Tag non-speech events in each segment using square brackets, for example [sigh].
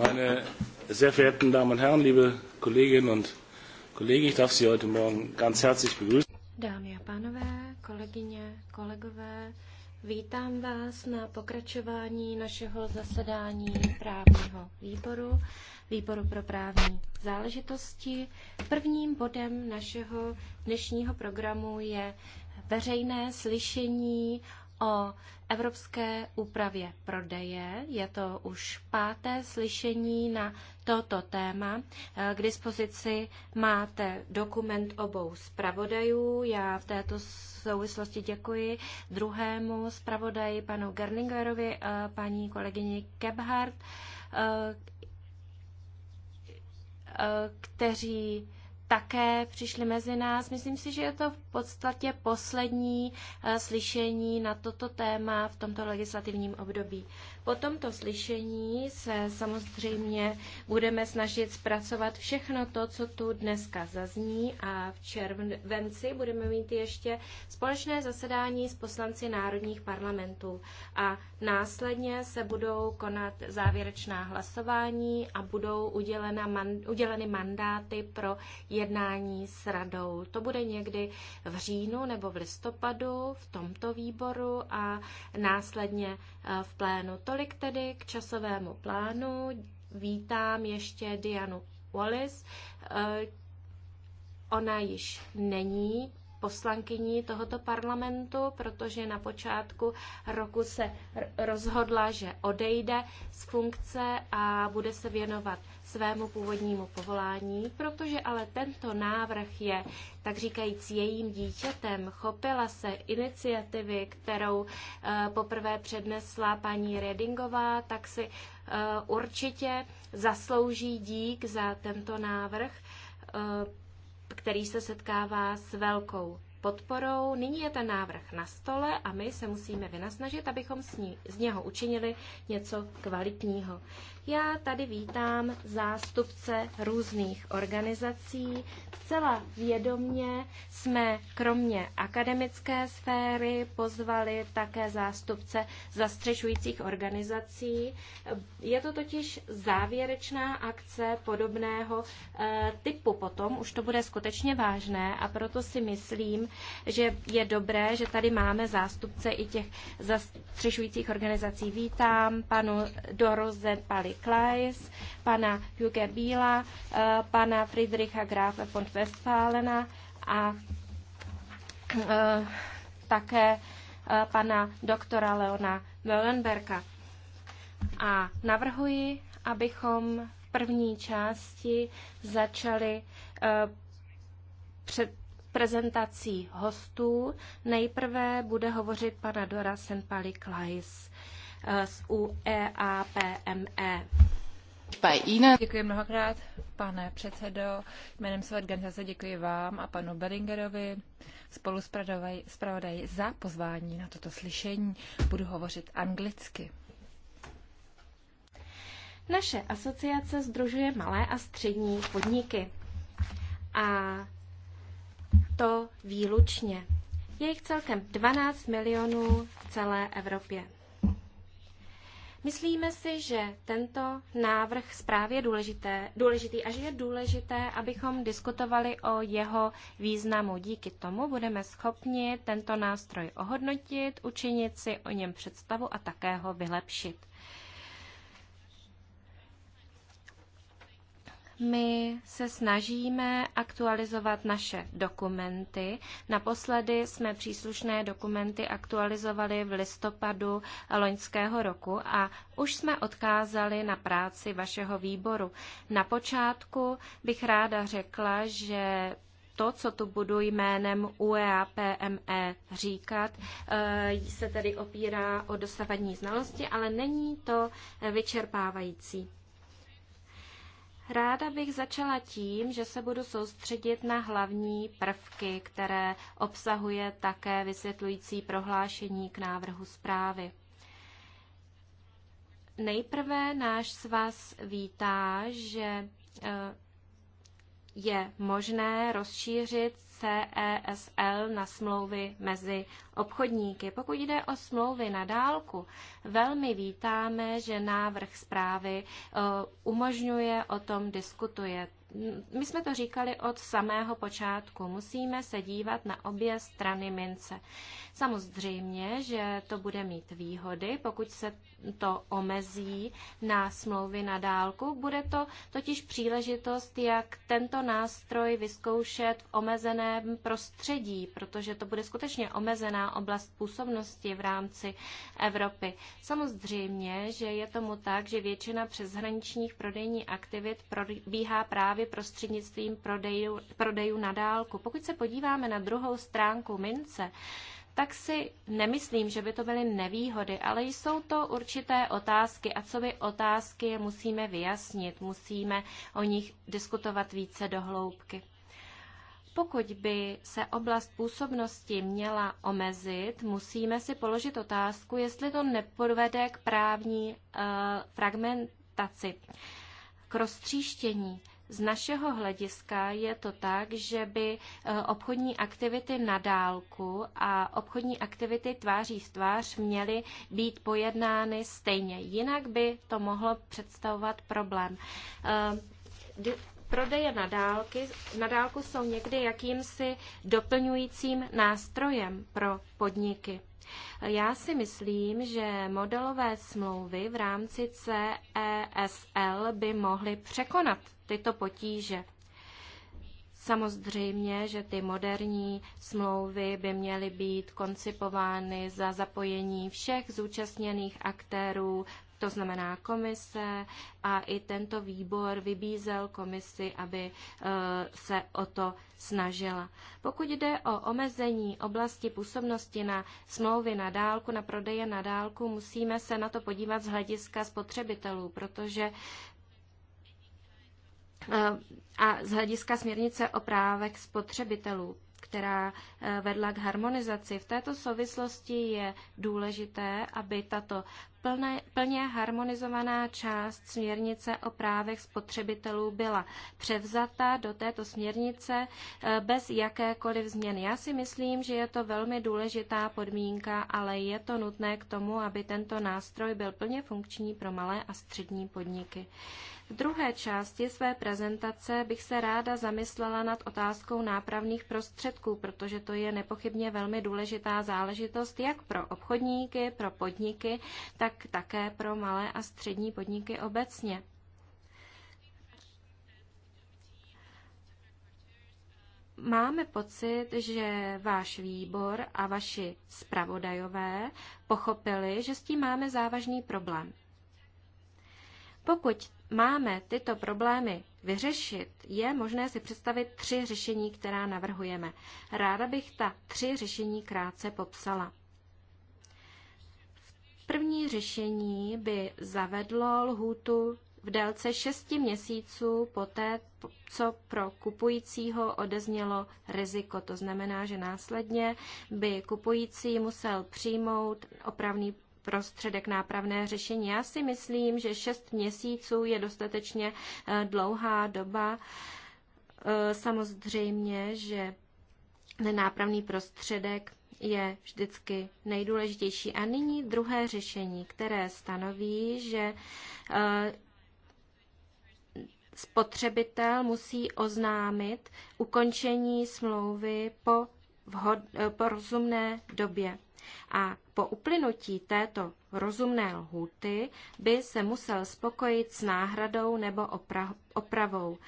Meine sehr verehrten Damen und Herren, liebe Kolleginnen und Kollegen, ich darf Sie heute Morgen ganz herzlich begrüßen. Dámy a pánové, kolegyně, kolegové, vítám vás na pokračování našeho zasedání právního výboru, výboru pro právní záležitosti. Prvním bodem našeho dnešního programu je veřejné slyšení o evropské úpravě prodeje. Je to už páté slyšení na toto téma. Eh, k dispozici máte dokument obou zpravodajů. Já v této souvislosti děkuji druhému zpravodaji, panu Gerningerovi, eh, paní kolegyni Kebhardt, eh, kteří také přišli mezi nás. Myslím si, že je to v podstatě poslední eh, slyšení na toto téma v tomto legislativním období. Po tomto slyšení se samozřejmě budeme snažit zpracovat všechno to, co tu dneska zazní a v červenci budeme mít ještě společné zasedání s poslanci národních parlamentů a následně se budou konat závěrečná hlasování a budou uděleny mandáty pro jednání s radou. To bude někdy v říjnu nebo v listopadu v tomto výboru a následně eh, v plénu. Tolik tedy k časovému plánu. Vítám ještě Dianu Wallis. Eh, ona již není poslankyní tohoto parlamentu, protože na počátku roku se rozhodla, že odejde z funkce a bude se věnovat svému původnímu povolání, protože ale tento návrh je, tak říkajíc, jejím dítětem. Chopila se iniciativy, kterou eh, poprvé přednesla paní Redingová, tak si eh, určitě zaslouží dík za tento návrh eh, který se setkává s velkou podporou. Nyní je ten návrh na stole a my se musíme vynasnažit, abychom z, ní, z něho učinili něco kvalitního. Já tady vítám zástupce různých organizací. Zcela vědomně jsme kromě akademické sféry pozvali také zástupce zastřešujících organizací. Je to totiž závěrečná akce podobného eh, typu. Potom už to bude skutečně vážné a proto si myslím, že je dobré, že tady máme zástupce i těch zastřešujících organizací. Vítám panu Doroze Pali Kleis, pana Juge Bíla, eh, pana Friedricha Grafe von Westfalena a eh, také eh, pana doktora Leona Möllenberka. A navrhuji, abychom v první části začali před prezentací hostů. Nejprve bude hovořit pana Dora Senpali Uh, Eh, z UEAPME. E. Děkuji mnohokrát, pane předsedo. Jménem své organizace děkuji vám a panu Bellingerovi spolu zpravodaji za pozvání na toto slyšení. Budu hovořit anglicky. Naše asociace združuje malé a střední podniky. A to výlučně. Je jich celkem 12 milionů v celé Evropě. Myslíme si, že tento návrh zprávy je důležité, důležitý a že je důležité, abychom diskutovali o jeho významu. Díky tomu budeme schopni tento nástroj ohodnotit, učinit si o něm představu a také ho vylepšit. My se snažíme aktualizovat naše dokumenty. Naposledy jsme příslušné dokumenty aktualizovali v listopadu loňského roku a už jsme odkázali na práci vašeho výboru. Na počátku bych ráda řekla, že to, co tu budu jménem UEAPME e říkat, eh, se tedy opírá o dosavadní znalosti, ale není to vyčerpávající. Ráda bych začala tím, že se budu soustředit na hlavní prvky, které obsahuje také vysvětlující prohlášení k návrhu zprávy. Nejprve náš svaz vítá, že eh, je možné rozšířit CESL na smlouvy mezi obchodníky. Pokud jde o smlouvy na dálku, velmi vítáme, že návrh zprávy e, umožňuje o tom diskutuje. My jsme to říkali od samého počátku. Musíme se dívat na obě strany mince. Samozřejmě, že to bude mít výhody, pokud se to omezí na smlouvy na dálku. Bude to totiž příležitost, jak tento nástroj vyzkoušet v omezeném prostředí, protože to bude skutečně omezená oblast působnosti v rámci Evropy. Samozřejmě, že je tomu tak, že většina přeshraničních prodejní aktivit probíhá právě prostřednictvím prodejů, prodejů na dálku. Pokud se podíváme na druhou stránku mince, tak si nemyslím, že by to byly nevýhody, ale jsou to určité otázky a co by otázky musíme vyjasnit, musíme o nich diskutovat více dohloubky. Pokud by se oblast působnosti měla omezit, musíme si položit otázku, jestli to nepodvede k právní uh, fragmentaci, k roztříštění. Z našeho hlediska je to tak, že by eh, obchodní aktivity na dálku a obchodní aktivity tváří v tvář měly být pojednány stejně. Jinak by to mohlo představovat problém eh, prodeje na, dálky, na dálku jsou někdy jakýmsi doplňujícím nástrojem pro podniky. Já si myslím, že modelové smlouvy v rámci CESL by mohly překonat tyto potíže. Samozřejmě, že ty moderní smlouvy by měly být koncipovány za zapojení všech zúčastněných aktérů, to znamená komise a i tento výbor vybízel komisi, aby eh, se o to snažila. Pokud jde o omezení oblasti působnosti na smlouvy na dálku, na prodeje na dálku, musíme se na to podívat z hlediska spotřebitelů, protože Eh, a z hlediska směrnice o právech spotřebitelů, která eh, vedla k harmonizaci. V této souvislosti je důležité, aby tato plné, plně harmonizovaná část směrnice o právech spotřebitelů byla převzata do této směrnice eh, bez jakékoliv změny. Já si myslím, že je to velmi důležitá podmínka, ale je to nutné k tomu, aby tento nástroj byl plně funkční pro malé a střední podniky. V druhé části své prezentace bych se ráda zamyslela nad otázkou nápravných prostředků, protože to je nepochybně velmi důležitá záležitost jak pro obchodníky, pro podniky, tak také pro malé a střední podniky obecně. Máme pocit, že váš výbor a vaši zpravodajové pochopili, že s tím máme závažný problém. Pokud máme tyto problémy vyřešit, je možné si představit tři řešení, která navrhujeme. Ráda bych ta tři řešení krátce popsala. První řešení by zavedlo lhůtu v délce 6 měsíců poté, co pro kupujícího odeznělo riziko. To znamená, že následně by kupující musel přijmout opravný prostředek nápravné řešení. Já si myslím, že šest měsíců je dostatečně eh, dlouhá doba. Eh, samozřejmě, že ten nápravný prostředek je vždycky nejdůležitější. A nyní druhé řešení, které stanoví, že eh, spotřebitel musí oznámit ukončení smlouvy po, vhod, po rozumné době. A po uplynutí této rozumné lhůty by se musel spokojit s náhradou nebo opra- opravou.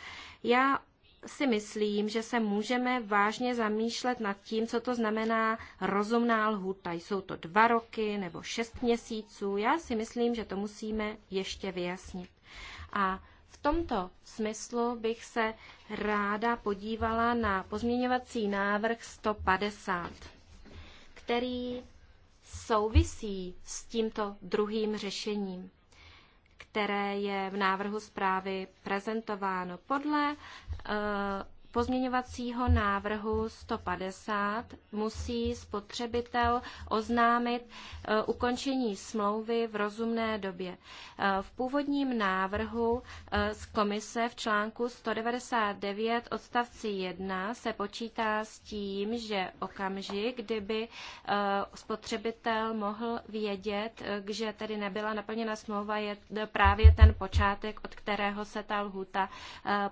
Já si myslím, že se můžeme vážně zamýšlet nad tím, co to znamená rozumná lhůta. Jsou to dva roky nebo šest měsíců. Já si myslím, že to musíme ještě vyjasnit. A v tomto smyslu bych se ráda podívala na pozměňovací návrh 150, který souvisí s tímto druhým řešením, které je v návrhu zprávy prezentováno. Podle eh, pozměňovacího návrhu 150 musí spotřebitel oznámit e, ukončení smlouvy v rozumné době. E, v původním návrhu e, z komise v článku 199 odstavci 1 se počítá s tím, že okamžik, kdyby spotřebitel mohl vědět, že tedy nebyla naplněna smlouva, je právě ten počátek, od kterého se ta lhuta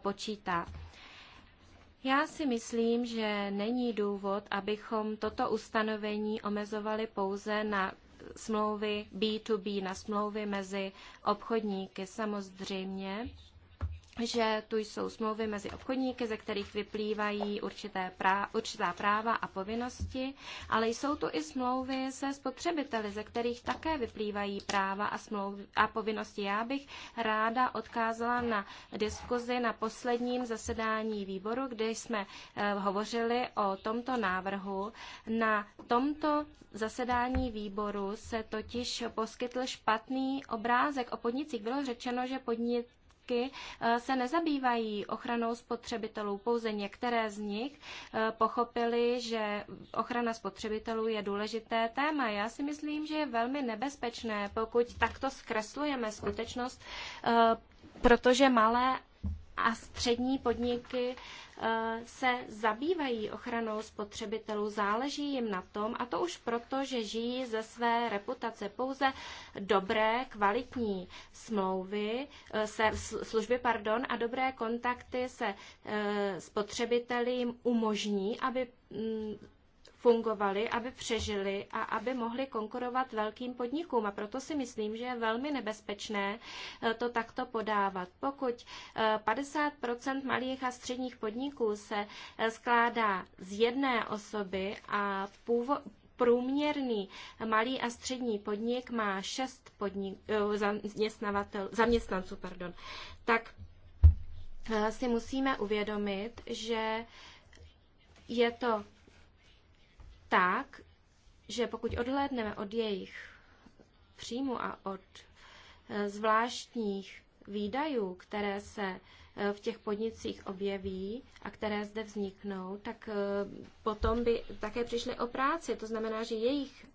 počítá. Já si myslím, že není důvod, abychom toto ustanovení omezovali pouze na smlouvy B2B, na smlouvy mezi obchodníky. Samozřejmě že tu jsou smlouvy mezi obchodníky, ze kterých vyplývají určité prá- určitá práva a povinnosti, ale jsou tu i smlouvy se spotřebiteli, ze kterých také vyplývají práva a, smlouvy, a povinnosti. Já bych ráda odkázala na diskuzi na posledním zasedání výboru, kde jsme eh, hovořili o tomto návrhu. Na tomto zasedání výboru se totiž poskytl špatný obrázek o podnicích. Bylo řečeno, že podnik jednotky eh, se nezabývají ochranou spotřebitelů. Pouze některé z nich eh, pochopili, že ochrana spotřebitelů je důležité téma. Já si myslím, že je velmi nebezpečné, pokud takto zkreslujeme skutečnost, eh, protože malé a střední podniky eh, se zabývají ochranou spotřebitelů, záleží jim na tom, a to už proto, že žijí ze své reputace. Pouze dobré, kvalitní smlouvy, eh, se, služby pardon, a dobré kontakty se eh, spotřebiteli jim umožní, aby mm, fungovaly, aby přežily a aby mohly konkurovat velkým podnikům. A proto si myslím, že je velmi nebezpečné eh, to takto podávat. Pokud 50 eh, malých a středních podniků se eh, skládá z jedné osoby a původ, průměrný malý a střední podnik má šest podnik, zaměstnavatel, zaměstnanců, pardon, tak si musíme uvědomit, že je to tak, že pokud odhlédneme od jejich příjmu a od eh, zvláštních výdajů, které se eh, v těch podnicích objeví a které zde vzniknou, tak eh, potom by také přišly o práci. To znamená, že jejich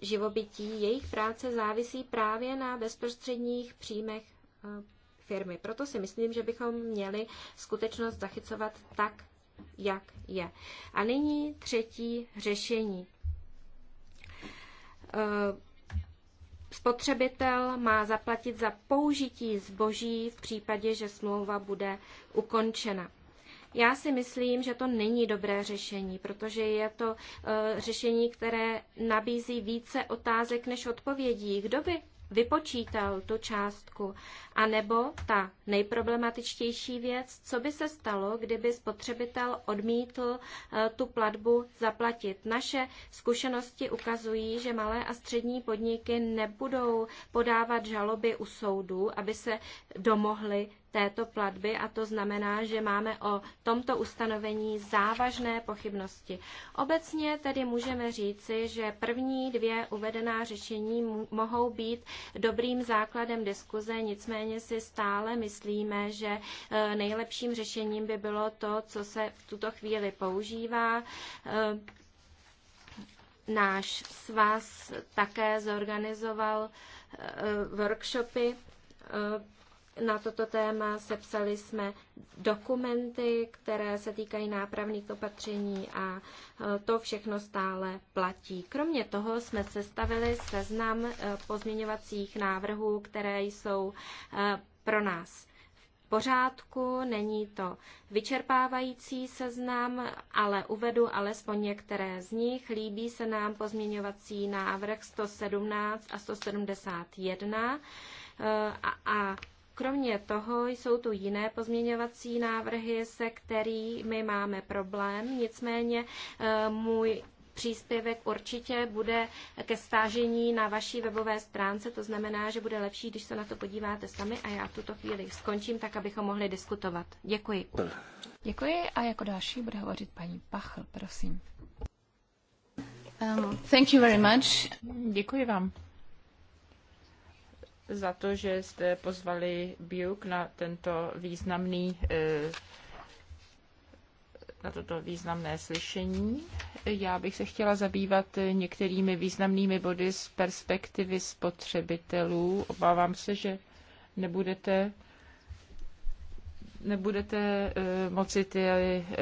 živobytí, jejich práce závisí právě na bezprostředních příjmech firmy. Proto si myslím, že bychom měli skutečnost zachycovat tak, jak je. A nyní třetí řešení. Eh, spotřebitel má zaplatit za použití zboží v případě, že smlouva bude ukončena. Já si myslím, že to není dobré řešení, protože je to eh, řešení, které nabízí více otázek než odpovědí. Kdo by vypočítal tu částku? A nebo ta nejproblematičtější věc, co by se stalo, kdyby spotřebitel odmítl eh, tu platbu zaplatit? Naše zkušenosti ukazují, že malé a střední podniky nebudou podávat žaloby u soudu, aby se domohly této platby a to znamená, že máme o tomto ustanovení závažné pochybnosti. Obecně tedy můžeme říci, že první dvě uvedená řešení mohou být dobrým základem diskuze, nicméně si stále myslíme, že e, nejlepším řešením by bylo to, co se v tuto chvíli používá. E, náš svaz také zorganizoval e, workshopy na toto téma. Sepsali jsme dokumenty, které se týkají nápravných opatření a e, to všechno stále platí. Kromě toho jsme sestavili seznam e, pozměňovacích návrhů, které jsou e, pro nás pořádku, není to vyčerpávající seznam, ale uvedu alespoň některé z nich. Líbí se nám pozměňovací návrh 117 a 171 a, a Kromě toho jsou tu jiné pozměňovací návrhy, se kterými máme problém, nicméně eh, můj příspěvek určitě bude ke stážení na vaší webové stránce, to znamená, že bude lepší, když se na to podíváte sami a já v tuto chvíli skončím tak, abychom mohli diskutovat. Děkuji. Děkuji a jako další bude hovořit paní Pachl, prosím. Um, thank you very much. Děkuji vám za to, že jste pozvali Biuk na tento významný e, na toto významné slyšení. Já bych se chtěla zabývat některými významnými body z perspektivy spotřebitelů. Obávám se, že nebudete nebudete e, moci ty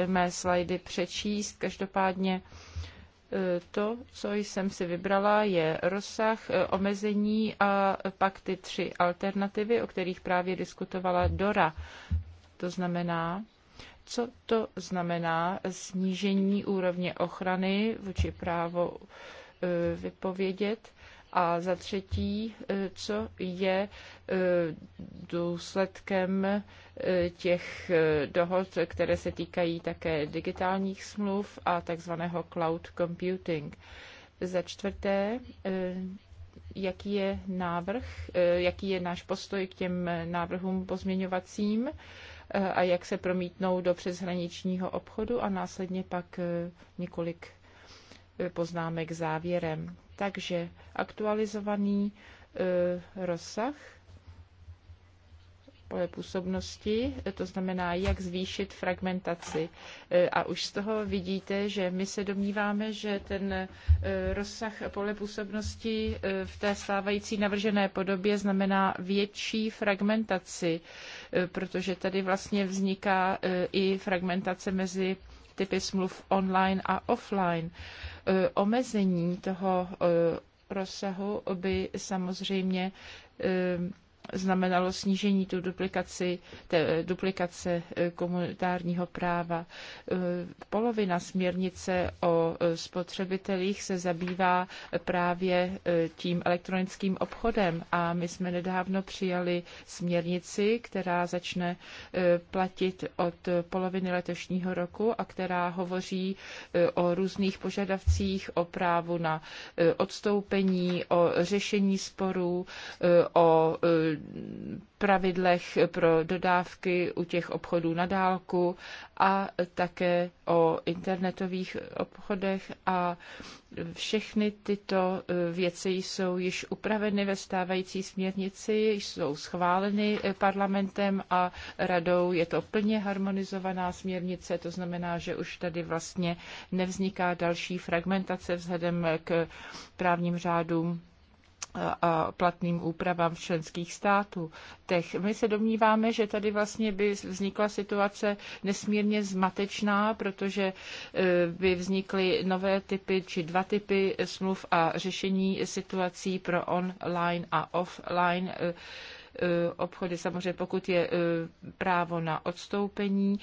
mé slajdy přečíst. Každopádně to, co jsem si vybrala, je rozsah e, omezení a pak ty tři alternativy, o kterých právě diskutovala Dora. To znamená, co to znamená snížení úrovně ochrany vůči právo e, vypovědět a za třetí, e, co je e, důsledkem e, těch dohod, které se týkají také digitálních smluv a takzvaného cloud computing. Za čtvrté, jaký je návrh, jaký je náš postoj k těm návrhům pozměňovacím a jak se promítnou do přeshraničního obchodu a následně pak několik poznámek závěrem. Takže aktualizovaný e, rozsah pole působnosti, to znamená, jak zvýšit fragmentaci. E, a už z toho vidíte, že my se domníváme, že ten e, rozsah pole působnosti v té stávající navržené podobě znamená větší fragmentaci, protože tady vlastně vzniká i fragmentace mezi typy smluv online a offline. E, omezení toho e, rozsahu by samozřejmě e, znamenalo snížení tu duplikaci, te, eh, duplikace eh, komunitárního práva. Eh, polovina směrnice o spotřebitelích se zabývá právě tím elektronickým obchodem a my jsme nedávno přijali směrnici, která začne platit od poloviny letošního roku a která hovoří o různých požadavcích, o právu na odstoupení, o řešení sporů, o pravidlech pro dodávky u těch obchodů na dálku a také o internetových obchodech a všechny tyto eh, věci jsou již upraveny ve stávající směrnici, jsou schváleny eh, parlamentem a radou. Je to plně harmonizovaná směrnice, to znamená, že už tady vlastně nevzniká další fragmentace vzhledem k právním řádům a platným úpravám členských států. Tech. My se domníváme, že tady vlastně by vznikla situace nesmírně zmatečná, protože e, by vznikly nové typy či dva typy smluv a řešení situací pro online a offline e, e, obchody. Samozřejmě pokud je právo na odstoupení,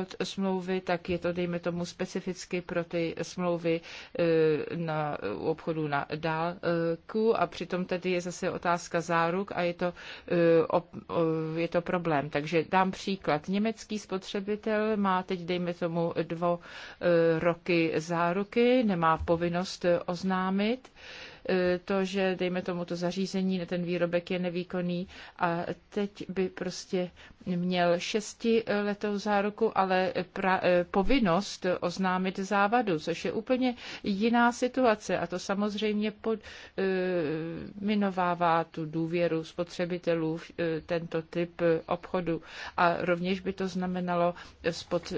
od smlouvy, tak je to, dejme tomu, specificky pro ty smlouvy eh, na, obchodu na dálku a přitom tedy je zase otázka záruk a je to, eh, eh, je to problém. Takže dám příklad. Německý spotřebitel má teď, dejme tomu, dvo roky záruky, nemá povinnost oznámit to, že dejme tomu to zařízení, ten výrobek je nevýkonný a teď by prostě měl šesti letou záruku, ale pra, eh, povinnost oznámit závadu, což je úplně jiná situace a to samozřejmě eh, minovává tu důvěru spotřebitelů v eh, tento typ obchodu a rovněž by to znamenalo spod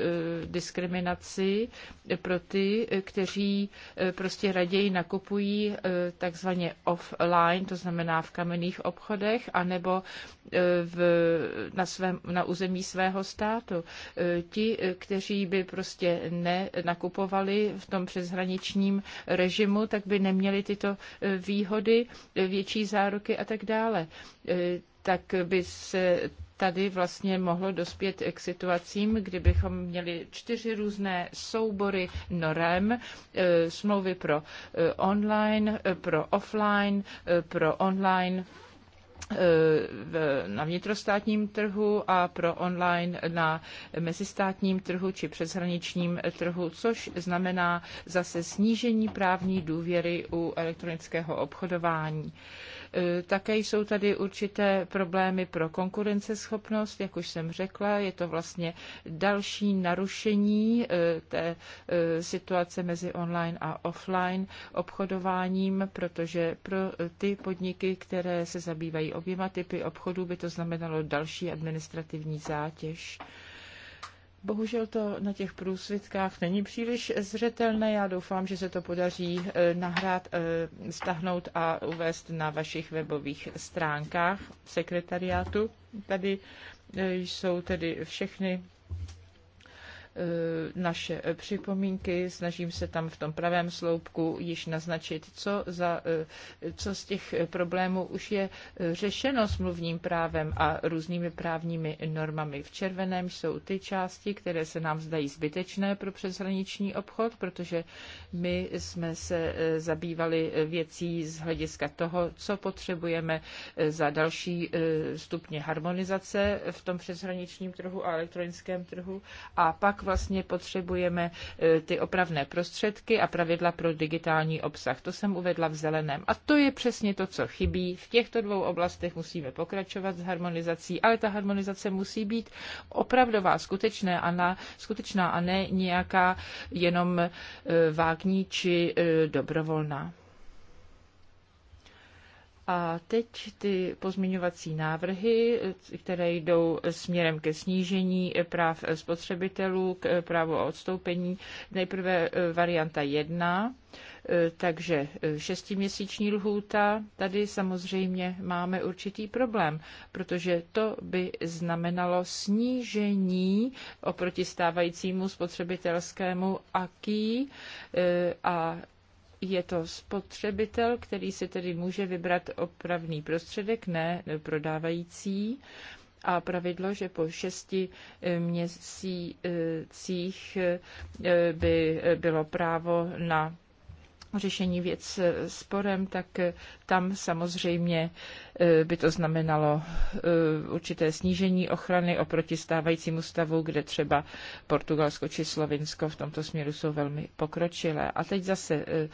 diskriminaci pro ty, kteří prostě raději nakupují takzvaně offline, to znamená v kamenných obchodech, anebo v, na svém na území svého státu. E, ti, e, kteří by prostě nenakupovali v tom přeshraničním režimu, tak by neměli tyto e, výhody, větší záruky a tak dále. Tak by se tady vlastně mohlo dospět k situacím, kdybychom měli čtyři různé soubory norem, smlouvy pro online, pro offline, pro online Eh, na vnitrostátním trhu a pro online na mezistátním trhu či přeshraničním trhu, což znamená zase snížení právní důvěry u elektronického obchodování. Eh, také jsou tady určité problémy pro konkurenceschopnost, jak už jsem řekla, je to vlastně další narušení eh, té situace mezi online a offline obchodováním, protože pro ty podniky, které se zabývají oběma typy obchodů, by to znamenalo další administrativní zátěž. Bohužel to na těch průsvitkách není příliš zřetelné. Já doufám, že se to podaří eh, nahrát, stahnout eh, a uvést na vašich webových stránkách sekretariátu. Tady eh, jsou tedy všechny Eh, naše připomínky, snažím se tam v tom pravém sloupku již naznačit, co, za, eh, co z těch problémů už je eh, řešeno smluvním právem a různými právními normami. V červeném jsou ty části, které se nám zdají zbytečné pro přeshraniční obchod, protože my jsme se zabývali věcí z hlediska toho, co potřebujeme za další stupně harmonizace v tom přeshraničním trhu a elektronickém trhu. A pak vlastně potřebujeme e, ty opravné prostředky a pravidla pro digitální obsah. To jsem uvedla v zeleném. A to je přesně to, co chybí. V těchto dvou oblastech musíme pokračovat s harmonizací, ale ta harmonizace musí být opravdová, skutečná a, na, skutečná a ne nějaká jenom e, vágní či e, dobrovolná. A teď ty pozměňovací návrhy, které jdou směrem ke snížení práv spotřebitelů, k právu o odstoupení. Nejprve eh, varianta 1, eh, takže eh, šestiměsíční lhůta. Tady samozřejmě máme určitý problém, protože to by znamenalo snížení oproti stávajícímu spotřebitelskému aký a je to spotřebitel, který si tedy může vybrat opravný prostředek, ne prodávající. A pravidlo, že po šesti eh, měsících eh, by eh, bylo právo na řešení věc sporem, tak tam samozřejmě e, by to znamenalo e, určité snížení ochrany oproti stávajícímu stavu, kde třeba Portugalsko či Slovinsko v tomto směru jsou velmi pokročilé. A teď zase e,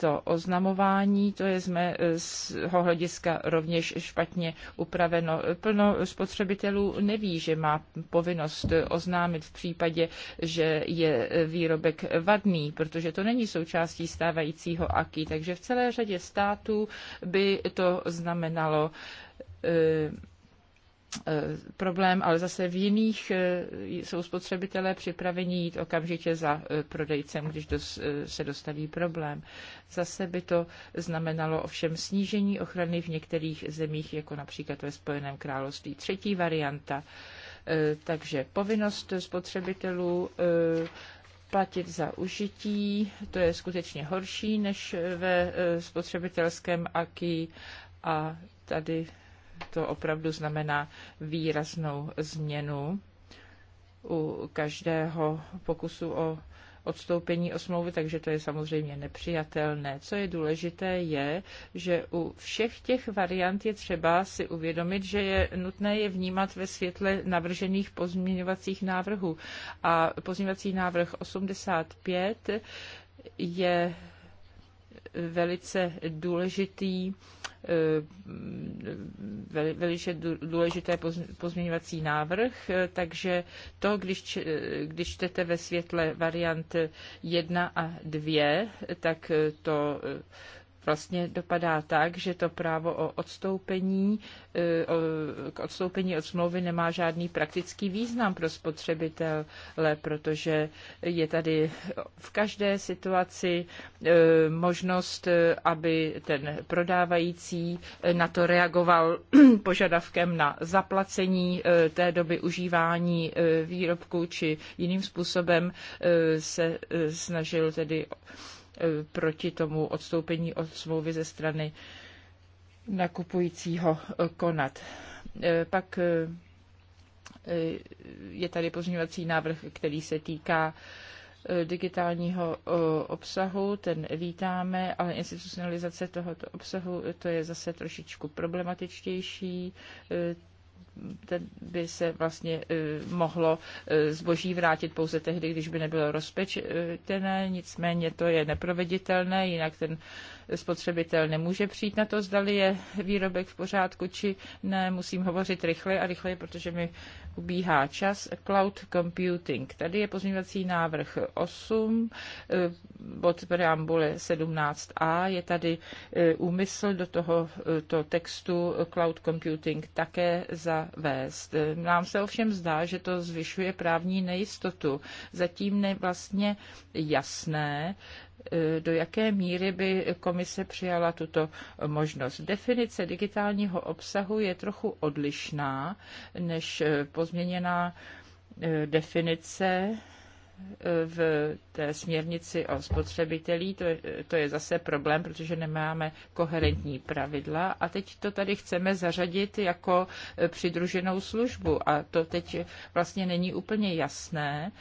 to oznamování, to je z mého hlediska rovněž špatně upraveno. Plno spotřebitelů neví, že má povinnost oznámit v případě, že je výrobek vadný, protože to není součástí stávajícího stávajícího AKI. Takže v celé řadě států by to znamenalo eh, eh, problém, ale zase v jiných eh, jsou spotřebitelé připraveni jít okamžitě za prodejcem, když se dostaví problém. Zase by to znamenalo ovšem snížení ochrany v některých zemích, jako například ve Spojeném království. Třetí varianta, takže povinnost spotřebitelů platit za užití, to je skutečně horší než ve e, spotřebitelském aký a tady to opravdu znamená výraznou změnu u každého pokusu o odstoupení od smlouvy, takže to je samozřejmě nepřijatelné. Co je důležité, je, že u všech těch variant je třeba si uvědomit, že je nutné je vnímat ve světle navržených pozměňovacích návrhů. A pozměňovací návrh 85 je velice důležitý Eh, velice důležité pozměňovací návrh, eh, takže to, když, eh, když čtete ve světle variant 1 a 2, tak to vlastně dopadá tak, že to právo o odstoupení, e, k odstoupení od smlouvy nemá žádný praktický význam pro spotřebitele, protože je tady v každé situaci e, možnost, e, aby ten prodávající na to reagoval [clears throat] požadavkem na zaplacení té doby užívání výrobku či jiným způsobem se snažil tedy E, proti tomu odstoupení od smlouvy ze strany nakupujícího e, konat. E, pak je tady pozměňovací návrh, který se týká digitálního obsahu, ten vítáme, ale institucionalizace tohoto obsahu, to je zase trošičku problematičtější by se vlastně e, mohlo e, zboží vrátit pouze tehdy, když by nebylo rozpečtené, nicméně to je neproveditelné, jinak ten spotřebitel nemůže přijít na to, zdali je výrobek v pořádku či ne. Musím hovořit rychle a rychle, protože mi ubíhá čas, cloud computing. Tady je pozměňovací návrh 8, eh, bod preambule 17a, je tady eh, úmysl do toho eh, to textu cloud computing také zavést. Nám se ovšem zdá, že to zvyšuje právní nejistotu. Zatím ne vlastně jasné, do jaké míry by komise přijala tuto možnost. Definice digitálního obsahu je trochu odlišná než pozměněná eh, definice eh, v té směrnici o spotřebitelí, to, je, to je zase problém, protože nemáme koherentní pravidla a teď to tady chceme zařadit jako eh, přidruženou službu a to teď vlastně není úplně jasné,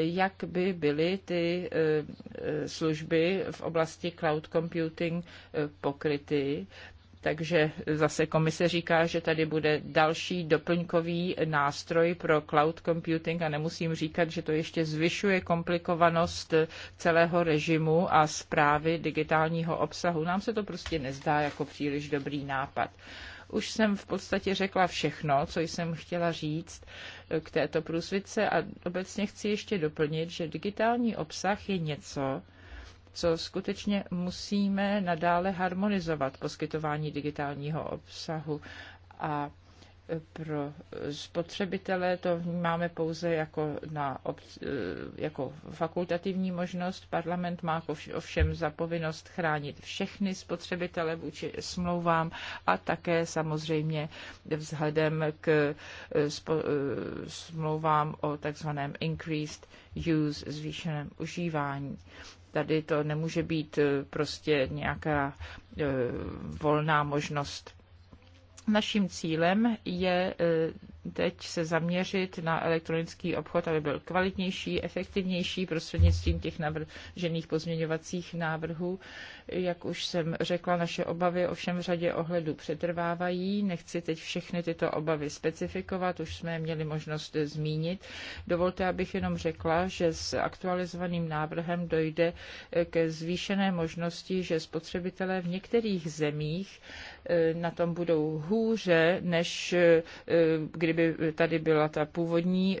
jak by byly ty e, e, služby v oblasti cloud computing e, pokryty. Takže zase komise říká, že tady bude další doplňkový nástroj pro cloud computing a nemusím říkat, že to ještě zvyšuje komplikovanost celého režimu a zprávy digitálního obsahu. Nám se to prostě nezdá jako příliš dobrý nápad. Už jsem v podstatě řekla všechno, co jsem chtěla říct eh, k této průsvitce a obecně chci ještě doplnit, že digitální obsah je něco, co skutečně musíme nadále harmonizovat poskytování digitálního obsahu a pro spotřebitele to vnímáme pouze jako, na obc, eh, jako fakultativní možnost. Parlament má ovšem za povinnost chránit všechny spotřebitele vůči smlouvám a také samozřejmě vzhledem k eh, spo, eh, smlouvám o takzvaném increased use, zvýšeném užívání tady to nemůže být prostě nějaká volná možnost Naším cílem je eh, teď se zaměřit na elektronický obchod, aby byl kvalitnější, efektivnější prostřednictvím těch navržených pozměňovacích návrhů. Jak už jsem řekla, naše obavy ovšem v řadě ohledů přetrvávají. Nechci teď všechny tyto obavy specifikovat, už jsme je měli možnost zmínit. Dovolte, abych jenom řekla, že s aktualizovaným návrhem dojde ke zvýšené možnosti, že spotřebitelé v některých zemích eh, na tom budou hůře, než eh, kdyby kdyby tady byla ta původní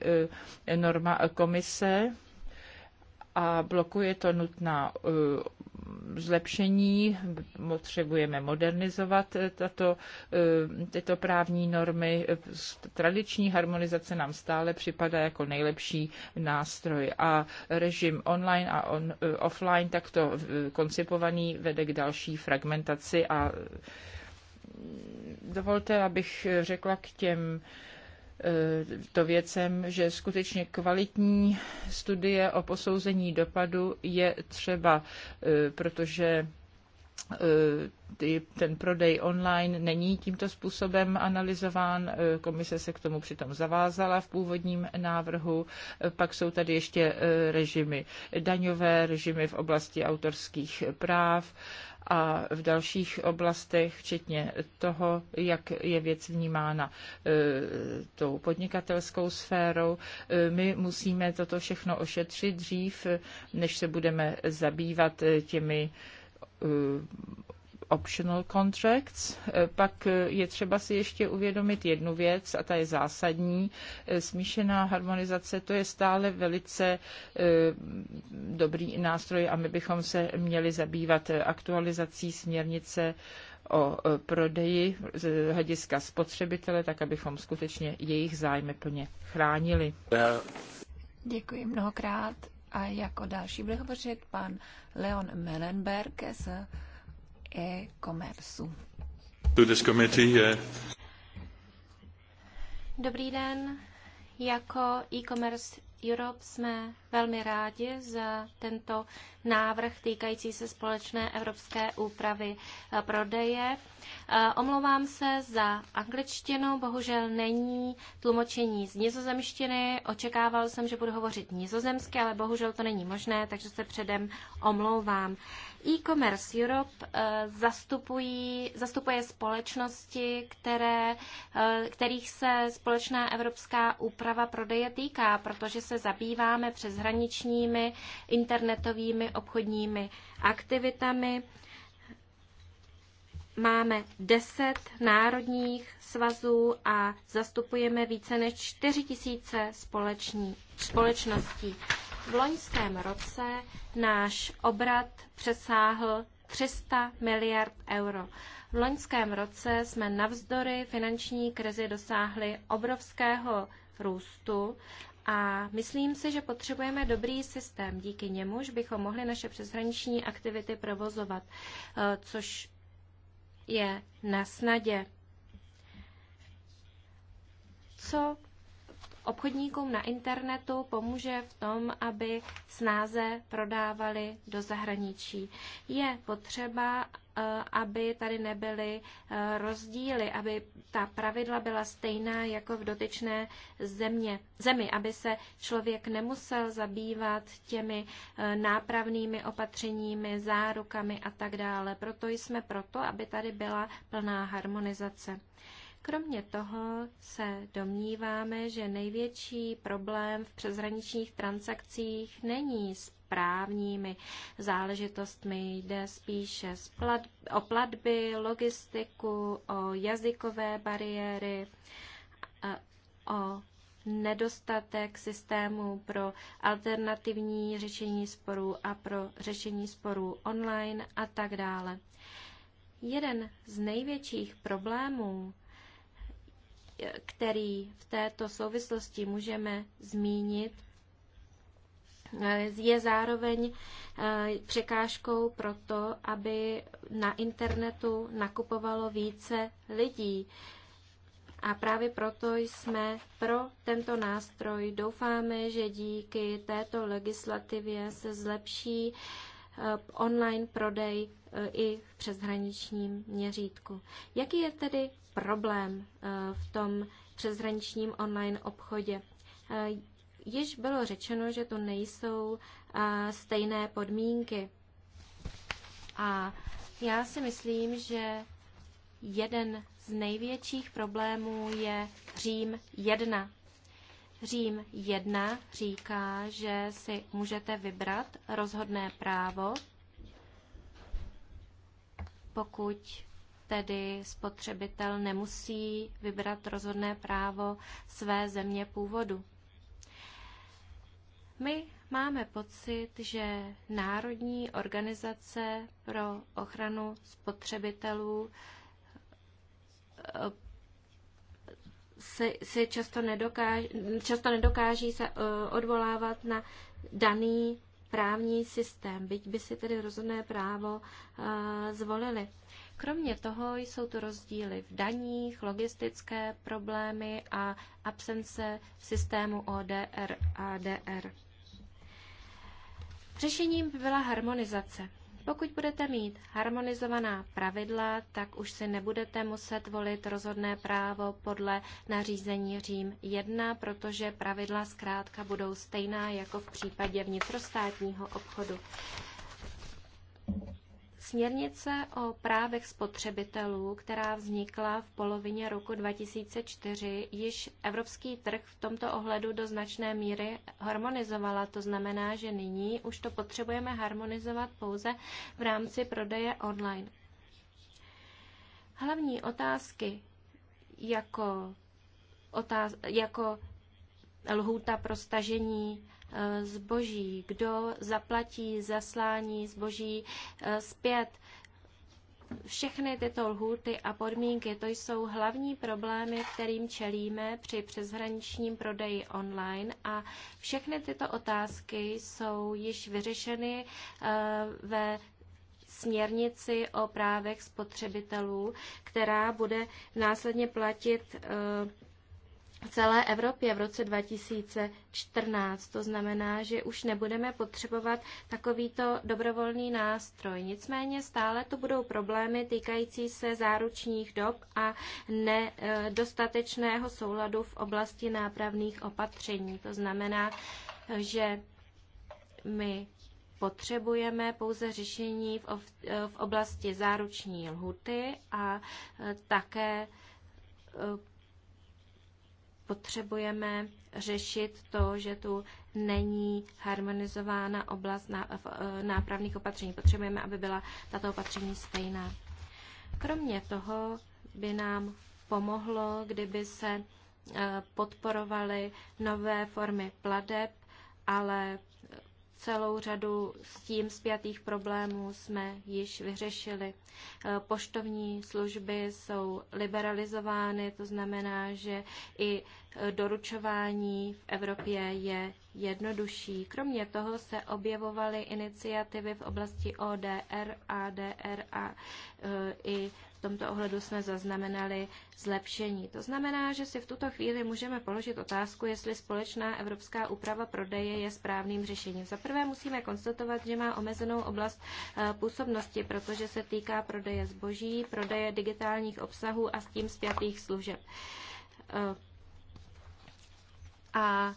eh, norma komise a blokuje to nutná eh, zlepšení, potřebujeme modernizovat eh, tato, tyto právní normy. Tradiční harmonizace nám stále připadá jako nejlepší nástroj a režim online a on, offline takto koncipovaný vede k další fragmentaci a mm, dovolte, abych řekla k těm Eh, to věcem, že skutečně kvalitní studie o posouzení dopadu je třeba, eh, protože eh, ten prodej online není tímto způsobem analyzován. Komise se k tomu přitom zavázala v původním návrhu. Pak jsou tady ještě režimy daňové, režimy v oblasti autorských práv a v dalších oblastech, včetně toho, jak je věc vnímána e, tou podnikatelskou sférou. E, my musíme toto všechno ošetřit dřív, než se budeme zabývat e, těmi optional contracts. Eh, pak eh, je třeba si ještě uvědomit jednu věc, a ta je zásadní. Eh, smíšená harmonizace, to je stále velice dobrý nástroj a my bychom se měli zabývat aktualizací směrnice o prodeji z hlediska spotřebitele, tak abychom skutečně jejich zájmy plně chránili. Děkuji mnohokrát. A jako další bude hovořit pan Leon Melenberg z e-commerce. Dobrý den. Jako e-commerce Europe jsme velmi rádi za tento návrh týkající se společné evropské úpravy eh, prodeje. Eh, omlouvám se za angličtinu, bohužel není tlumočení z nizozemštiny. Očekával jsem, že budu hovořit nizozemsky, ale bohužel to není možné, takže se předem omlouvám. E-commerce Europe eh, zastupují, zastupuje společnosti, které, eh, kterých se společná evropská úprava prodeje týká, protože se zabýváme přeshraničními internetovými obchodními aktivitami máme deset národních svazů a zastupujeme více než 4 tisíce společností. V loňském roce náš obrat přesáhl 300 miliard euro. V loňském roce jsme navzdory finanční krizi dosáhli obrovského růstu a myslím si, že potřebujeme dobrý systém. Díky němuž bychom mohli naše přeshraniční aktivity provozovat, eh, což je na snadě. Co obchodníkům na internetu pomůže v tom, aby snáze prodávali do zahraničí. Je potřeba, eh, aby tady nebyly eh, rozdíly, aby ta pravidla byla stejná jako v dotyčné země, zemi, aby se člověk nemusel zabývat těmi eh, nápravnými opatřeními, zárukami a tak dále. Proto jsme proto, aby tady byla plná harmonizace. Kromě toho se domníváme, že největší problém v přezraničních transakcích není s právními záležitostmi, jde spíše o platby, logistiku, o jazykové bariéry, o nedostatek systému pro alternativní řešení sporů a pro řešení sporů online a tak dále. Jeden z největších problémů který v této souvislosti můžeme zmínit, je zároveň eh, překážkou pro to, aby na internetu nakupovalo více lidí. A právě proto jsme pro tento nástroj. Doufáme, že díky této legislativě se zlepší eh, online prodej eh, i v přeshraničním měřítku. Jaký je tedy problém eh, v tom přeshraničním online obchodě. Eh, již bylo řečeno, že to nejsou eh, stejné podmínky. A já si myslím, že jeden z největších problémů je Řím 1. Řím 1 říká, že si můžete vybrat rozhodné právo, pokud tedy spotřebitel nemusí vybrat rozhodné právo své země původu. My máme pocit, že Národní organizace pro ochranu spotřebitelů eh, si, si často, nedokáž, často nedokáží se eh, odvolávat na daný právní systém, byť by si tedy rozhodné právo eh, zvolili. Kromě toho jsou tu rozdíly v daních, logistické problémy a absence systému ODR a DR. Řešením by byla harmonizace. Pokud budete mít harmonizovaná pravidla, tak už si nebudete muset volit rozhodné právo podle nařízení Řím 1, protože pravidla zkrátka budou stejná jako v případě vnitrostátního obchodu. Směrnice o právech spotřebitelů, která vznikla v polovině roku 2004, již evropský trh v tomto ohledu do značné míry harmonizovala. To znamená, že nyní už to potřebujeme harmonizovat pouze v rámci prodeje online. Hlavní otázky jako, otáz- jako lhůta pro stažení zboží, kdo zaplatí zaslání zboží eh, zpět. Všechny tyto lhůty a podmínky, to jsou hlavní problémy, kterým čelíme při přeshraničním prodeji online a všechny tyto otázky jsou již vyřešeny eh, ve směrnici o právech spotřebitelů, která bude následně platit eh, celé Evropě v roce 2014. To znamená, že už nebudeme potřebovat takovýto dobrovolný nástroj. Nicméně stále tu budou problémy týkající se záručních dob a nedostatečného souladu v oblasti nápravných opatření. To znamená, že my potřebujeme pouze řešení v oblasti záruční lhuty a také eh, potřebujeme řešit to, že tu není harmonizována oblast eh, nápravných opatření. Potřebujeme, aby byla tato opatření stejná. Kromě toho by nám pomohlo, kdyby se eh, podporovaly nové formy pladeb, ale celou řadu s tím zpětých problémů jsme již vyřešili. Eh, poštovní služby jsou liberalizovány, to znamená, že i doručování v Evropě je jednodušší. Kromě toho se objevovaly iniciativy v oblasti ODR, ADR a e, i v tomto ohledu jsme zaznamenali zlepšení. To znamená, že si v tuto chvíli můžeme položit otázku, jestli společná evropská úprava prodeje je správným řešením. Za prvé musíme konstatovat, že má omezenou oblast e, působnosti, protože se týká prodeje zboží, prodeje digitálních obsahů a s tím spjatých služeb e, a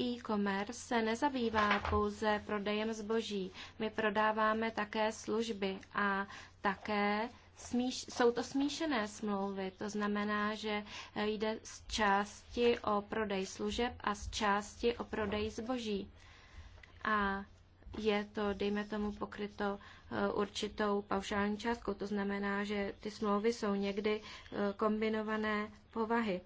e-commerce se nezabývá pouze prodejem zboží. My prodáváme také služby a také smíš, jsou to smíšené smlouvy. To znamená, že jde z části o prodej služeb a z části o prodej zboží. A je to, dejme tomu, pokryto e, určitou paušální částkou. To znamená, že ty smlouvy jsou někdy e, kombinované povahy.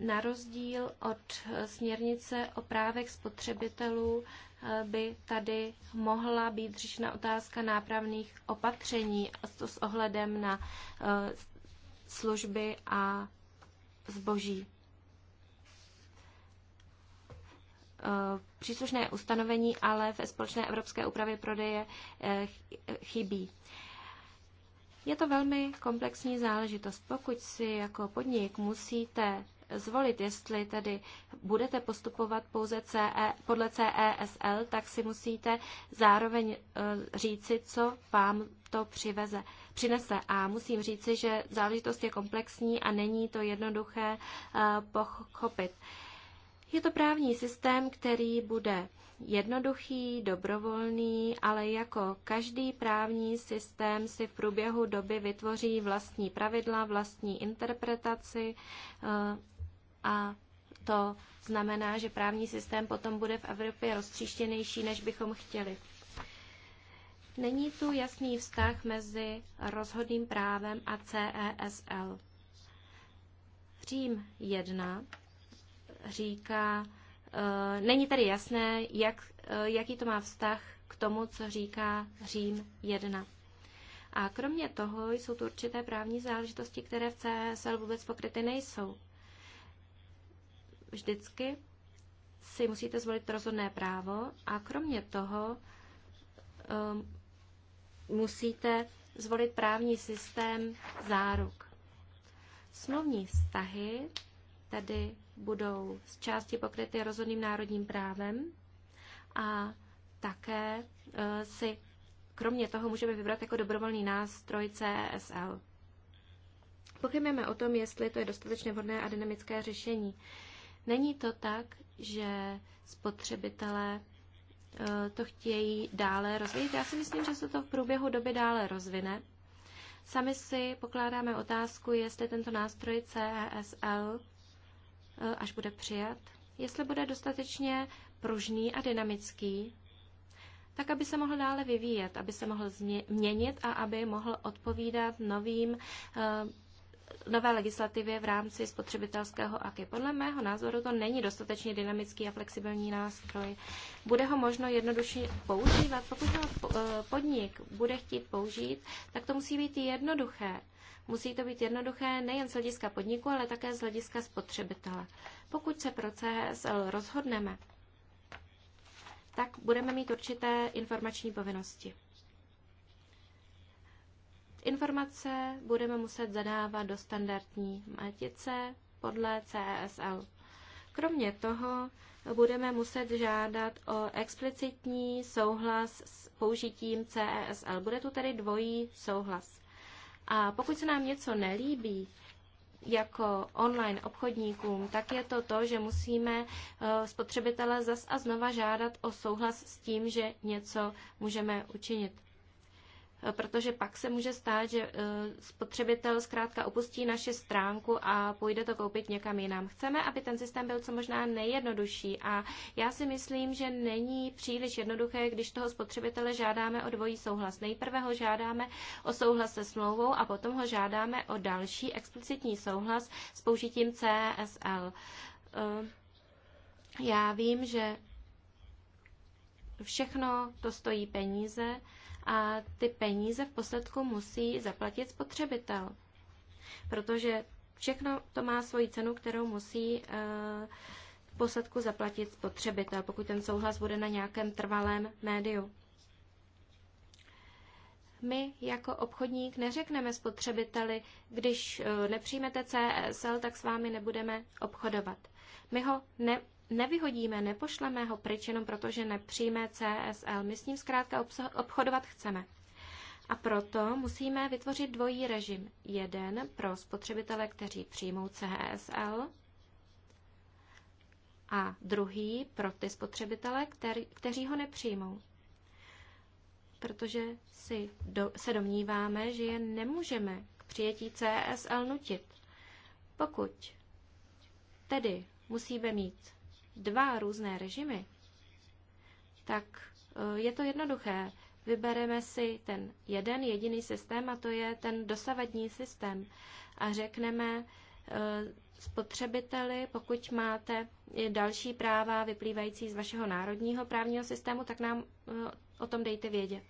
Na rozdíl od směrnice o právech spotřebitelů eh, by tady mohla být řešena otázka nápravných opatření a to s ohledem na eh, služby a zboží. Eh, příslušné ustanovení ale ve společné evropské úpravě prodeje chybí. Je to velmi komplexní záležitost. Pokud si jako podnik musíte zvolit, jestli tedy budete postupovat pouze CE, podle CESL, tak si musíte zároveň e, říci, co vám to přiveze, přinese. A musím říci, že záležitost je komplexní a není to jednoduché e, pochopit. Je to právní systém, který bude jednoduchý, dobrovolný, ale jako každý právní systém si v průběhu doby vytvoří vlastní pravidla, vlastní interpretaci eh, a to znamená, že právní systém potom bude v Evropě roztříštěnější, než bychom chtěli. Není tu jasný vztah mezi rozhodným právem a CESL. Řím 1 říká, Eh, není tady jasné, jak, eh, jaký to má vztah k tomu, co říká Řím 1. A kromě toho jsou tu určité právní záležitosti, které v CSL vůbec pokryty nejsou. Vždycky si musíte zvolit rozhodné právo a kromě toho um, musíte zvolit právní systém záruk. Smluvní vztahy tedy budou z části pokryty rozhodným národním právem a také e, si kromě toho můžeme vybrat jako dobrovolný nástroj CSL. Pochybujeme o tom, jestli to je dostatečně vhodné a dynamické řešení. Není to tak, že spotřebitelé e, to chtějí dále rozvíjet. Já si myslím, že se to v průběhu doby dále rozvine. Sami si pokládáme otázku, jestli tento nástroj CSL Eh, až bude přijat, jestli bude dostatečně pružný a dynamický, tak aby se mohl dále vyvíjet, aby se mohl změnit a aby mohl odpovídat novým eh, nové legislativě v rámci spotřebitelského AKY. Podle mého názoru to není dostatečně dynamický a flexibilní nástroj. Bude ho možno jednoduše používat. Pokud ho eh, podnik bude chtít použít, tak to musí být jednoduché. Musí to být jednoduché nejen z hlediska podniku, ale také z hlediska spotřebitele. Pokud se pro CSL rozhodneme, tak budeme mít určité informační povinnosti. Informace budeme muset zadávat do standardní matice podle CESL. Kromě toho budeme muset žádat o explicitní souhlas s použitím CESL. Bude tu tedy dvojí souhlas. A pokud se nám něco nelíbí, jako online obchodníkům, tak je to to, že musíme eh, spotřebitele zas a znova žádat o souhlas s tím, že něco můžeme učinit protože pak se může stát, že eh, spotřebitel zkrátka opustí naši stránku a půjde to koupit někam jinam. Chceme, aby ten systém byl co možná nejjednodušší a já si myslím, že není příliš jednoduché, když toho spotřebitele žádáme o dvojí souhlas. Nejprve ho žádáme o souhlas se smlouvou a potom ho žádáme o další explicitní souhlas s použitím CSL. Eh, já vím, že všechno to stojí peníze, a ty peníze v posledku musí zaplatit spotřebitel, protože všechno to má svoji cenu, kterou musí eh, v posledku zaplatit spotřebitel, pokud ten souhlas bude na nějakém trvalém médiu. My jako obchodník neřekneme spotřebiteli, když eh, nepřijmete CSL, tak s vámi nebudeme obchodovat. My ho ne, nevyhodíme, nepošleme ho pryč jenom proto, že nepřijme CSL. My s ním zkrátka obchodovat chceme. A proto musíme vytvořit dvojí režim. Jeden pro spotřebitele, kteří přijmou CSL a druhý pro ty spotřebitele, který, kteří ho nepřijmou. Protože si do, se domníváme, že je nemůžeme k přijetí CSL nutit. Pokud tedy musíme mít dva různé režimy, tak e, je to jednoduché. Vybereme si ten jeden jediný systém a to je ten dosavadní systém a řekneme e, spotřebiteli, pokud máte další práva vyplývající z vašeho národního právního systému, tak nám e, o tom dejte vědět.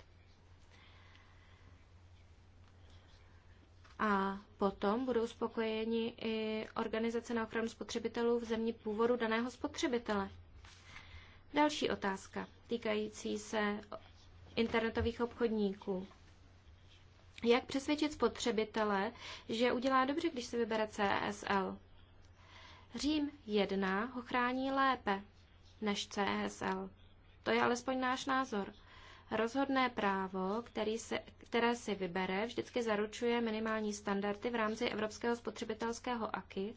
a potom budou spokojeni i organizace na ochranu spotřebitelů v zemi původu daného spotřebitele. Další otázka týkající se internetových obchodníků. Jak přesvědčit spotřebitele, že udělá dobře, když se vybere CSL? Řím 1 ho chrání lépe než CSL. To je alespoň náš názor. Rozhodné právo, který se, které si vybere, vždycky zaručuje minimální standardy v rámci Evropského spotřebitelského AKI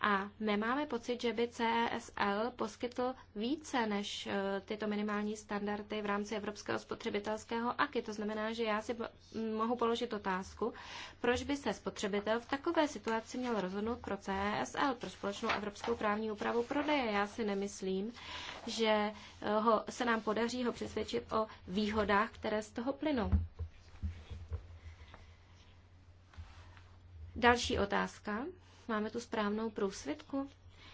a nemáme pocit, že by CESL poskytl více než eh, tyto minimální standardy v rámci Evropského spotřebitelského AKI. To znamená, že já si hm, mohu položit otázku, proč by se spotřebitel v takové situaci měl rozhodnout pro CESL, pro společnou evropskou právní úpravu prodeje. Já si nemyslím, že eh, ho, se nám podaří ho přesvědčit o výhodách, které z toho plynou. Další otázka. Máme tu správnou průsvitku?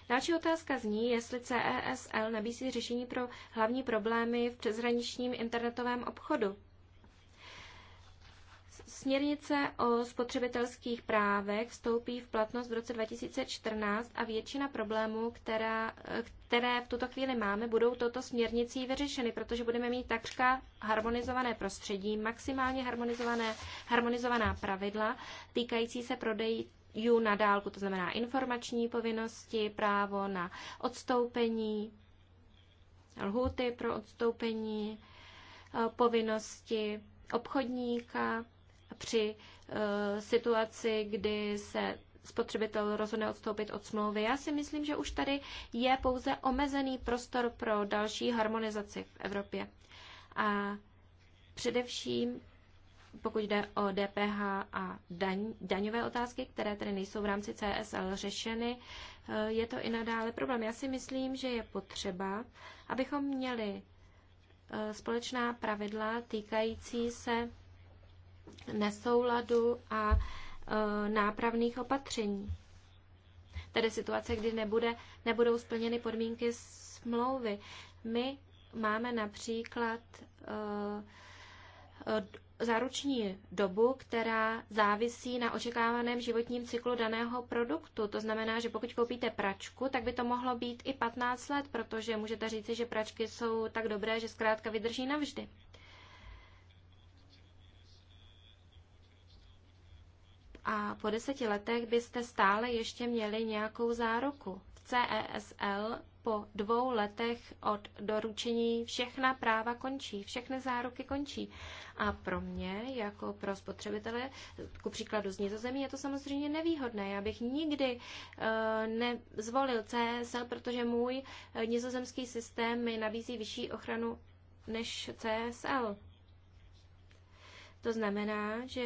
Další otázka zní, jestli CESL nabízí řešení pro hlavní problémy v přeshraničním internetovém obchodu. Směrnice o spotřebitelských právech vstoupí v platnost v roce 2014 a většina problémů, která, které v tuto chvíli máme, budou toto směrnicí vyřešeny, protože budeme mít takřka harmonizované prostředí, maximálně harmonizované, harmonizovaná pravidla týkající se prodejů na dálku, to znamená informační povinnosti, právo na odstoupení, lhuty pro odstoupení, povinnosti obchodníka, při eh, situaci, kdy se spotřebitel rozhodne odstoupit od smlouvy. Já si myslím, že už tady je pouze omezený prostor pro další harmonizaci v Evropě. A především pokud jde o DPH a daň, daňové otázky, které tedy nejsou v rámci CSL řešeny, eh, je to i nadále problém. Já si myslím, že je potřeba, abychom měli eh, společná pravidla týkající se nesouladu a e, nápravných opatření. Tedy situace, kdy nebude, nebudou splněny podmínky smlouvy. My máme například e, e, záruční dobu, která závisí na očekávaném životním cyklu daného produktu. To znamená, že pokud koupíte pračku, tak by to mohlo být i 15 let, protože můžete říci, že pračky jsou tak dobré, že zkrátka vydrží navždy. a po deseti letech byste stále ještě měli nějakou záruku. V CESL po dvou letech od doručení všechna práva končí, všechny záruky končí. A pro mě, jako pro spotřebitele, ku příkladu z Nizozemí, je to samozřejmě nevýhodné. Já bych nikdy uh, nezvolil CESL, protože můj eh, nizozemský systém mi nabízí vyšší ochranu než CSL. E to znamená, že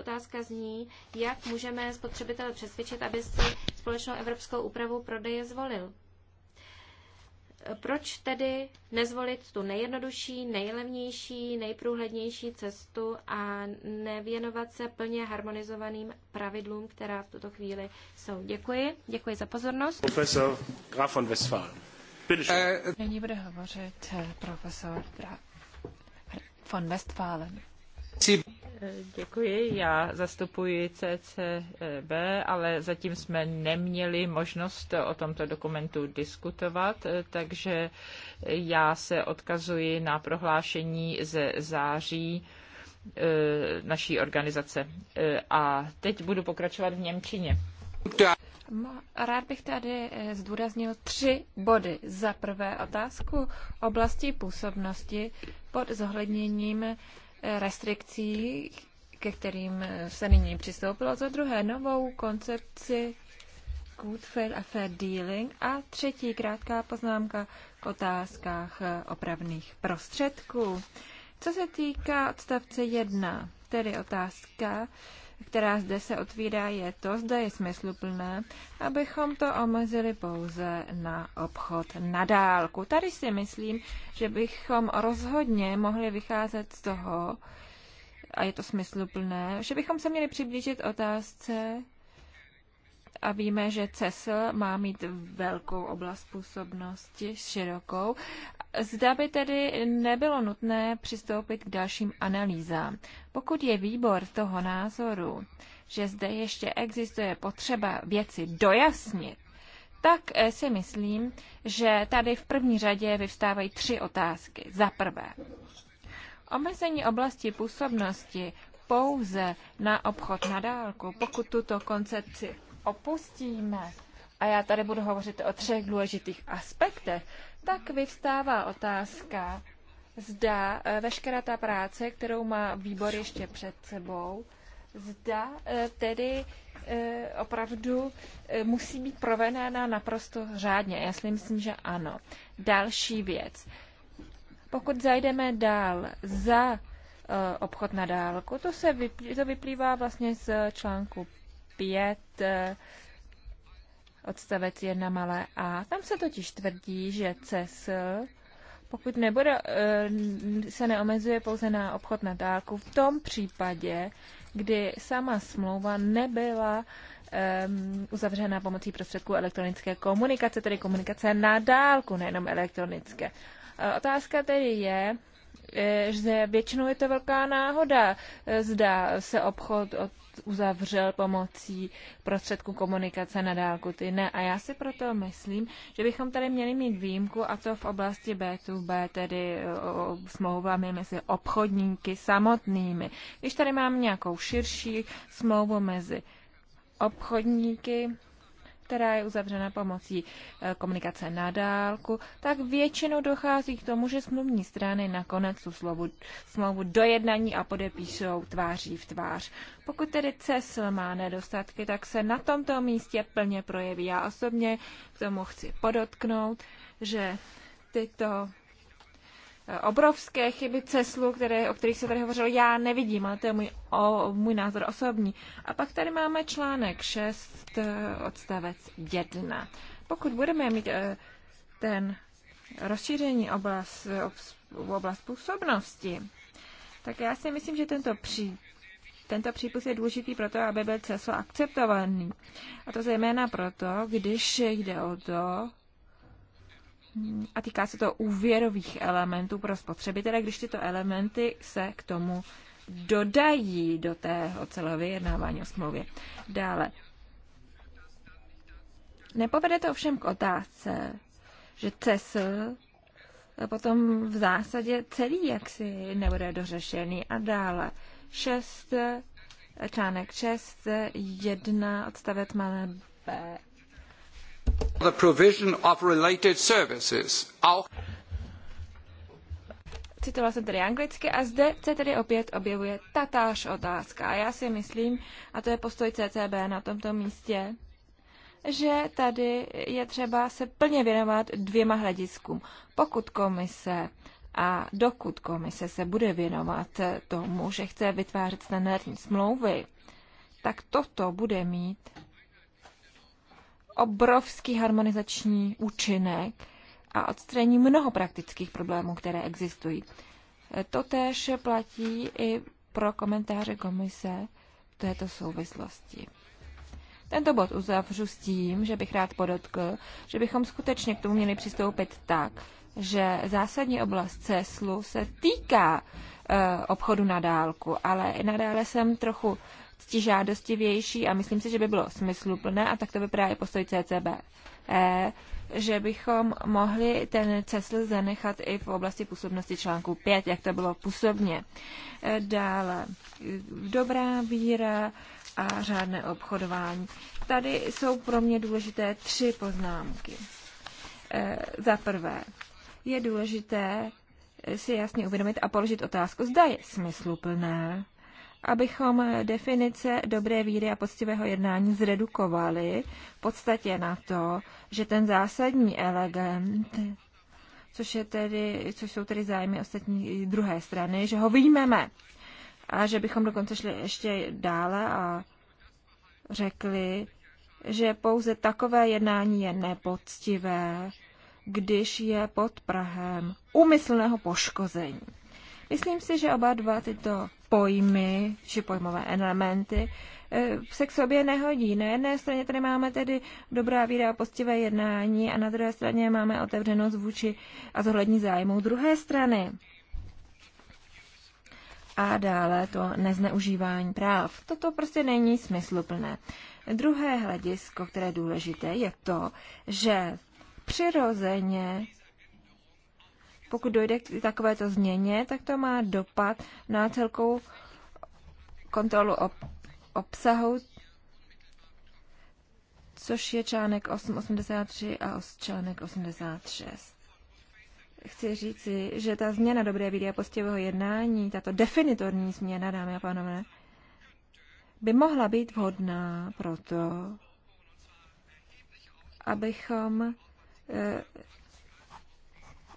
otázka zní, jak můžeme spotřebitele přesvědčit, aby si společnou evropskou úpravu prodeje zvolil. Proč tedy nezvolit tu nejjednodušší, nejlevnější, nejprůhlednější cestu a nevěnovat se plně harmonizovaným pravidlům, která v tuto chvíli jsou? Děkuji. Děkuji za pozornost. Profesor Graf von Westphal. Nyní bude hovořit eh, profesor Graf von Westphalen. Děkuji, já zastupuji CCB, ale zatím jsme neměli možnost o tomto dokumentu diskutovat, takže já se odkazuji na prohlášení ze září eh, naší organizace. Eh, a teď budu pokračovat v Němčině. Rád bych tady eh, zdůraznil tři body. Za prvé otázku oblasti působnosti pod zohledněním restrikcí, ke kterým se nyní přistoupilo, za druhé novou koncepci good, fair a fair dealing a třetí krátká poznámka k otázkách opravných prostředků. Co se týká odstavce 1, tedy otázka, která zde se otvírá, je to, zda je smysluplné, abychom to omezili pouze na obchod na dálku. Tady si myslím, že bychom rozhodně mohli vycházet z toho, a je to smysluplné, že bychom se měli přiblížit otázce a víme, že CESL má mít velkou oblast působnosti, širokou. Zda by tedy nebylo nutné přistoupit k dalším analýzám. Pokud je výbor toho názoru, že zde ještě existuje potřeba věci dojasnit, tak eh, si myslím, že tady v první řadě vyvstávají tři otázky. Za prvé, omezení oblasti působnosti pouze na obchod na dálku, pokud tuto koncepci opustíme, a já tady budu hovořit o třech důležitých aspektech, tak vyvstává otázka, zda eh, veškerá ta práce, kterou má výbor ještě před sebou, zda eh, tedy eh, opravdu musí být provedená naprosto řádně. Já si myslím, že ano. Další věc. Pokud zajdeme dál za obchod na dálku, to, se vyplývá, to vyplývá vlastně z článku 5 eh, odstavec 1 malé a. Tam se totiž tvrdí, že CESL, pokud nebude, eh, se neomezuje pouze na obchod na dálku, v tom případě, kdy sama smlouva nebyla um, uzavřena pomocí prostředků elektronické komunikace, tedy komunikace na dálku, nejenom elektronické. Otázka tedy je, že většinou je to velká náhoda, zda se obchod od uzavřel pomocí prostředku komunikace na dálku, ty ne. A já si proto myslím, že bychom tady měli mít výjimku, a to v oblasti B2B, tedy o smlouvami mezi obchodníky samotnými. Když tady mám nějakou širší smlouvu mezi obchodníky, která je uzavřena pomocí eh, komunikace na dálku, tak většinou dochází k tomu, že smluvní strany nakonec tu slovu, smlouvu dojednaní a podepíšou tváří v tvář. Pokud tedy CESL má nedostatky, tak se na tomto místě plně projeví. Já osobně k tomu chci podotknout, že tyto obrovské chyby CESLu, které, o kterých se tady hovořilo, já nevidím, ale to je můj, o, můj názor osobní. A pak tady máme článek 6 eh, odstavec 1. Pokud budeme mít eh, ten rozšíření oblast, oblast působnosti, tak já si myslím, že tento pří, tento přípust je důležitý proto, aby byl CESO akceptovaný. A to zejména proto, když jde o to, a týká se to úvěrových elementů pro spotřebitele, když tyto elementy se k tomu dodají do tého celého vyjednávání o smlouvě. Dále. Nepovede to ovšem k otázce, že CESL potom v zásadě celý jaksi nebude dořešený a dále. šest článek 6, 1, odstavec malé B, The provision of related services. Citovala jsem tedy anglicky a zde se tedy opět objevuje tatáž otázka. A já si myslím, a to je postoj CCB na tomto místě, že tady je třeba se plně věnovat dvěma hlediskům. Pokud komise a dokud komise se bude věnovat tomu, že chce vytvářet standardní smlouvy, tak toto bude mít obrovský harmonizační účinek a odstraní mnoho praktických problémů, které existují. E, to též platí i pro komentáře komise v této souvislosti. Tento bod uzavřu s tím, že bych rád podotkl, že bychom skutečně k tomu měli přistoupit tak, že zásadní oblast CESLu se týká e, obchodu na dálku, ale i nadále jsem trochu ctižádostivější a myslím si, že by bylo smysluplné a tak to by právě postoj CCB, e, že bychom mohli ten CESL zanechat i v oblasti působnosti článku 5, jak to bylo působně. E, dále, dobrá víra a řádné obchodování. Tady jsou pro mě důležité tři poznámky. E, za prvé, je důležité si jasně uvědomit a položit otázku, zda je smysluplné abychom definice dobré víry a poctivého jednání zredukovali v podstatě na to, že ten zásadní element, což, je tedy, což jsou tedy zájmy ostatní druhé strany, že ho vyjmeme a že bychom dokonce šli ještě dále a řekli, že pouze takové jednání je nepoctivé, když je pod Prahem úmyslného poškození. Myslím si, že oba dva tyto pojmy či pojmové elementy eh, se k sobě nehodí. Na jedné straně tady máme tedy dobrá víra a postivé jednání a na druhé straně máme otevřenost vůči a zohlední zájmu druhé strany. A dále to nezneužívání práv. Toto prostě není smysluplné. Druhé hledisko, které je důležité, je to, že přirozeně pokud dojde k takovéto změně, tak to má dopad na celkovou kontrolu ob, obsahu, což je článek 883 a článek 86. Chci říci, že ta změna dobré víry a postivého jednání, tato definitorní změna, dámy a pánové, by mohla být vhodná proto, abychom eh,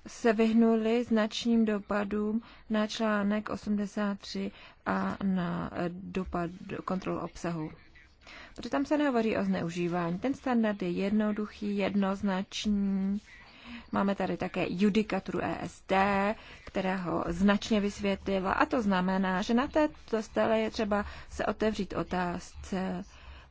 se vyhnuli značným dopadům na článek 83 a na eh, dopad kontrol obsahu. Protože tam se nehovoří o zneužívání. Ten standard je jednoduchý, jednoznačný. Máme tady také judikaturu ESD, která ho značně vysvětlila a to znamená, že na této stele je třeba se otevřít otázce,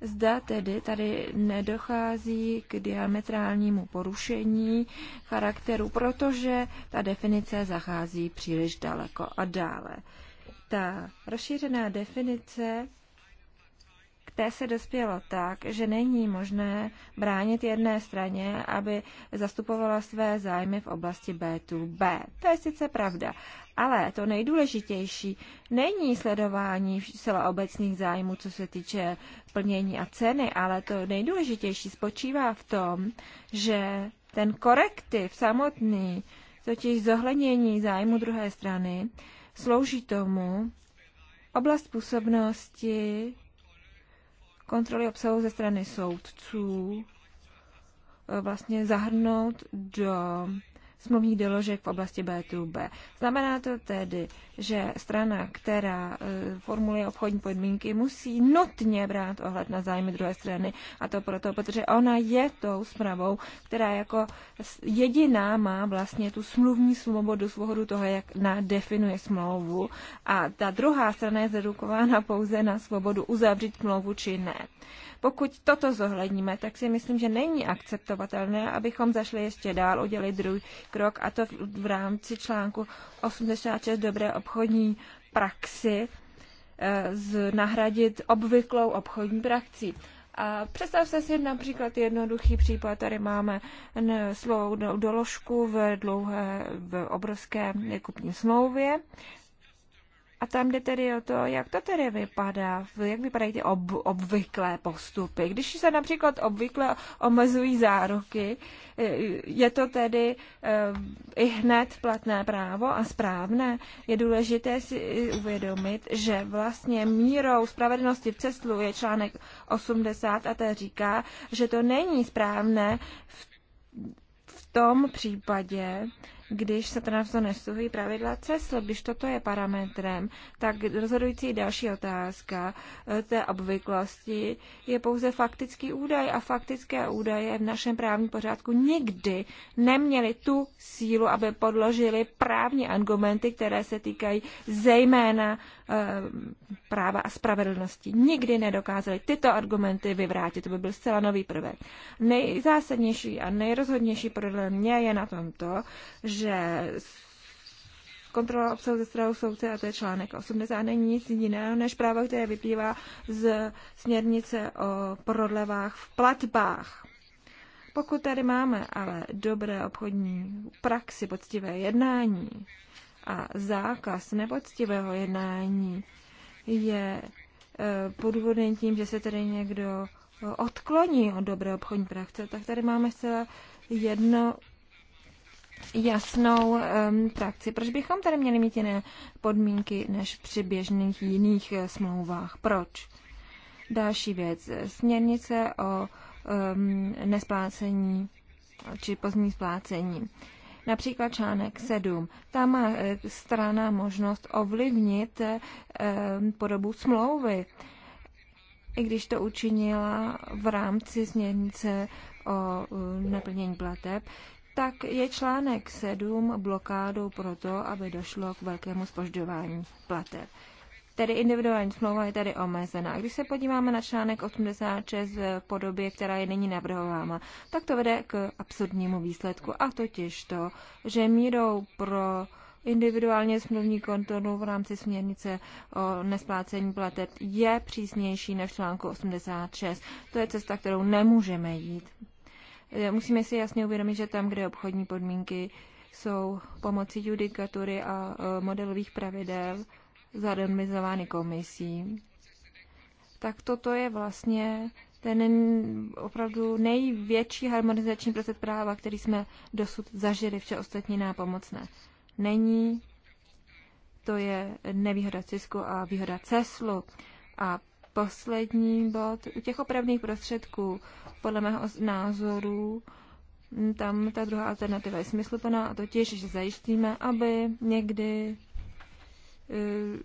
Zda tedy tady nedochází k diametrálnímu porušení charakteru, protože ta definice zachází příliš daleko a dále. Ta rozšířená definice té se dospělo tak, že není možné bránit jedné straně, aby zastupovala své zájmy v oblasti B2B. To je sice pravda, ale to nejdůležitější není sledování celoobecných zájmů, co se týče plnění a ceny, ale to nejdůležitější spočívá v tom, že ten korektiv samotný, totiž zohlednění zájmu druhé strany, slouží tomu, oblast působnosti kontroly obsahu ze strany soudců e, vlastně zahrnout do smluvních doložek v oblasti B2B. Znamená to tedy, že strana, která e, formuluje obchodní podmínky, musí nutně brát ohled na zájmy druhé strany a to proto, protože ona je tou zprávou, která jako jediná má vlastně tu smluvní svobodu, svobodu toho, jak nadefinuje smlouvu a ta druhá strana je zredukována pouze na svobodu uzavřít smlouvu či ne. Pokud toto zohledníme, tak si myslím, že není akceptovatelné, abychom zašli ještě dál, udělali druhý krok, a to v, rámci článku 86 dobré obchodní praxi, eh, z, nahradit obvyklou obchodní praxi. A představte si například jednoduchý případ. Tady máme svou doložku v dlouhé, v obrovské kupní smlouvě a tam jde tedy o to, jak to tedy vypadá, jak vypadají ty ob, obvyklé postupy. Když se například obvykle omezují záruky, eh, je to tedy eh, i hned platné právo a správné. Je důležité si eh, uvědomit, že vlastně mírou spravedlnosti v cestlu je článek 80 a ten říká, že to není správné v, v tom případě, když se to to nestuhují pravidla CESL. Když toto je parametrem, tak rozhodující další otázka eh, té obvyklosti je pouze faktický údaj a faktické údaje v našem právním pořádku nikdy neměly tu sílu, aby podložili právní argumenty, které se týkají zejména Eh, práva a spravedlnosti. Nikdy nedokázali tyto argumenty vyvrátit, to by byl zcela nový prvek. Nejzásadnější a nejrozhodnější podle mě je na tom to, že kontrola obsahu ze strany soudce, a to je článek 80, není nic jiného než právo, které vyplývá z směrnice o prodlevách v platbách. Pokud tady máme ale dobré obchodní praxi, poctivé jednání, a zákaz nepoctivého jednání je e, podvodný tím, že se tedy někdo e, odkloní od dobré obchodní praxe, tak tady máme zcela jedno jasnou um, praxi. Proč bychom tady měli mít jiné podmínky než při běžných jiných e, smlouvách? Proč? Další věc. Směrnice o um, nesplácení či pozdní splácení. Například článek 7. Tam má eh, strana možnost ovlivnit eh, podobu smlouvy. I když to učinila v rámci změnice o eh, naplnění plateb, tak je článek 7 blokádou proto, aby došlo k velkému spožďování plateb. Tedy individuální smlouva je tady omezená. když se podíváme na článek 86 v podobě, která je nyní navrhována, tak to vede k absurdnímu výsledku. A totiž to, že mírou pro individuálně smluvní kontrolu v rámci směrnice o nesplácení plateb je přísnější než článku 86. To je cesta, kterou nemůžeme jít. E, musíme si jasně uvědomit, že tam, kde obchodní podmínky jsou pomocí judikatury a e, modelových pravidel, zademizovány komisí, tak toto je vlastně ten opravdu největší harmonizační proces práva, který jsme dosud zažili, vše ostatní nápomocné. Není, to je nevýhoda Cisku a výhoda Ceslu. A poslední bod, u těch opravných prostředků, podle mého názoru, tam ta druhá alternativa je smysluplná, a totiž, že zajistíme, aby někdy Eh,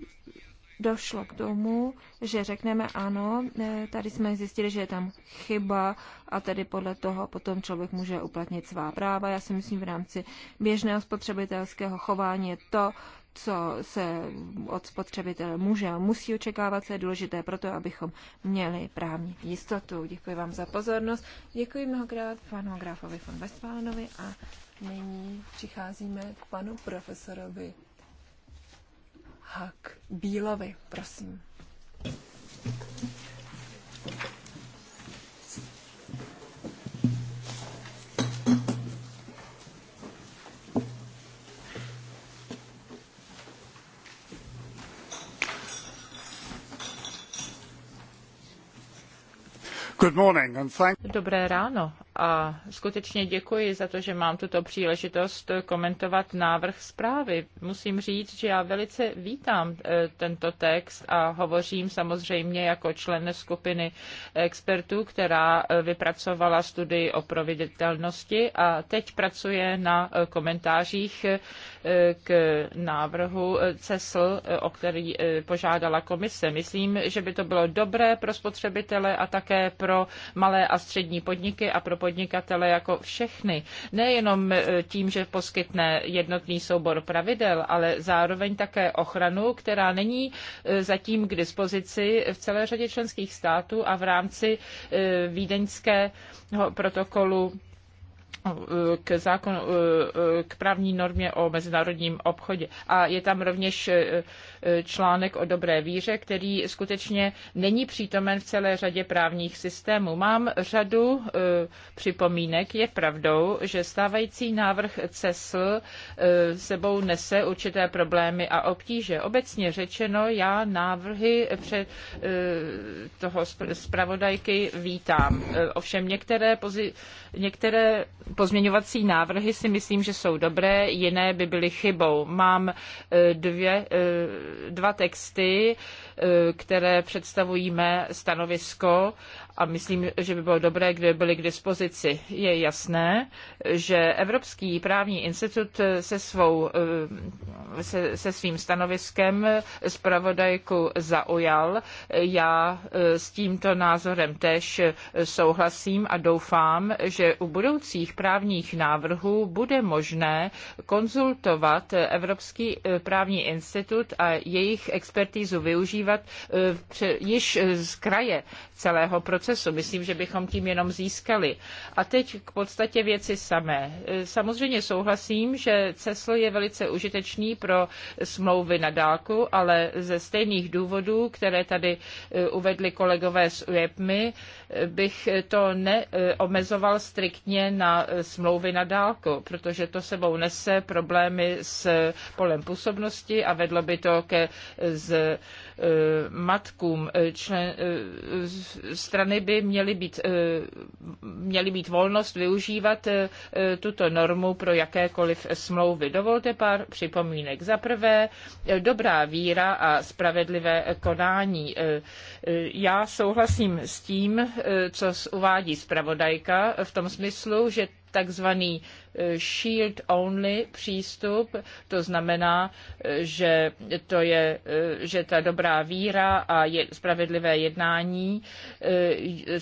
došlo k tomu, že řekneme ano, eh, tady jsme zjistili, že je tam chyba a tedy podle toho potom člověk může uplatnit svá práva. Já si myslím v rámci běžného spotřebitelského chování je to, co se od spotřebitele může a musí očekávat, co je důležité pro to, abychom měli právní jistotu. Děkuji vám za pozornost. Děkuji mnohokrát panu Grafovi von Westfálenovi a nyní přicházíme k panu profesorovi Hak Bílovi. Prosím. Dobré ráno a skutečně děkuji za to, že mám tuto příležitost komentovat návrh zprávy. Musím říct, že já velice vítám e, tento text a hovořím samozřejmě jako člen skupiny expertů, která e, vypracovala studii o proveditelnosti a teď pracuje na e, komentářích k návrhu CESL, o který požádala komise. Myslím, že by to bylo dobré pro spotřebitele a také pro malé a střední podniky a pro podnikatele jako všechny. Nejenom e, tím, že poskytne jednotný soubor pravidel, ale zároveň také ochranu, která není e, zatím k dispozici v celé řadě členských států a v rámci e, vídeňského protokolu k, zákonu, k právní normě o mezinárodním obchodě. A je tam rovněž článek o dobré víře, který skutečně není přítomen v celé řadě právních systémů. Mám řadu eh, připomínek. Je pravdou, že stávající návrh CESL eh, sebou nese určité problémy a obtíže. Obecně řečeno, já návrhy před eh, toho zpravodajky vítám. Ovšem některé, pozi, některé pozměňovací návrhy si myslím, že jsou dobré, jiné by byly chybou. Mám dvě dva texty, eh, které představují mé stanovisko a myslím, že by bylo dobré, kdyby byly k dispozici. Je jasné, že Evropský právní institut se, svou, eh, se, se svým stanoviskem zpravodajku zaujal. Já eh, s tímto názorem tež eh, souhlasím a doufám, že u budoucích právních návrhů bude možné konzultovat Evropský právní institut a jejich expertízu využívat již z kraje celého procesu procesu. Myslím, že bychom tím jenom získali. A teď k podstatě věci samé. E, samozřejmě souhlasím, že CESL je velice užitečný pro smlouvy na dálku, ale ze stejných důvodů, které tady e, uvedli kolegové z UEPMI, e, bych to neomezoval striktně na smlouvy na dálku, protože to sebou nese problémy s polem působnosti a vedlo by to ke z Eh, matkům. Eh, člen, eh, strany by měly být, měly být volnost využívat tuto normu pro jakékoliv smlouvy. Dovolte pár připomínek. Za prvé, dobrá víra a spravedlivé konání. Já souhlasím s tím, co uvádí zpravodajka v tom smyslu, že takzvaný shield only přístup, to znamená, že to je, že ta dobrá víra a je, spravedlivé jednání eh,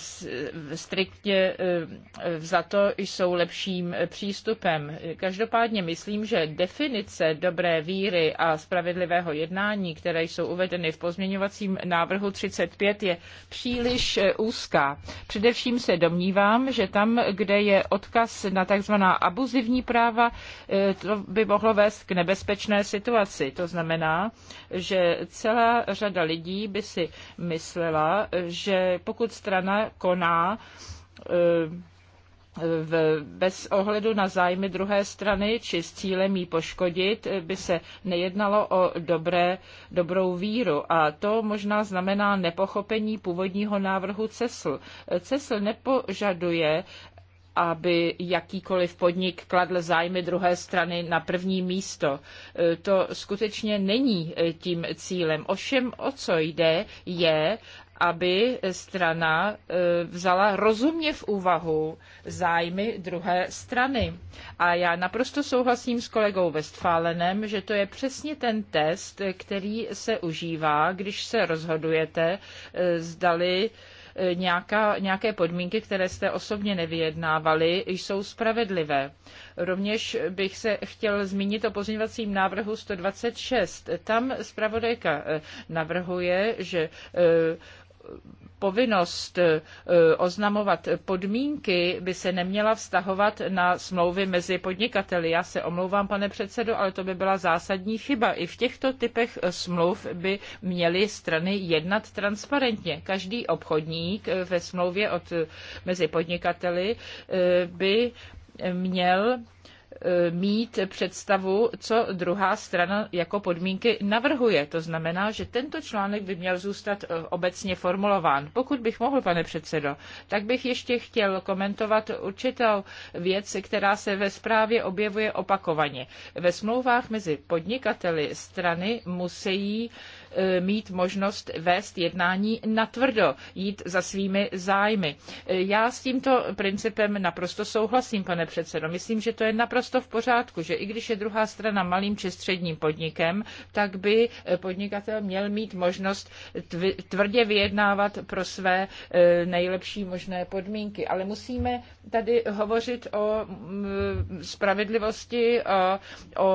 striktně eh, za to jsou lepším přístupem. Každopádně myslím, že definice dobré víry a spravedlivého jednání, které jsou uvedeny v pozměňovacím návrhu 35, je příliš eh, úzká. Především se domnívám, že tam, kde je odkaz na takzvaná abu exkluzivní práva, eh, to by mohlo vést k nebezpečné situaci. To znamená, že celá řada lidí by si myslela, že pokud strana koná, eh, v, bez ohledu na zájmy druhé strany či s cílem jí poškodit, eh, by se nejednalo o dobré, dobrou víru. A to možná znamená nepochopení původního návrhu CESL. CESL nepožaduje aby jakýkoliv podnik kladl zájmy druhé strany na první místo. E, to skutečně není e, tím cílem. Ovšem, o co jde, je, aby strana e, vzala rozumně v úvahu zájmy druhé strany. A já naprosto souhlasím s kolegou Westfálenem, že to je přesně ten test, který se užívá, když se rozhodujete, zdali nějaká, nějaké podmínky, které jste osobně nevyjednávali, jsou spravedlivé. Rovněž bych se chtěl zmínit o pozměňovacím návrhu 126. Tam zpravodajka eh, navrhuje, že eh, povinnost eh, oznamovat podmínky by se neměla vztahovat na smlouvy mezi podnikateli. Já se omlouvám, pane předsedo, ale to by byla zásadní chyba. I v těchto typech smluv by měly strany jednat transparentně. Každý obchodník eh, ve smlouvě od, eh, mezi podnikateli by měl Eh, mít představu, co druhá strana jako podmínky navrhuje. To znamená, že tento článek by měl zůstat eh, obecně formulován. Pokud bych mohl, pane předsedo, tak bych ještě chtěl komentovat určitou věc, která se ve zprávě objevuje opakovaně. Ve smlouvách mezi podnikateli strany musí uh, E, mít možnost vést jednání natvrdo, jít za svými zájmy. E, já s tímto principem naprosto souhlasím, pane předsedo. Myslím, že to je naprosto v pořádku, že i když je druhá strana malým či středním podnikem, tak by e, podnikatel měl mít možnost tvrdě vyjednávat pro své nejlepší možné podmínky. Ale musíme tady hovořit o spravedlivosti, o,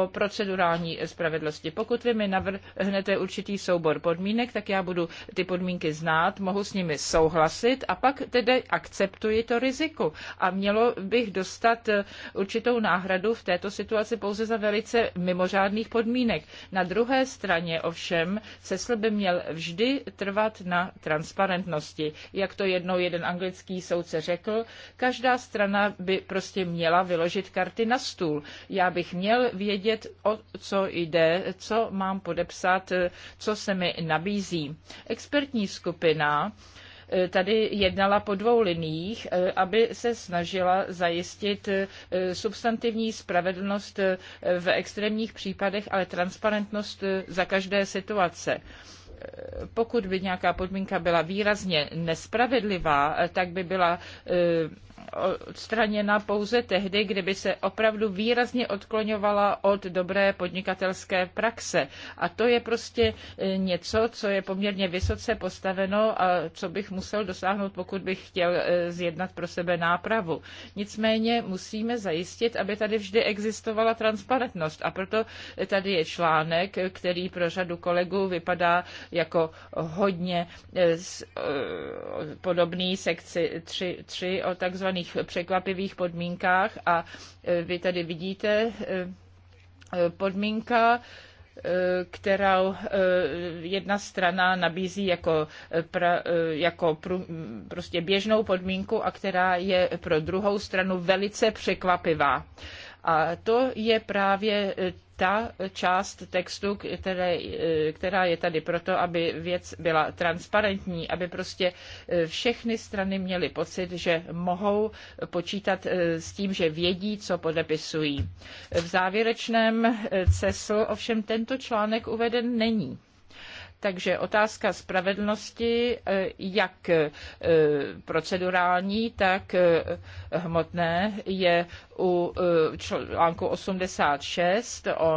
o procedurální spravedlnosti. Pokud vy mi navrhnete určitý soubor podmínek, tak já budu ty podmínky znát, mohu s nimi souhlasit a pak tedy akceptuji to riziko. A mělo bych dostat eh, určitou náhradu v této situaci pouze za velice mimořádných podmínek. Na druhé straně ovšem se by měl vždy trvat na transparentnosti. Jak to jednou jeden anglický soudce řekl, každá strana by prostě měla vyložit karty na stůl. Já bych měl vědět, o co jde, co mám podepsat, eh, co se mi nabízí. Expertní skupina eh, tady jednala po dvou liních, eh, aby se snažila zajistit eh, substantivní spravedlnost v extrémních případech, ale transparentnost za každé situace pokud by nějaká podmínka byla výrazně nespravedlivá, tak by byla eh, odstraněna pouze tehdy, kdyby se opravdu výrazně odkloňovala od dobré podnikatelské praxe. A to je prostě eh, něco, co je poměrně vysoce postaveno a co bych musel dosáhnout, pokud bych chtěl eh, zjednat pro sebe nápravu. Nicméně musíme zajistit, aby tady vždy existovala transparentnost. A proto tady je článek, který pro řadu kolegů vypadá jako hodně eh, eh, podobný sekci 3, 3 o takzvaných překvapivých podmínkách a eh, vy tady vidíte podmínka, kterou jedna strana nabízí jako, pra, jako pr, prostě běžnou podmínku a která je pro druhou stranu velice překvapivá. A to je právě eh, ta část textu, které, eh, která je tady proto, aby věc byla transparentní, aby prostě eh, všechny strany měly pocit, že mohou počítat s tím, že vědí, co podepisují. V závěrečném CESL ovšem tento článek uveden není. Takže otázka spravedlnosti, eh, jak eh, procedurální, tak eh, hmotné, je u článku 86 o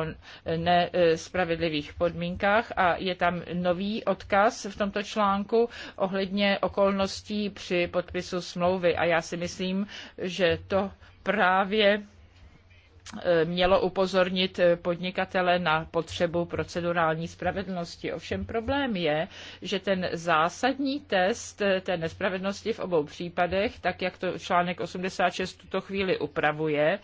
nespravedlivých podmínkách a je tam nový odkaz v tomto článku ohledně okolností při podpisu smlouvy. A já si myslím, že to právě mělo upozornit podnikatele na potřebu procedurální spravedlnosti. Ovšem problém je, že ten zásadní test té nespravedlnosti v obou případech, tak jak to článek 86 tuto chvíli upravuje,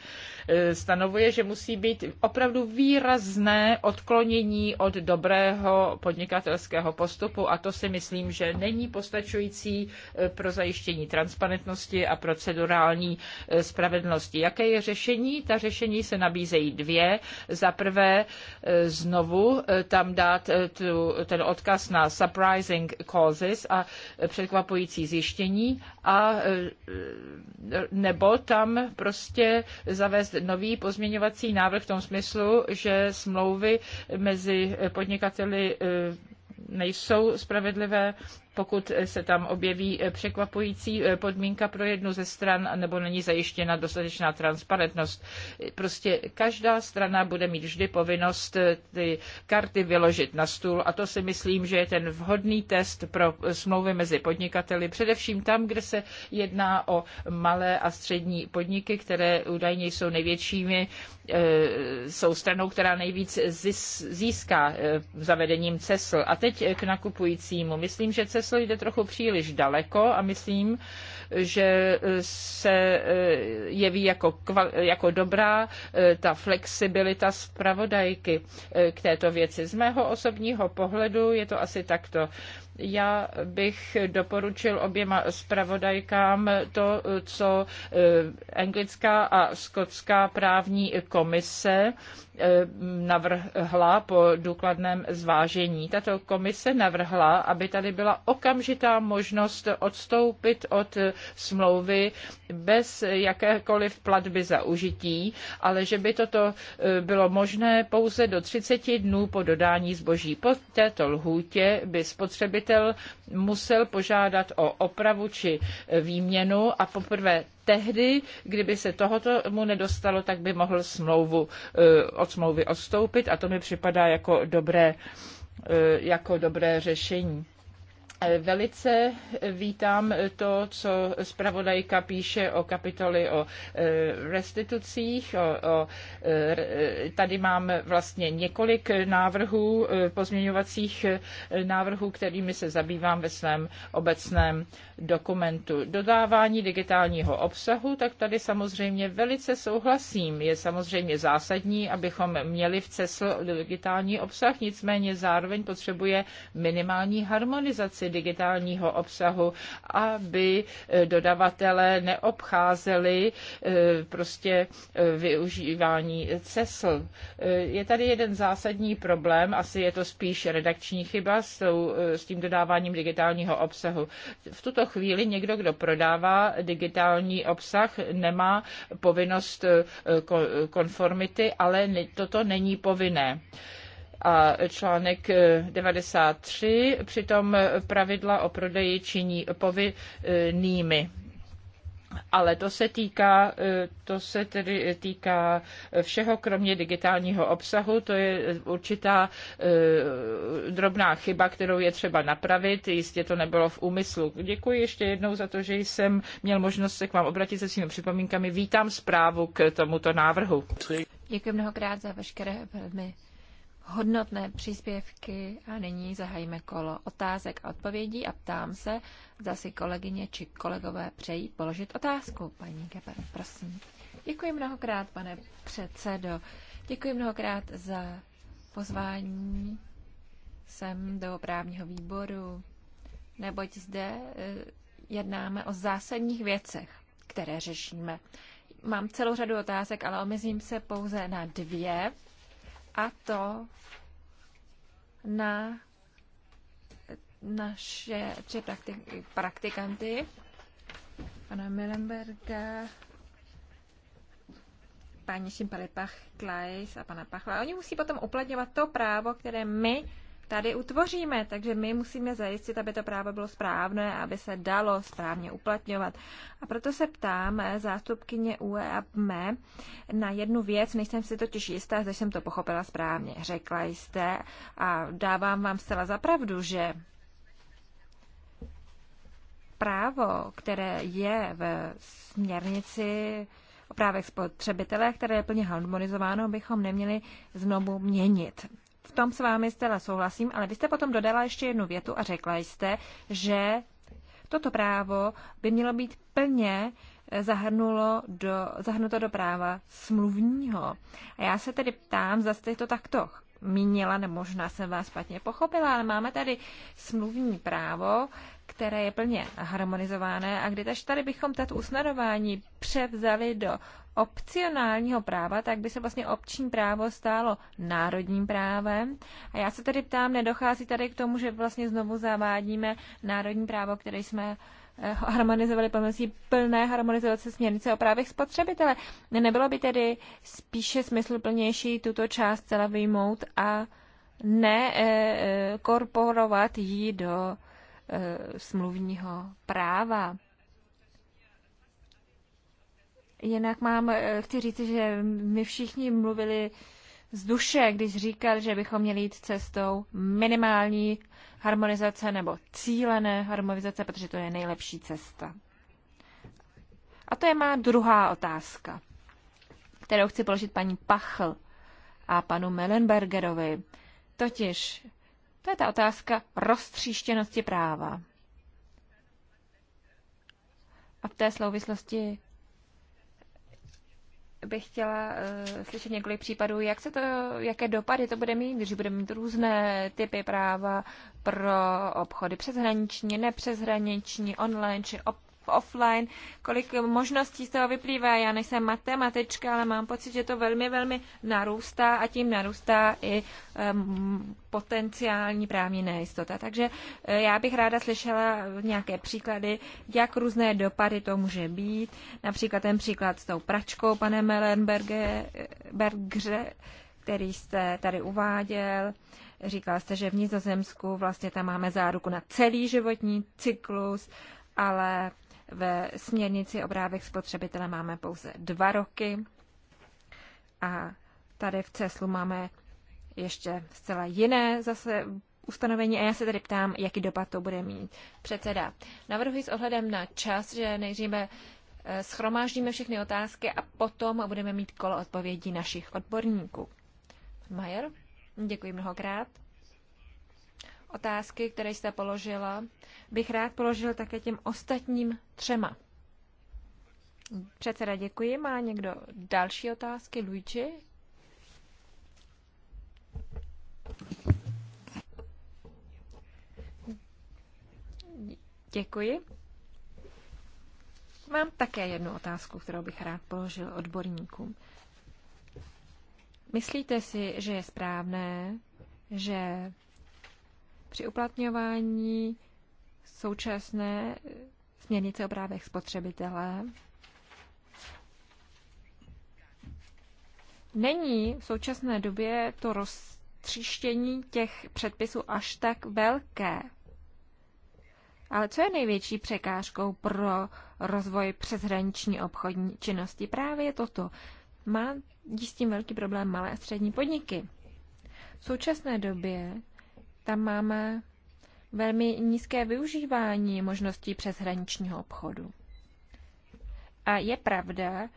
stanovuje, že musí být opravdu výrazné odklonění od dobrého podnikatelského postupu a to si myslím, že není postačující eh, pro zajištění transparentnosti a procedurální eh, spravedlnosti. Jaké je řešení? Ta řešení řešení se nabízejí dvě. Za prvé e, znovu e, tam dát e, tu, ten odkaz na surprising causes a překvapující zjištění a nebo tam prostě zavést nový pozměňovací návrh v tom smyslu, že smlouvy mezi podnikateli nejsou spravedlivé pokud se tam objeví eh, překvapující eh, podmínka pro jednu ze stran nebo není zajištěna dostatečná transparentnost. Prostě každá strana bude mít vždy povinnost eh, ty karty vyložit na stůl a to si myslím, že je ten vhodný test pro smlouvy mezi podnikateli, především tam, kde se jedná o malé a střední podniky, které údajně jsou největšími, jsou stranou, která nejvíc získá zavedením CESL. A teď k nakupujícímu. Myslím, že CESL průmysl jde trochu příliš daleko a myslím, že e, se e, jeví jako, jako dobrá e, ta flexibilita zpravodajky k této věci. Z mého osobního pohledu je to asi takto. Já bych doporučil oběma zpravodajkám to, co e, anglická a skotská právní komise e, navrhla po důkladném zvážení. Tato komise navrhla, aby tady byla okamžitá možnost odstoupit od smlouvy bez jakékoliv platby za užití, ale že by toto e, bylo možné pouze do 30 dnů po dodání zboží. Po této lhůtě by spotřebitel majitel musel požádat o opravu či výměnu a poprvé tehdy, kdyby se tohoto mu nedostalo, tak by mohl smlouvu, eh, od smlouvy odstoupit a to mi připadá jako dobré, eh, jako dobré řešení. Velice vítám to, co zpravodajka píše o kapitoli o e, restitucích. O, o, e, e, tady mám vlastně několik návrhů, pozměňovacích návrhů, kterými se zabývám ve svém obecném dokumentu. Dodávání digitálního obsahu, tak tady samozřejmě velice souhlasím. Je samozřejmě zásadní, abychom měli v CESL digitální obsah, nicméně zároveň potřebuje minimální harmonizaci rámci digitálního obsahu, aby eh, dodavatelé neobcházeli eh, prostě eh, využívání CESL. Je tady jeden zásadní problém, asi je to spíš redakční chyba s, tou, s tím dodáváním digitálního obsahu. V tuto chvíli někdo, kdo prodává digitální obsah, nemá povinnost konformity, ale toto není povinné a článek 93 eh, přitom pravidla o prodeji činí povinnými. Ale to se týká, eh, to se tedy týká všeho, kromě digitálního obsahu. To je určitá eh, drobná chyba, kterou je třeba napravit. Jistě to nebylo v úmyslu. Děkuji ještě jednou za to, že jsem měl možnost se k vám obratit se svými připomínkami. Vítám zprávu k tomuto návrhu. Děkuji mnohokrát za veškeré velmi hodnotné příspěvky a nyní zahajíme kolo otázek a odpovědí a ptám se, zda si kolegyně či kolegové přejí položit otázku. Paní Geber, prosím. Děkuji mnohokrát, pane předsedo. Děkuji mnohokrát za pozvání sem do právního výboru, neboť zde e, jednáme o zásadních věcech, které řešíme. Mám celou řadu otázek, ale omezím se pouze na dvě a to na naše tři praktik- praktikanty, pana Milenberga, paní Šimpali Pach, a pana Pachla. Oni musí potom uplatňovat to právo, které my tady utvoříme. Takže my musíme zajistit, aby to právo bylo správné, aby se dalo správně uplatňovat. A proto se ptám eh, zástupkyně Ue a UEAPME na jednu věc, nejsem si totiž jistá, že jsem to pochopila správně. Řekla jste a dávám vám zcela zapravdu, že právo, které je v směrnici o právech spotřebitele, které je plně harmonizováno, bychom neměli znovu měnit tom s vámi zcela souhlasím, ale vy jste potom dodala ještě jednu větu a řekla jste, že toto právo by mělo být plně zahrnulo do, zahrnuto do práva smluvního. A já se tedy ptám, zda jste to takto mínila, nebo možná jsem vás špatně pochopila, ale máme tady smluvní právo, které je plně harmonizované a když tady bychom tato usnadování převzali do opcionálního práva, tak by se vlastně opční právo stálo národním právem. A já se tady ptám, nedochází tady k tomu, že vlastně znovu zavádíme národní právo, které jsme eh, harmonizovali pomocí plné harmonizace směrnice o právech spotřebitele. Nebylo by tedy spíše smysluplnější tuto část celá vyjmout a ne eh, eh, korporovat ji do smluvního práva. Jinak mám, eh, chci říct, že my všichni mluvili z duše, když říkal, že bychom měli jít cestou minimální harmonizace nebo cílené harmonizace, protože to je nejlepší cesta. A to je má druhá otázka, kterou chci položit paní Pachl a panu Melenbergerovi. Totiž, to je ta otázka roztříštěnosti práva. A v té souvislosti bych chtěla uh, slyšet několik případů, jak se to, jaké dopady to bude mít, když budeme mít různé typy práva pro obchody přeshraniční, nepřeshraniční, online či op- offline, kolik možností z toho vyplývá. Já nejsem matematička, ale mám pocit, že to velmi, velmi narůstá a tím narůstá i um, potenciální právní nejistota. Takže eh, já bych ráda slyšela nějaké příklady, jak různé dopady to může být. Například ten příklad s tou pračkou, pane Melenbergře, který jste tady uváděl. Říkal jste, že v Nizozemsku vlastně tam máme záruku na celý životní cyklus, ale ve směrnici o právech spotřebitele máme pouze dva roky a tady v CESLu máme ještě zcela jiné zase ustanovení a já se tady ptám, jaký dopad to bude mít předseda. Navrhuji s ohledem na čas, že nejdříve eh, schromáždíme všechny otázky a potom budeme mít kolo odpovědí našich odborníků. Majer, děkuji mnohokrát otázky, které jste položila, bych rád položil také těm ostatním třema. Předseda, děkuji. Má někdo další otázky? Luigi? Děkuji. Mám také jednu otázku, kterou bych rád položil odborníkům. Myslíte si, že je správné, že při uplatňování současné směrnice o právech spotřebitele není v současné době to roztříštění těch předpisů až tak velké. Ale co je největší překážkou pro rozvoj přeshraniční obchodní činnosti? Právě je toto. Má s tím velký problém malé a střední podniky. V současné době tam máme velmi nízké využívání možností přeshraničního obchodu. A je pravda,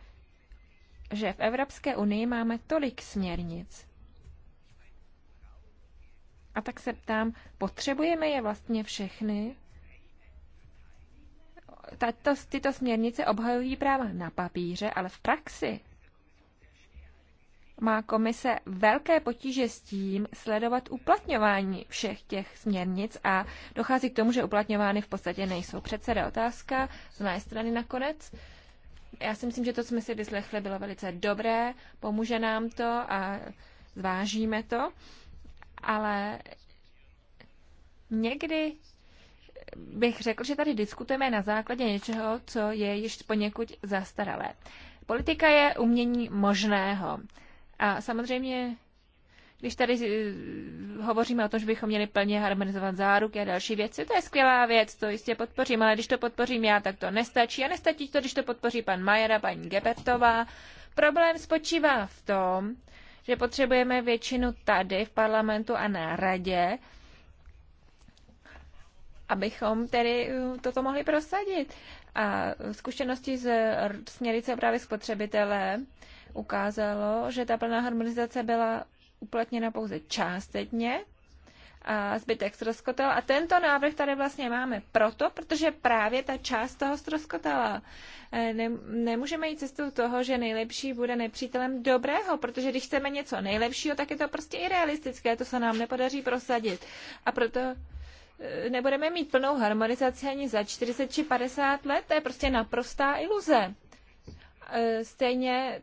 že v Evropské unii máme tolik směrnic. A tak se ptám, potřebujeme je vlastně všechny? Tato, tyto směrnice obhajují práva na papíře, ale v praxi má komise velké potíže s tím sledovat uplatňování všech těch směrnic a dochází k tomu, že uplatňovány v podstatě nejsou. Předseda otázka z mé strany nakonec. Já si myslím, že to, co jsme si vyslechli, bylo velice dobré, pomůže nám to a zvážíme to, ale někdy bych řekl, že tady diskutujeme na základě něčeho, co je již poněkud zastaralé. Politika je umění možného. A samozřejmě, když tady eh, hovoříme o tom, že bychom měli plně harmonizovat záruky a další věci, to je skvělá věc, to jistě podpořím, ale když to podpořím já, tak to nestačí. A nestačí to, když to podpoří pan Majer a paní Gebertová. Problém spočívá v tom, že potřebujeme většinu tady v parlamentu a na radě, abychom tedy eh, toto mohli prosadit. A zkušenosti z směrice právě spotřebitele ukázalo, že ta plná harmonizace byla uplatněna pouze částečně a zbytek ztroskotal. A tento návrh tady vlastně máme proto, protože právě ta část toho ztroskotala. E, nemůžeme jít cestou toho, že nejlepší bude nepřítelem dobrého, protože když chceme něco nejlepšího, tak je to prostě i realistické, to se nám nepodaří prosadit. A proto e, nebudeme mít plnou harmonizaci ani za 40 či 50 let, to je prostě naprostá iluze. E, stejně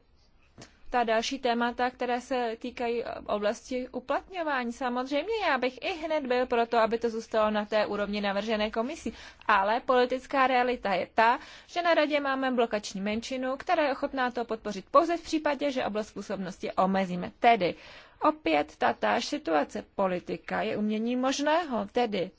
ta další témata, které se týkají oblasti uplatňování. Samozřejmě já bych i hned byl pro to, aby to zůstalo na té úrovni navržené komisí. Ale politická realita je ta, že na radě máme blokační menšinu, která je ochotná to podpořit pouze v případě, že oblast působnosti omezíme. Tedy opět tatáž situace politika je umění možného, tedy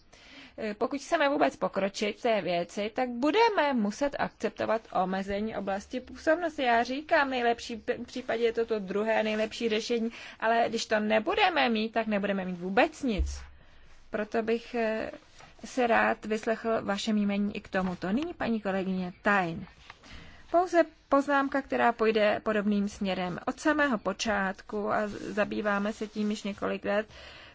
Eh, pokud chceme vůbec pokročit v té věci, tak budeme muset akceptovat omezení oblasti působnosti. Já říkám, nejlepší případě je to to druhé nejlepší řešení, ale když to nebudeme mít, tak nebudeme mít vůbec nic. Proto bych eh, se rád vyslechl vaše mínění i k tomuto. Nyní paní kolegyně Tajn. Pouze poznámka, která půjde podobným směrem. Od samého počátku, a zabýváme se tím již několik let,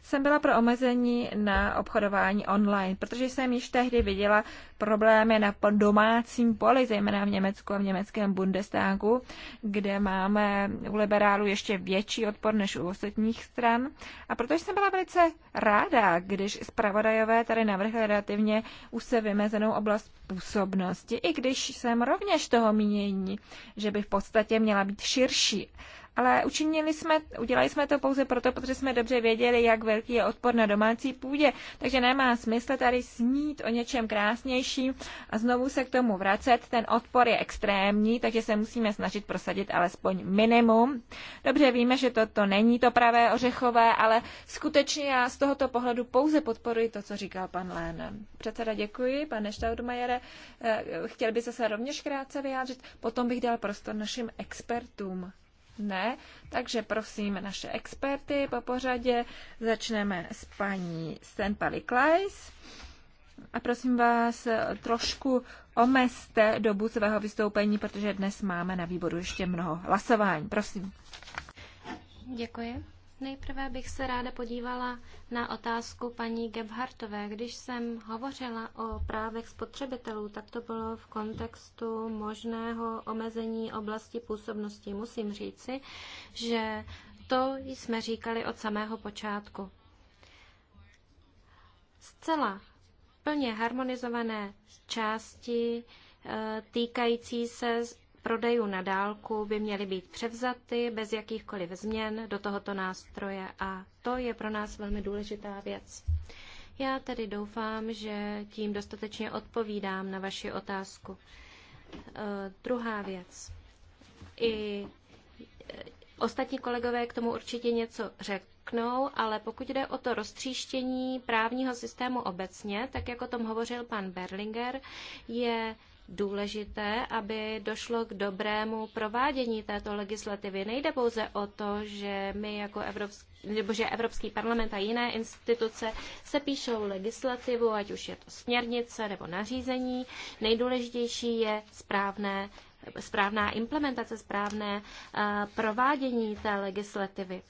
jsem byla pro omezení na obchodování online, protože jsem již tehdy viděla problémy na domácím poli, zejména v Německu a v německém Bundestagu, kde máme u liberálů ještě větší odpor než u ostatních stran. A protože jsem byla velice ráda, když zpravodajové tady navrhli relativně u se vymezenou oblast působnosti, i když jsem rovněž toho mínění, že by v podstatě měla být širší ale učinili jsme, udělali jsme to pouze proto, protože jsme dobře věděli, jak velký je odpor na domácí půdě, takže nemá smysl tady snít o něčem krásnějším a znovu se k tomu vracet. Ten odpor je extrémní, takže se musíme snažit prosadit alespoň minimum. Dobře víme, že toto není to pravé ořechové, ale skutečně já z tohoto pohledu pouze podporuji to, co říkal pan Lén. Předseda, děkuji. Pane Štaudmajere, eh, chtěl by se rovněž krátce vyjádřit. Potom bych dal prostor našim expertům. Ne, takže prosím naše experty po pořadě. Začneme s paní Stenpali Kleis. A prosím vás, trošku omezte dobu svého vystoupení, protože dnes máme na výboru ještě mnoho hlasování. Prosím. Děkuji. Nejprve bych se ráda podívala na otázku paní Gebhartové. Když jsem hovořila o právech spotřebitelů, tak to bylo v kontextu možného omezení oblasti působnosti. Musím říci, že to jsme říkali od samého počátku. Zcela plně harmonizované části e, týkající se prodejů na dálku by měly být převzaty bez jakýchkoliv změn do tohoto nástroje a to je pro nás velmi důležitá věc. Já tedy doufám, že tím dostatečně odpovídám na vaši otázku. E, druhá věc. I e, ostatní kolegové k tomu určitě něco řeknou, ale pokud jde o to roztříštění právního systému obecně, tak jak o tom hovořil pan Berlinger, je důležité, aby došlo k dobrému provádění této legislativy. Nejde pouze o to, že my jako Evropský nebo že Evropský parlament a jiné instituce se píšou legislativu, ať už je to směrnice nebo nařízení. Nejdůležitější je správné, správná implementace, správné uh, provádění té legislativy.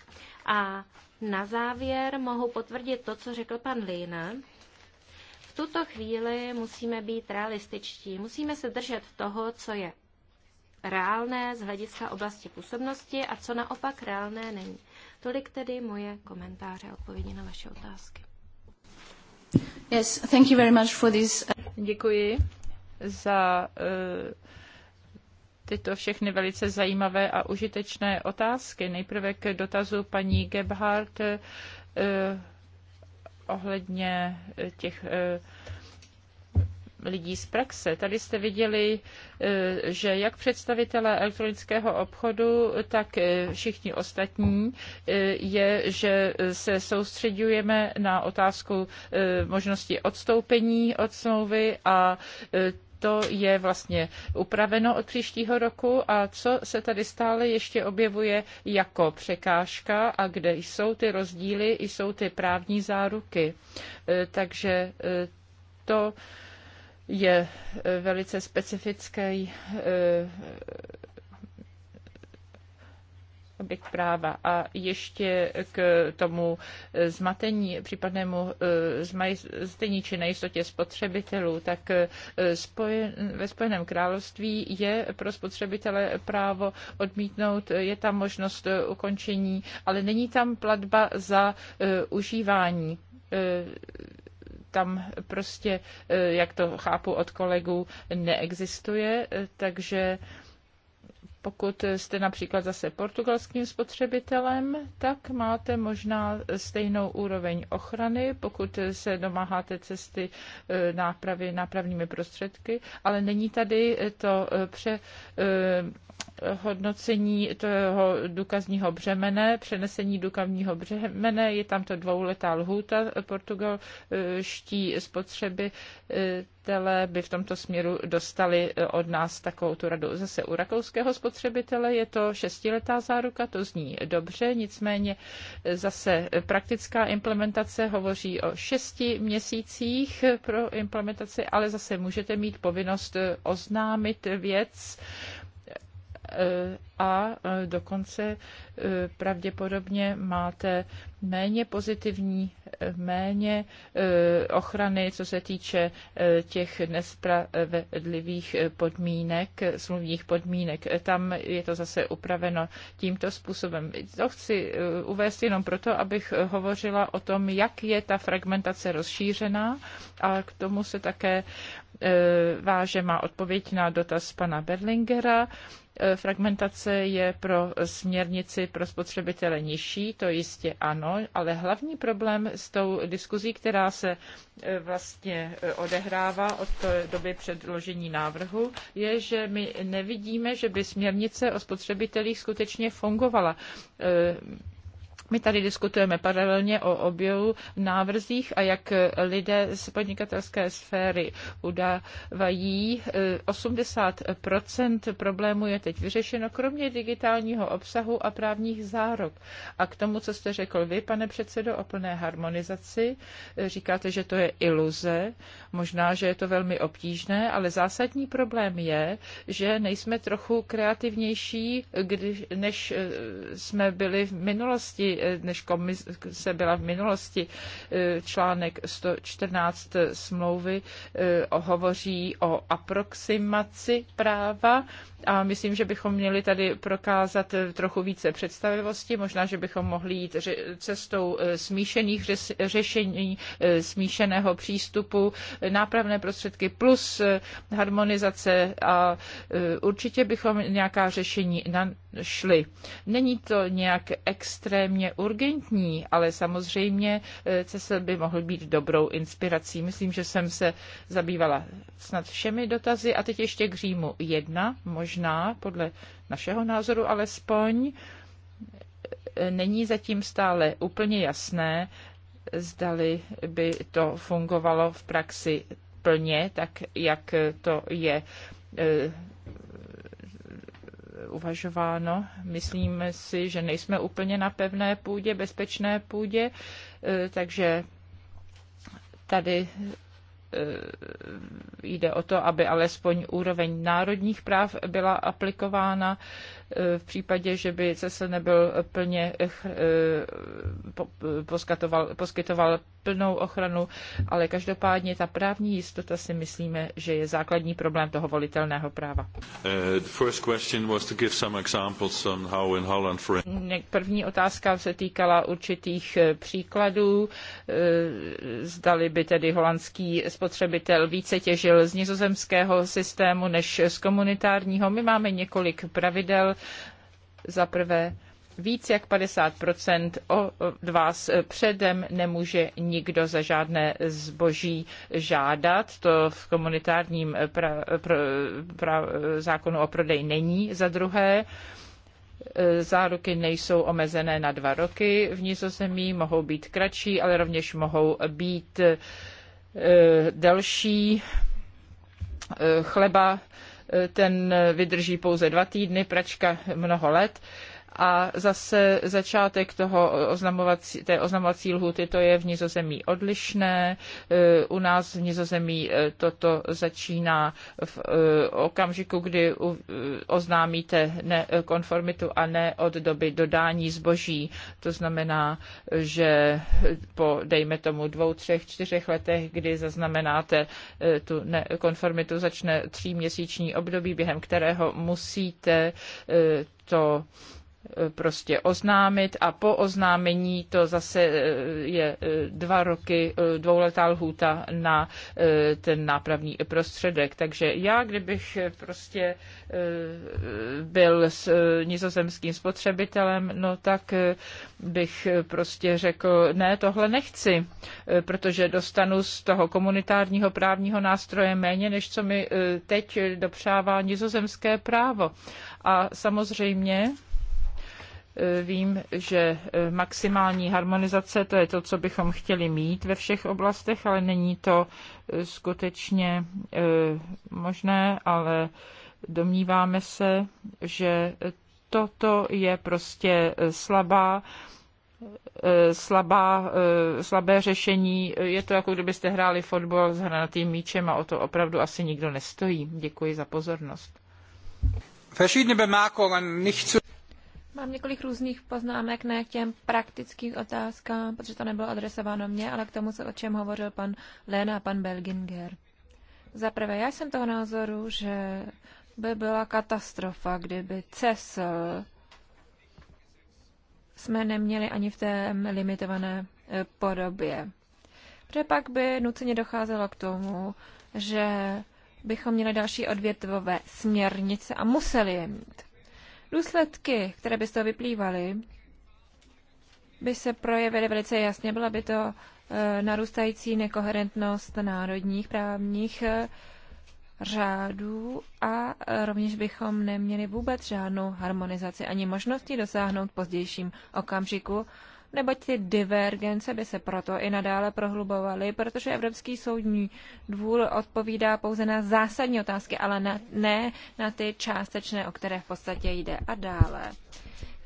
A na závěr mohu potvrdit to, co řekl pan Lina, v tuto chvíli musíme být realističtí, musíme se držet toho, co je reálné z hlediska oblasti působnosti a co naopak reálné není. Tolik tedy moje komentáře a odpovědi na vaše otázky. Yes, thank you very much for this. Uh, Děkuji za uh, tyto všechny velice zajímavé a užitečné otázky. Nejprve k dotazu paní Gebhardt. Uh, ohledně eh, těch eh, lidí z praxe. Tady jste viděli, eh, že jak představitelé elektronického obchodu, tak všichni ostatní je, že se soustředujeme na otázku možnosti odstoupení od smlouvy a to je vlastně upraveno od příštího roku a co se tady stále ještě objevuje jako překážka a kde jsou ty rozdíly, jsou ty právní záruky. E, takže e, to je e, velice specifický subjekt práva. A ještě k tomu zmatení, případnému eh, zmatení či nejistotě spotřebitelů, tak eh, ve Spojeném království je pro spotřebitele právo odmítnout, eh, je tam možnost ukončení, ale není tam platba za užívání tam prostě, jak to chápu od kolegů, neexistuje, takže pokud jste například zase portugalským spotřebitelem, tak máte možná stejnou úroveň ochrany, pokud se domáháte cesty e, nápravy nápravními prostředky, ale není tady to e, pře, e, hodnocení toho důkazního břemene, přenesení důkazního břemene, je tam to dvouletá lhůta, portugalští spotřeby spotřebitelé by v tomto směru dostali eh, od nás takovou tu radu. Zase u rakouského spotřebitele je to šestiletá záruka, to zní dobře, nicméně eh, zase eh, praktická implementace hovoří o šesti měsících pro implementaci, ale zase můžete mít povinnost oznámit věc a dokonce e, pravděpodobně máte méně pozitivní, e, méně e, ochrany, co se týče těch nespravedlivých podmínek, smluvních podmínek. Tam je to zase upraveno tímto způsobem. To chci uvést jenom proto, abych hovořila o tom, jak je ta fragmentace rozšířená a k tomu se také váže má odpověď na dotaz pana Berlingera E, fragmentace je pro směrnici pro spotřebitele nižší, to jistě ano, ale hlavní problém s tou diskuzí, která se e, vlastně e, odehrává od doby předložení návrhu, je, že my nevidíme, že by směrnice o spotřebitelích skutečně fungovala. My tady diskutujeme paralelně o objevu návrzích a jak lidé z podnikatelské sféry udávají. 80 eh, problémů je teď vyřešeno, kromě digitálního obsahu a právních zárok. A k tomu, co jste řekl vy, pane předsedo, o plné harmonizaci, eh, říkáte, že to je iluze. Možná, že je to velmi obtížné, ale zásadní problém je, že nejsme trochu kreativnější, než eh, jsme byli v minulosti než komise byla v minulosti. E, článek 114 smlouvy e, hovoří o aproximaci práva a myslím, že bychom měli tady prokázat eh, trochu více představivosti, možná, že bychom mohli jít cestou eh, smíšených řešení, eh, smíšeného přístupu, nápravné prostředky plus harmonizace a určitě bychom nějaká řešení našli. Není to nějak extrémně urgentní, ale samozřejmě CESEL by mohl být dobrou inspirací. Myslím, že jsem se zabývala snad všemi dotazy a teď ještě k Římu jedna, možná možná, podle našeho názoru alespoň, e, není zatím stále úplně jasné, zdali by to fungovalo v praxi plně, tak jak to je e, uvažováno. Myslíme si, že nejsme úplně na pevné půdě, bezpečné půdě, e, takže tady Eh, jde o to, aby alespoň úroveň národních práv byla aplikována eh, v případě, že by se nebyl plně eh, poskytoval plnou ochranu, ale každopádně ta právní jistota si myslíme, že je základní problém toho volitelného práva. Uh, první otázka se týkala určitých eh, příkladů. Eh, zdali by tedy holandský spotřebitel více těžil z nizozemského systému než z komunitárního. My máme několik pravidel. Za prvé, víc jak 50% od vás předem nemůže nikdo za žádné zboží žádat. To v komunitárním pra, pra, pra, zákonu o prodej není. Za druhé, Záruky nejsou omezené na dva roky v Nizozemí, mohou být kratší, ale rovněž mohou být e, delší. E, chleba eh, ten vydrží pouze dva týdny, pračka mnoho let. E, a zase začátek toho oznamovací, té oznamovací lhuty, to je v Nizozemí odlišné. E, u nás v Nizozemí e, toto začíná v e, okamžiku, kdy oznámíte konformitu a ne od doby dodání zboží. To znamená, že po, dejme tomu, dvou, třech, čtyřech letech, kdy zaznamenáte tu konformitu, začne tříměsíční období, během kterého musíte to Eh, prostě oznámit a po oznámení to zase eh, je eh, dva roky, dvouletá lhůta na ten nápravný prostředek. Takže já, kdybych prostě byl s nizozemským spotřebitelem, no tak bych prostě řekl, ne, tohle nechci, protože dostanu z toho komunitárního právního nástroje méně, než co mi teď dopřává nizozemské právo. A samozřejmě, Vím, že eh, maximální harmonizace to je to, co bychom chtěli mít ve všech oblastech, ale není to eh, skutečně eh, možné, ale domníváme se, že toto je prostě slabá slabá, slabé řešení. Je to jako kdybyste hráli fotbal s hranatým míčem a o to opravdu asi nikdo nestojí. Děkuji za pozornost. Mám několik různých poznámek, ne k těm praktickým otázkám, protože to nebylo adresováno mně, ale k tomu, o čem hovořil pan Lena a pan Belginger. Za prvé, já jsem toho názoru, že by byla katastrofa, kdyby CESL jsme neměli ani v té limitované e, podobě. Protože pak by nuceně docházelo k tomu, že bychom měli další odvětvové směrnice a museli je mít. Důsledky, které by z toho vyplývaly, by se projevily velice jasně. Byla by to eh, narůstající nekoherentnost národních právních eh, řádů a eh, rovněž bychom neměli vůbec žádnou harmonizaci ani možnosti dosáhnout v pozdějším okamžiku neboť ty divergence by se proto i nadále prohlubovaly, protože Evropský soudní dvůr odpovídá pouze na zásadní otázky, ale na, ne na ty částečné, o které v podstatě jde a dále.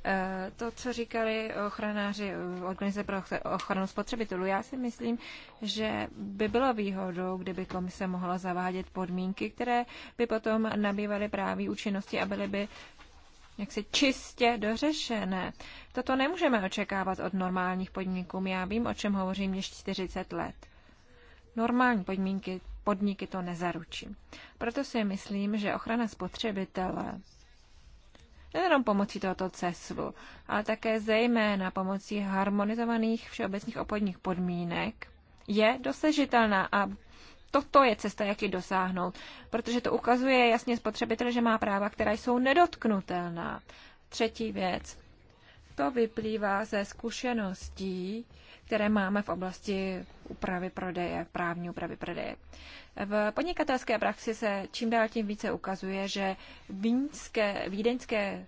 Eh, to, co říkali ochranáři eh, Organizace pro ochranu spotřebitelů, já si myslím, že by bylo výhodou, kdyby komise mohla zavádět podmínky, které by potom nabývaly právě účinnosti a byly by jaksi čistě dořešené. Toto nemůžeme očekávat od normálních podniků. Já vím, o čem hovořím již 40 let. Normální podmínky, podniky to nezaručí. Proto si myslím, že ochrana spotřebitele nejenom pomocí tohoto CESVu, ale také zejména pomocí harmonizovaných všeobecných obchodních podmínek je dosažitelná a toto je cesta, jak ji dosáhnout, protože to ukazuje jasně spotřebitel, že má práva, která jsou nedotknutelná. Třetí věc. To vyplývá ze zkušeností, které máme v oblasti úpravy prodeje, právní úpravy prodeje. V podnikatelské praxi se čím dál tím více ukazuje, že vínské, vídeňské,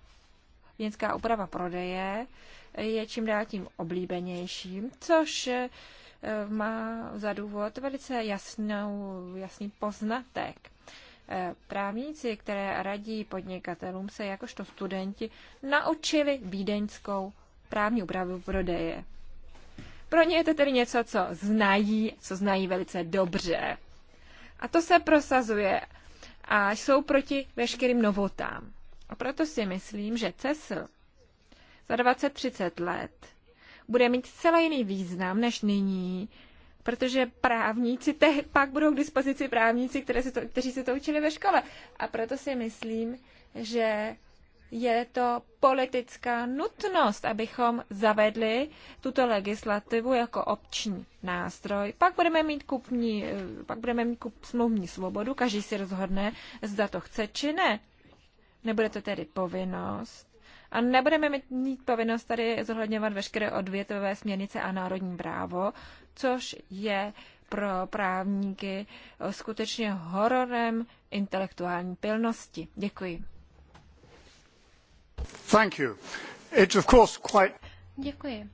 vídeňská úprava prodeje je čím dál tím oblíbenějším, což Eh, má za důvod velice jasnou, jasný poznatek. Eh, právníci, které radí podnikatelům, se jakožto studenti naučili vídeňskou právní úpravu prodeje. Pro ně je to tedy něco, co znají, co znají velice dobře. A to se prosazuje a jsou proti veškerým novotám. A proto si myslím, že CESL za 20-30 let bude mít celý jiný význam než nyní, protože právníci, te, pak budou k dispozici právníci, které se to, kteří se to učili ve škole. A proto si myslím, že je to politická nutnost, abychom zavedli tuto legislativu jako opční nástroj. Pak budeme mít, kupní, eh, pak budeme mít kup, smluvní svobodu, každý si rozhodne, zda to chce či ne. Nebude to tedy povinnost a nebudeme mít povinnost tady zohledňovat veškeré odvětové směrnice a národní právo, což je pro právníky eh, skutečně hororem intelektuální pilnosti. Děkuji. Thank you. It's of course quite... Děkuji.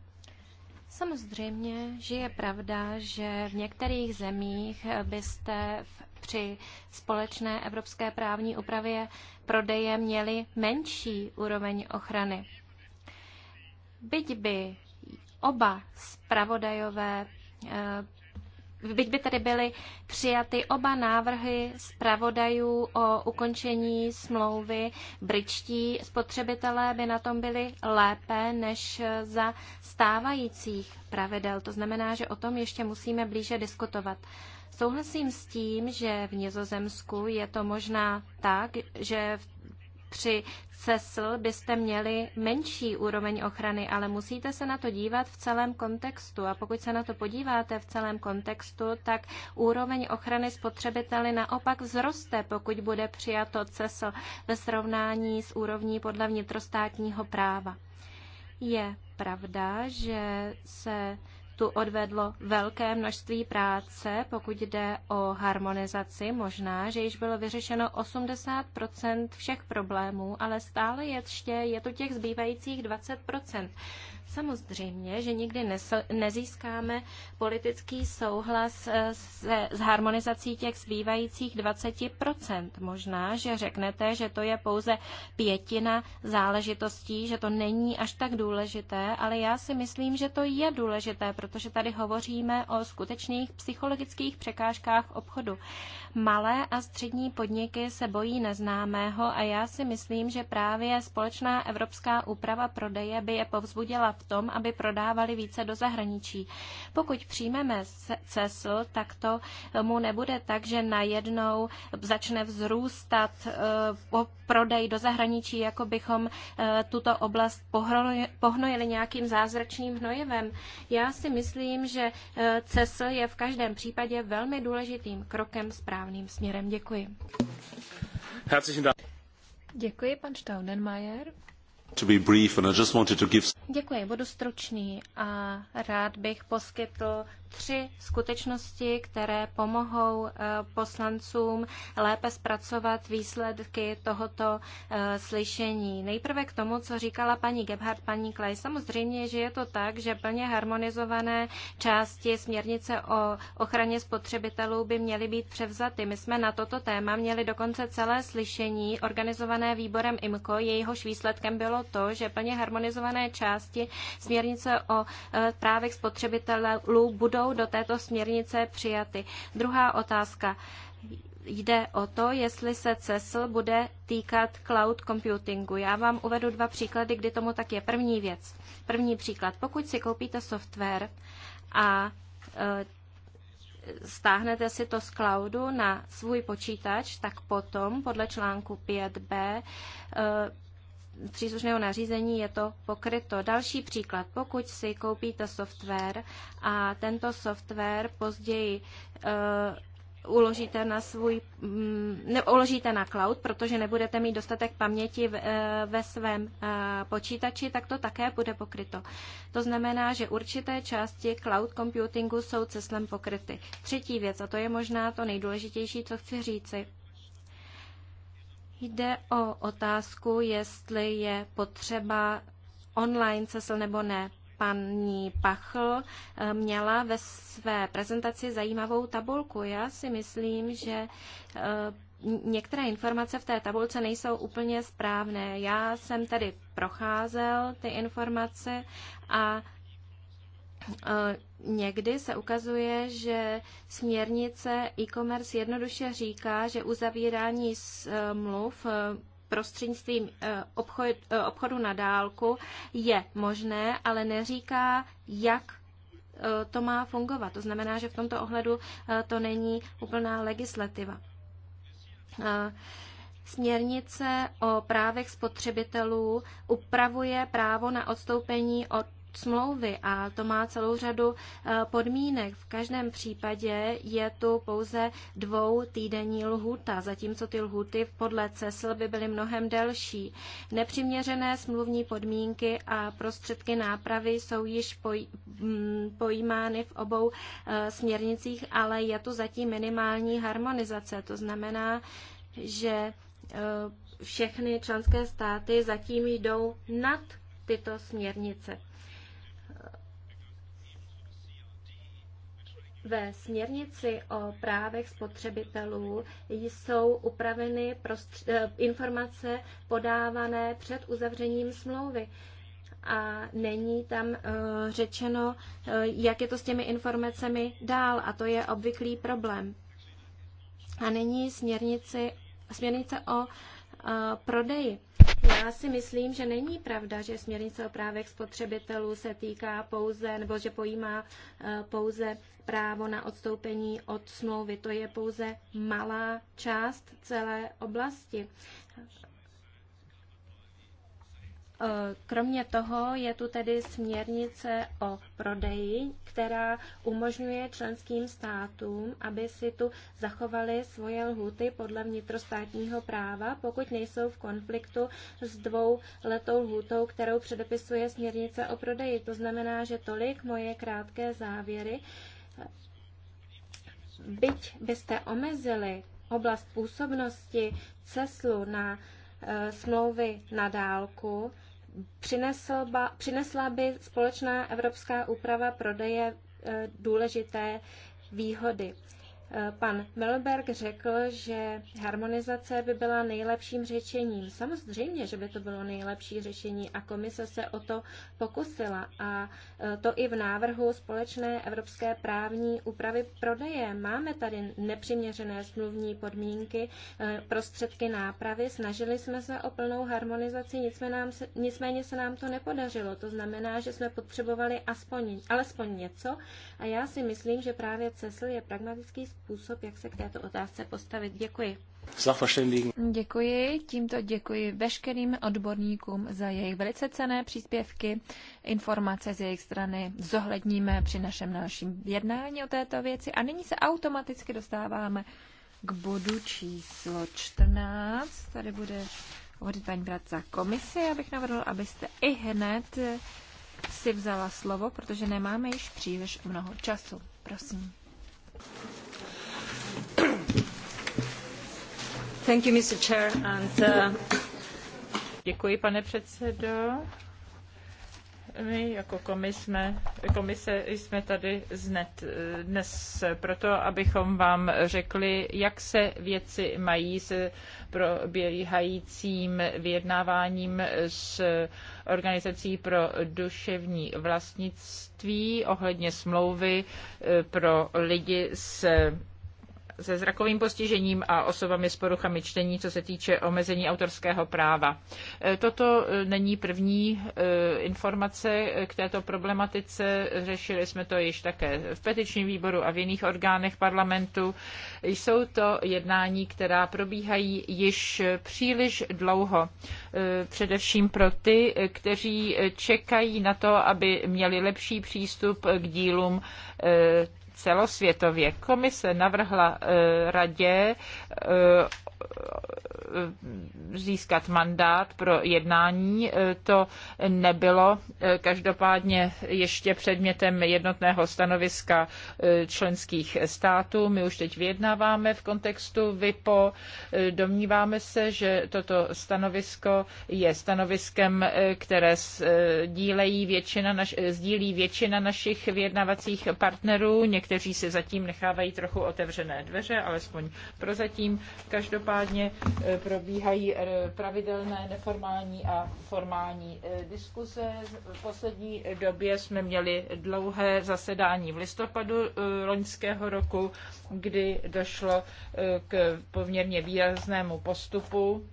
Samozřejmě, že je pravda, že v některých zemích eh, byste v při společné evropské právní úpravě prodeje měly menší úroveň ochrany. Byť by oba zpravodajové eh, Byť by tedy byly přijaty oba návrhy zpravodajů o ukončení smlouvy, bričtí spotřebitelé by na tom byli lépe než za stávajících pravidel. To znamená, že o tom ještě musíme blíže diskutovat. Souhlasím s tím, že v Nizozemsku je to možná tak, že při CESL byste měli menší úroveň ochrany, ale musíte se na to dívat v celém kontextu. A pokud se na to podíváte v celém kontextu, tak úroveň ochrany spotřebiteli naopak vzroste, pokud bude přijato CESL ve srovnání s úrovní podle vnitrostátního práva. Je pravda, že se tu odvedlo velké množství práce, pokud jde o harmonizaci. Možná, že již bylo vyřešeno 80 všech problémů, ale stále ještě je tu těch zbývajících 20 Samozřejmě, že nikdy nezískáme politický souhlas eh, s harmonizací těch zbývajících 20%. Možná, že řeknete, že to je pouze pětina záležitostí, že to není až tak důležité, ale já si myslím, že to je důležité, protože tady hovoříme o skutečných psychologických překážkách obchodu. Malé a střední podniky se bojí neznámého a já si myslím, že právě společná evropská úprava prodeje by je povzbudila v tom, aby prodávali více do zahraničí. Pokud přijmeme CESL, tak to eh, mu nebude tak, že najednou začne vzrůstat eh, prodej do zahraničí, jako bychom eh, tuto oblast pohnojili nějakým zázračným hnojivem. Já si myslím, že CESL je v každém případě velmi důležitým krokem správně správným směrem. Děkuji. Děkuji, pan Staudenmayer. Give... Děkuji, budu stručný a rád bych poskytl tři skutečnosti, které pomohou eh, poslancům lépe zpracovat výsledky tohoto eh, slyšení. Nejprve k tomu, co říkala paní Gebhardt, paní Klej. Samozřejmě, že je to tak, že plně harmonizované části směrnice o ochraně spotřebitelů by měly být převzaty. My jsme na toto téma měli dokonce celé slyšení organizované výborem IMCO. Jejíhož výsledkem bylo to, že plně harmonizované části směrnice o eh, právech spotřebitelů budou jsou do této směrnice přijaty. Druhá otázka. Jde o to, jestli se CESL bude týkat cloud computingu. Já vám uvedu dva příklady, kdy tomu tak je. První věc. První příklad. Pokud si koupíte software a e, stáhnete si to z cloudu na svůj počítač, tak potom podle článku 5b příslušného nařízení je to pokryto. Další příklad, pokud si koupíte software a tento software později uh, uložíte na svůj, um, ne, uložíte na cloud, protože nebudete mít dostatek paměti v, uh, ve svém uh, počítači, tak to také bude pokryto. To znamená, že určité části cloud computingu jsou ceslem pokryty. Třetí věc, a to je možná to nejdůležitější, co chci říci Jde o otázku, jestli je potřeba online cesl nebo ne. Paní Pachl eh, měla ve své prezentaci zajímavou tabulku. Já si myslím, že eh, některé informace v té tabulce nejsou úplně správné. Já jsem tedy procházel ty informace a eh, Někdy se ukazuje, že směrnice e-commerce jednoduše říká, že uzavírání smluv eh, prostřednictvím eh, eh, obchodu na dálku je možné, ale neříká, jak to má fungovat. To znamená, že v tomto ohledu to není úplná legislativa. Směrnice o právech spotřebitelů upravuje právo na odstoupení od smlouvy a to má celou řadu eh, podmínek. V každém případě je tu pouze dvou týdenní lhůta, zatímco ty lhůty podle CESL by byly mnohem delší. Nepřiměřené smluvní podmínky a prostředky nápravy jsou již mm, pojímány v obou eh, směrnicích, ale je tu zatím minimální harmonizace. To znamená, že eh, všechny členské státy zatím jdou nad tyto směrnice. Ve směrnici o právech spotřebitelů jsou upraveny eh, informace podávané před uzavřením smlouvy a není tam uh, řečeno, uh, jak je to s těmi informacemi dál a to je obvyklý problém. A není směrnici, směrnice o uh, prodeji. Já si myslím, že není pravda, že směrnice o právech spotřebitelů se týká pouze, nebo že pojímá eh, pouze právo na odstoupení od smlouvy. To je pouze malá část celé oblasti. Eh, kromě toho je tu tedy směrnice o prodeji, která umožňuje členským státům, aby si tu zachovali svoje lhuty podle vnitrostátního práva, pokud nejsou v konfliktu s dvou letou lhutou, kterou předepisuje směrnice o prodeji. To znamená, že tolik moje krátké závěry. Byť byste omezili oblast působnosti CESLu na eh, smlouvy na dálku, přinesl ba, přinesla by společná evropská úprava prodeje eh, důležité výhody. Pan Melberg řekl, že harmonizace by byla nejlepším řešením. Samozřejmě, že by to bylo nejlepší řešení a komise se o to pokusila. A e, to i v návrhu společné evropské právní úpravy prodeje. Máme tady nepřiměřené smluvní podmínky, e, prostředky nápravy. Snažili jsme se o plnou harmonizaci, nicméně se nám to nepodařilo. To znamená, že jsme potřebovali aspoň, alespoň něco. A já si myslím, že právě CESL je pragmatický způsob, jak se k této otázce postavit. Děkuji. Děkuji, tímto děkuji veškerým odborníkům za jejich velice cené příspěvky. Informace z jejich strany zohledníme při našem dalším jednání o této věci. A nyní se automaticky dostáváme k bodu číslo 14. Tady bude hovořit paní Bratca komisi. Já bych navrhl, abyste i hned si vzala slovo, protože nemáme již příliš mnoho času. Prosím. Uh, Děkuji, pane předsedající My jako komise, jsme tady znet, dnes proto, abychom vám řekli, jak se věci mají se probíhajícím vyjednáváním s Organizací pro duševní vlastnictví ohledně smlouvy eh, pro lidi s se zrakovým postižením a osobami s poruchami čtení, co se týče omezení autorského práva. E, toto e, není první e, informace k této problematice. Řešili jsme to již také v petičním výboru a v jiných orgánech parlamentu. Jsou to jednání, která probíhají již příliš dlouho. Především pro ty, kteří čekají na to, aby měli lepší přístup k dílům celosvětově. Komise navrhla eh, radě eh, získat mandát pro jednání. Eh, to nebylo každopádně ještě předmětem jednotného stanoviska členských států. My už teď vyjednáváme v kontextu VIPO. Domníváme se, že toto stanovisko je stanoviskem, které sdílejí většina naš, sdílí většina našich vyjednavacích partnerů. Něk- kteří si zatím nechávají trochu otevřené dveře, alespoň prozatím. Každopádně eh, probíhají eh, pravidelné neformální a formální eh, diskuze. V poslední době jsme měli dlouhé zasedání v listopadu loňského roku, kdy došlo k poměrně výraznému postupu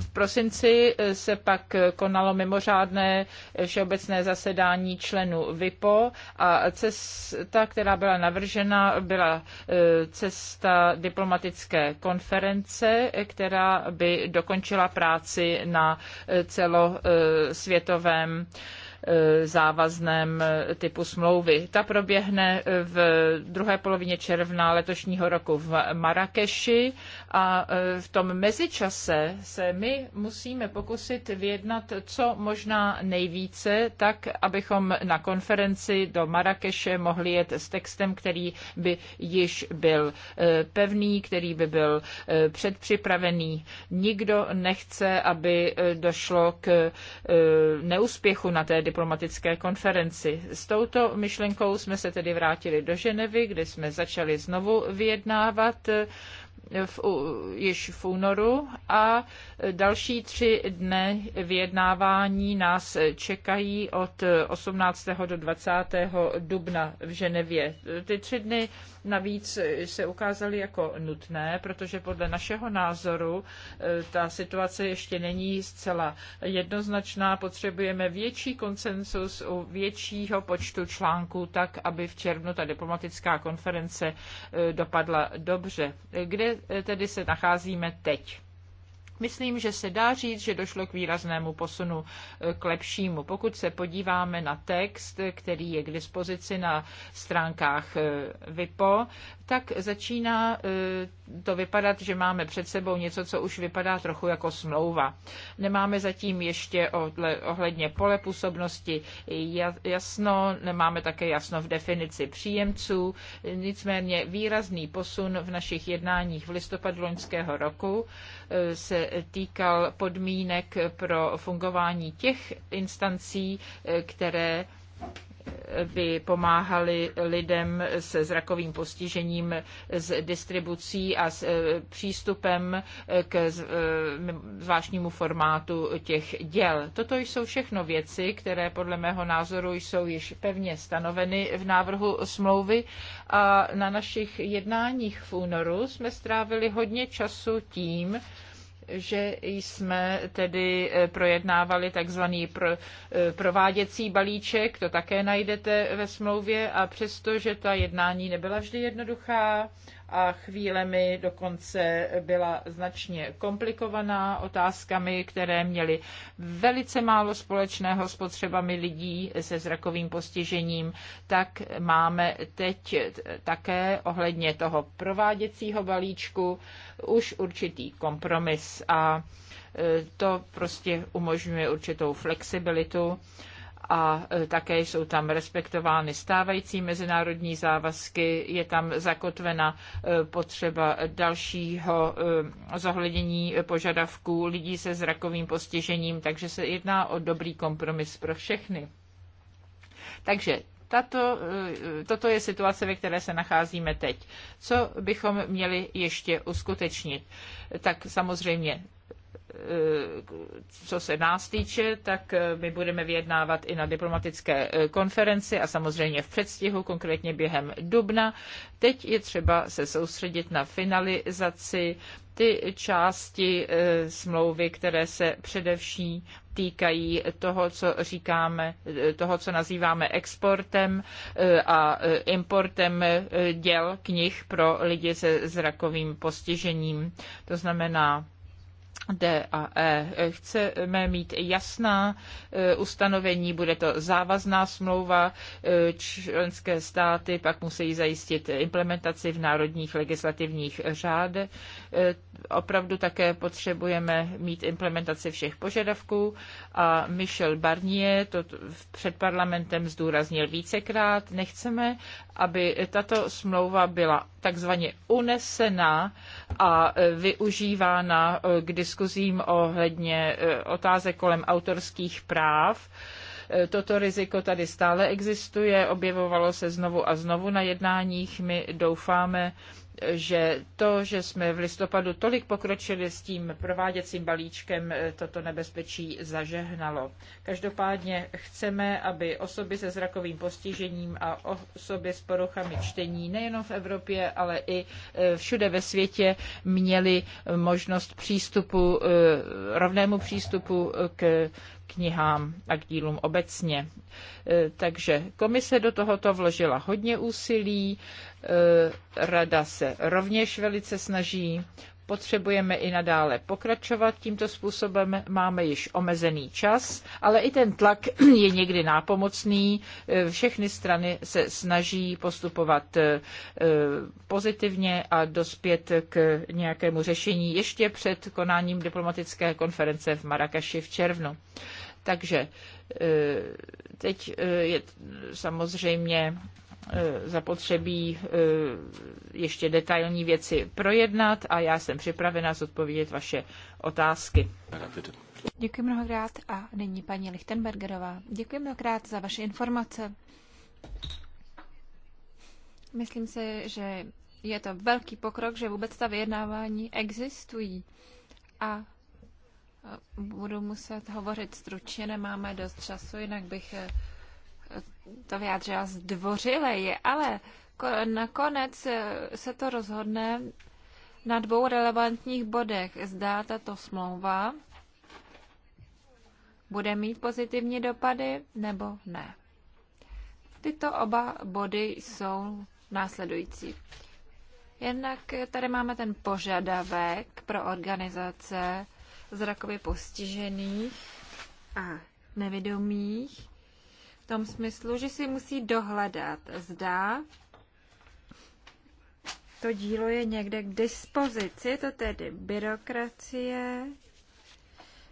V prosinci se pak konalo mimořádné všeobecné zasedání členů VIPO a cesta, která byla navržena, byla e, cesta diplomatické konference, která by dokončila práci na e, celosvětovém Eh, závazném eh, typu smlouvy. Ta proběhne eh, v druhé polovině června letošního roku v Marrakeši a v tom mezičase se my musíme pokusit vyjednat co možná nejvíce, tak abychom na konferenci do Marrakeše mohli jet s textem, který by již byl pevný, který by byl předpřipravený. Nikdo nechce, aby došlo k neúspěchu na té diplomatické konferenci. S touto myšlenkou jsme se tedy vrátili do Ženevy, kde jsme začali znovu vyjednávat eh, v, již v únoru a další tři dny vyjednávání nás čekají od eh, 18. do 20. dubna v Ženevě. Ty tři dny navíc se ukázaly jako nutné, protože podle našeho názoru eh, ta situace ještě není zcela jednoznačná. Potřebujeme větší koncensus u většího počtu článků, tak aby v červnu ta diplomatická konference eh, dopadla dobře. Kde eh, tedy se nacházíme teď? Myslím, že se dá říct, že došlo k výraznému posunu eh, k lepšímu. Pokud se podíváme na text, který je k dispozici na stránkách eh, VIPO, tak začíná eh, to vypadat, že máme před sebou něco, co už vypadá trochu jako smlouva. Nemáme zatím ještě ohledně pole působnosti jasno, nemáme také jasno v definici příjemců, nicméně výrazný posun v našich jednáních v listopadu loňského roku eh, se týkal podmínek pro fungování těch instancí, eh, které by pomáhali lidem se zrakovým postižením s distribucí a s eh, přístupem eh, k eh, zvláštnímu formátu těch děl. Toto jsou všechno věci, které podle mého názoru jsou již pevně stanoveny v návrhu smlouvy a na našich jednáních v únoru jsme strávili hodně času tím, že jsme tedy eh, projednávali takzvaný pro, eh, prováděcí balíček, to také najdete ve smlouvě a přesto, že ta jednání nebyla vždy jednoduchá a chvílemi dokonce byla značně komplikovaná otázkami, které měly velice málo společného s potřebami lidí se zrakovým postižením, tak máme teď také ohledně toho prováděcího balíčku už určitý kompromis a e, to prostě umožňuje určitou flexibilitu a e, také jsou tam respektovány stávající mezinárodní závazky, je tam zakotvena e, potřeba dalšího e, zohlednění požadavků lidí se zrakovým postižením, takže se jedná o dobrý kompromis pro všechny. Takže tato, toto je situace, ve které se nacházíme teď. Co bychom měli ještě uskutečnit? Tak samozřejmě co se nás týče, tak eh, my budeme vyjednávat i na diplomatické eh, konferenci a samozřejmě v předstihu, konkrétně během dubna. Teď je třeba se soustředit na finalizaci ty části eh, smlouvy, které se především týkají toho, co říkáme, toho, co nazýváme exportem a importem děl knih pro lidi se zrakovým postižením. To znamená D a E. Chceme mít jasná eh, ustanovení, bude to závazná smlouva, eh, členské státy pak musí zajistit implementaci v národních legislativních řádech Eh, opravdu také potřebujeme mít implementaci všech požadavků a Michel Barnier to před parlamentem zdůraznil vícekrát. Nechceme, aby tato smlouva byla takzvaně unesená a eh, využívána eh, k diskuzím ohledně otázek kolem autorských práv. Toto riziko tady stále existuje, objevovalo se znovu a znovu na jednáních. My doufáme, že to, že jsme v listopadu tolik pokročili s tím prováděcím balíčkem, eh, toto nebezpečí zažehnalo. Každopádně chceme, aby osoby se zrakovým postižením a osoby s poruchami čtení nejenom v Evropě, ale i eh, všude ve světě měly možnost přístupu, eh, rovnému přístupu k knihám a k dílům obecně. Takže komise do tohoto vložila hodně úsilí, Eh, rada se rovněž velice snaží. Potřebujeme i nadále pokračovat tímto způsobem. Máme již omezený čas, ale i ten tlak [clears throat] je někdy nápomocný. Eh, všechny strany se snaží postupovat eh, pozitivně a dospět k nějakému řešení ještě před konáním diplomatické konference v Marrakeši v červnu. Takže teď je samozřejmě E, zapotřebí e, ještě detailní věci projednat a já jsem připravena zodpovědět vaše otázky. Děkuji mnohokrát a nyní paní Lichtenbergerová. Děkuji mnohokrát za vaše informace. Myslím si, že je to velký pokrok, že vůbec ta vyjednávání existují. A e, budu muset hovořit stručně, nemáme dost času, jinak bych to vyjádřila zdvořileji, ale nakonec eh, se to rozhodne na dvou relevantních bodech. Zdá tato smlouva bude mít pozitivní dopady nebo ne. Tyto oba body jsou následující. Jednak tady máme ten požadavek pro organizace zrakově postižených a nevědomých, v tom smyslu, že si musí dohledat, zda to dílo je někde k dispozici, to tedy byrokracie.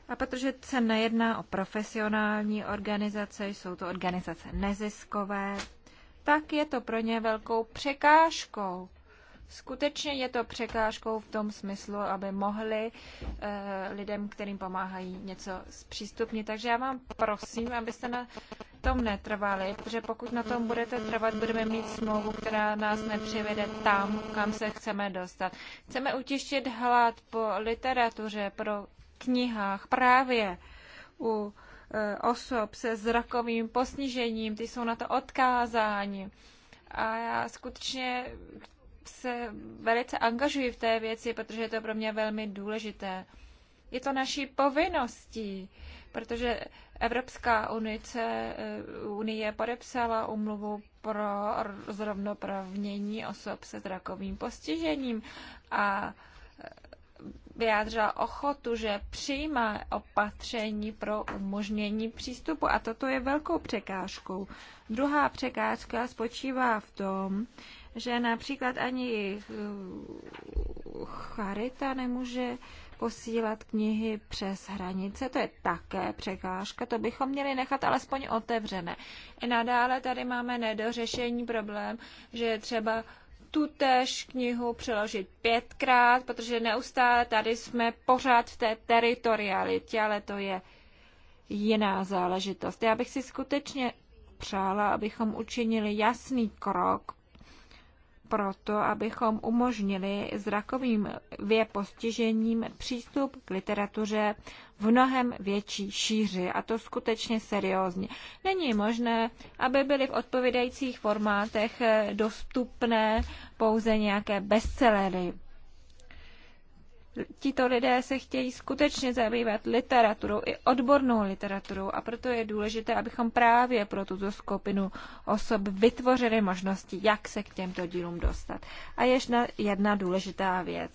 A protože se nejedná o profesionální organizace, jsou to organizace neziskové, tak je to pro ně velkou překážkou. Skutečně je to překážkou v tom smyslu, aby mohli e, lidem, kterým pomáhají, něco zpřístupnit. Takže já vám prosím, abyste na tom netrvali, protože pokud na tom budete trvat, budeme mít smlouvu, která nás nepřivede tam, kam se chceme dostat. Chceme utištit hlad po literatuře, pro knihách, právě u e, osob se zrakovým posnižením ty jsou na to odkázáni. A já skutečně se velice angažuji v té věci, protože je to pro mě velmi důležité. Je to naší povinností, protože Evropská unice, eh, unie podepsala umluvu pro zrovnoprávnění osob se zrakovým postižením a eh, vyjádřila ochotu, že přijímá opatření pro umožnění přístupu a toto je velkou překážkou. Druhá překážka spočívá v tom, že například ani eh, charita nemůže posílat knihy přes hranice, to je také překážka, to bychom měli nechat alespoň otevřené. I nadále tady máme nedořešení problém, že je třeba tutéž knihu přeložit pětkrát, protože neustále tady jsme pořád v té teritorialitě, ale to je jiná záležitost. Já bych si skutečně přála, abychom učinili jasný krok proto, abychom umožnili zrakovým postižením přístup k literatuře v mnohem větší šíři, a to skutečně seriózně. Není možné, aby byly v odpovídajících formátech dostupné pouze nějaké bestsellery. Tito lidé se chtějí skutečně zabývat literaturou, i odbornou literaturou a proto je důležité, abychom právě pro tuto skupinu osob vytvořili možnosti, jak se k těmto dílům dostat. A ještě jedna důležitá věc.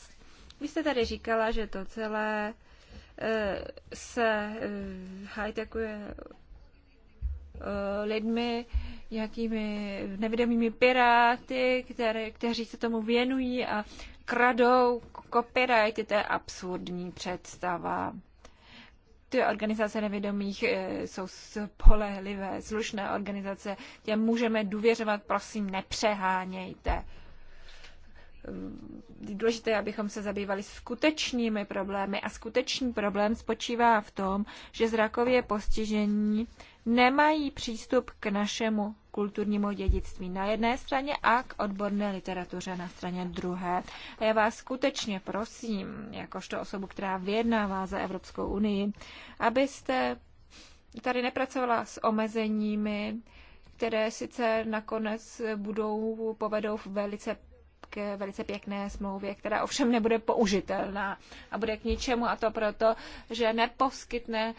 Vy jste tady říkala, že to celé eh, se uh, eh, hajtekuje eh, lidmi, nějakými nevědomými piráty, které, kteří se tomu věnují a kradou copyrighty, to je absurdní představa. Ty organizace nevědomých eh, jsou spolehlivé, slušné organizace, těm můžeme důvěřovat, prosím, nepřehánějte eh, důležité, abychom se zabývali skutečnými problémy. A skutečný problém spočívá v tom, že zrakově postižení nemají přístup k našemu kulturnímu dědictví na jedné straně a k odborné literatuře na straně druhé. A já vás skutečně prosím, jakožto osobu, která vyjednává za Evropskou unii, abyste tady nepracovala s omezeními, které sice nakonec budou, povedou v velice k velice pěkné smlouvě, která ovšem nebude použitelná a bude k ničemu a to proto, že neposkytne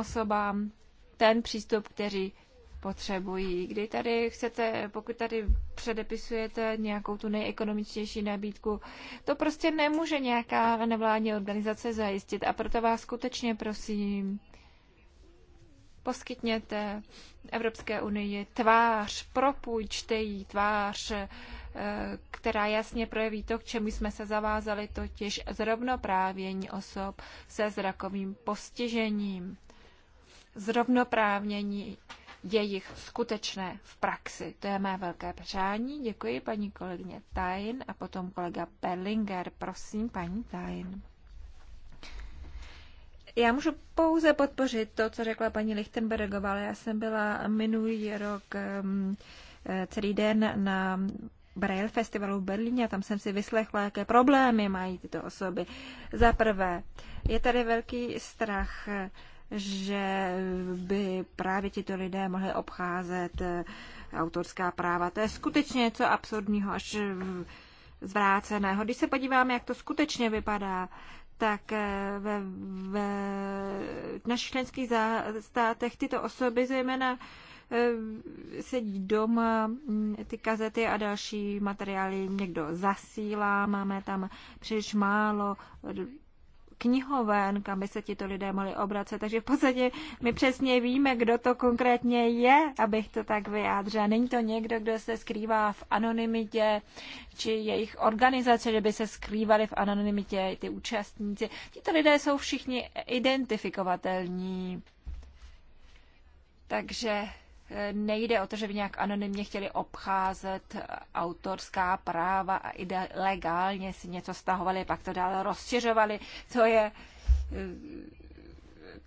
osobám ten přístup, který potřebují. Kdy tady chcete, pokud tady předepisujete nějakou tu nejekonomičtější nabídku, to prostě nemůže nějaká nevládní organizace zajistit. A proto vás skutečně prosím, poskytněte Evropské unii tvář, propůjčte jí tvář, eh, která jasně projeví to, k čemu jsme se zavázali, totiž zrovnoprávění osob se zrakovým postižením zrovnoprávnění jejich skutečné v praxi. To je mé velké přání. Děkuji paní kolegyně Tajn a potom kolega Perlinger. Prosím, paní Tajn. Já můžu pouze podpořit to, co řekla paní Lichtenbergová, ale já jsem byla minulý rok eh, celý den na Braille festivalu v Berlíně a tam jsem si vyslechla, jaké problémy mají tyto osoby. Za prvé, je tady velký strach že by právě tito lidé mohli obcházet eh, autorská práva. To je skutečně něco absurdního, až eh, zvráceného. Když se podíváme, jak to skutečně vypadá, tak eh, ve, ve našich členských státech tyto osoby zejména sedí doma, mm, ty kazety a další materiály někdo zasílá, máme tam příliš málo knihoven, kam by se to lidé mohli obracet. Takže v podstatě my přesně víme, kdo to konkrétně je, abych to tak vyjádřila. Není to někdo, kdo se skrývá v anonymitě, či jejich organizace, že by se skrývali v anonymitě ty účastníci. Tito lidé jsou všichni identifikovatelní. Takže nejde o to, že by nějak anonymně chtěli obcházet autorská práva a ide- legálně si něco stahovali, pak to dále rozšiřovali, To je eh,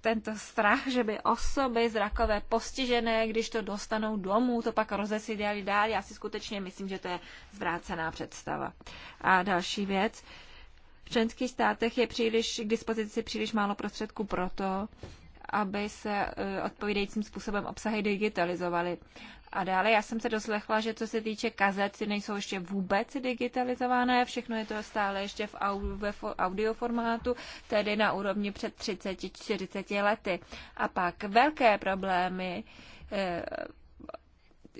tento strach, že by osoby zrakové postižené, když to dostanou domů, to pak rozesídali dál. Já si skutečně myslím, že to je zvrácená představa. A další věc. V členských státech je příliš k dispozici příliš málo prostředků pro to, aby se e, odpovídajícím způsobem obsahy digitalizovaly. A dále já jsem se doslechla, že co se týče kazet, ty nejsou ještě vůbec digitalizované, všechno je to stále ještě v audioformátu, tedy na úrovni před 30-40 lety. A pak velké problémy e,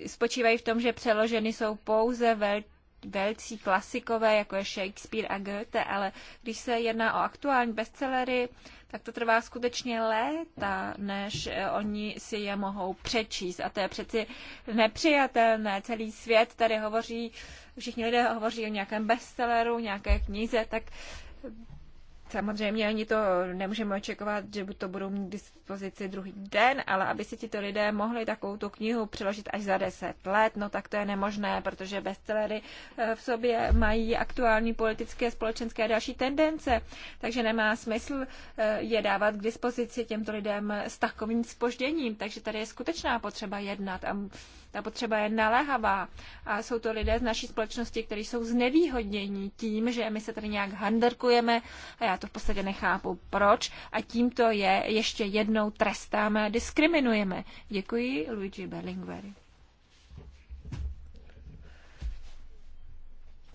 spočívají v tom, že přeloženy jsou pouze velké velcí klasikové, jako je Shakespeare a Goethe, ale když se jedná o aktuální bestsellery, tak to trvá skutečně léta, než eh, oni si je mohou přečíst. A to je přeci nepřijatelné. Celý svět tady hovoří, všichni lidé hovoří o nějakém bestselleru, nějaké knize, tak Samozřejmě ani to nemůžeme očekovat, že to budou mít k dispozici druhý den, ale aby si tito lidé mohli takovou tu knihu přeložit až za deset let, no tak to je nemožné, protože bestsellery eh, v sobě mají aktuální politické, společenské a další tendence, takže nemá smysl eh, je dávat k dispozici těmto lidem s takovým spožděním, takže tady je skutečná potřeba jednat a ta potřeba je naléhavá a jsou to lidé z naší společnosti, kteří jsou znevýhodnění tím, že my se tady nějak handerkujeme a já to v podstatě nechápu, proč. A tímto je ještě jednou trestáme a diskriminujeme. Děkuji, Luigi Berlingueri.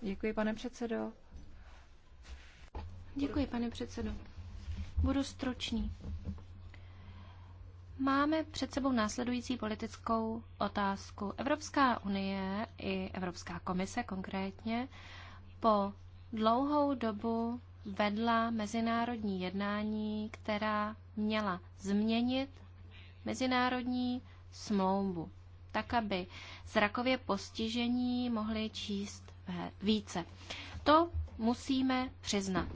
Děkuji, pane předsedo. Děkuji, pane předsedo. Budu stručný. Máme před sebou následující politickou otázku. Evropská unie i Evropská komise konkrétně po dlouhou dobu vedla mezinárodní jednání, která měla změnit mezinárodní smlouvu, tak aby zrakově postižení mohli číst více. To musíme přiznat.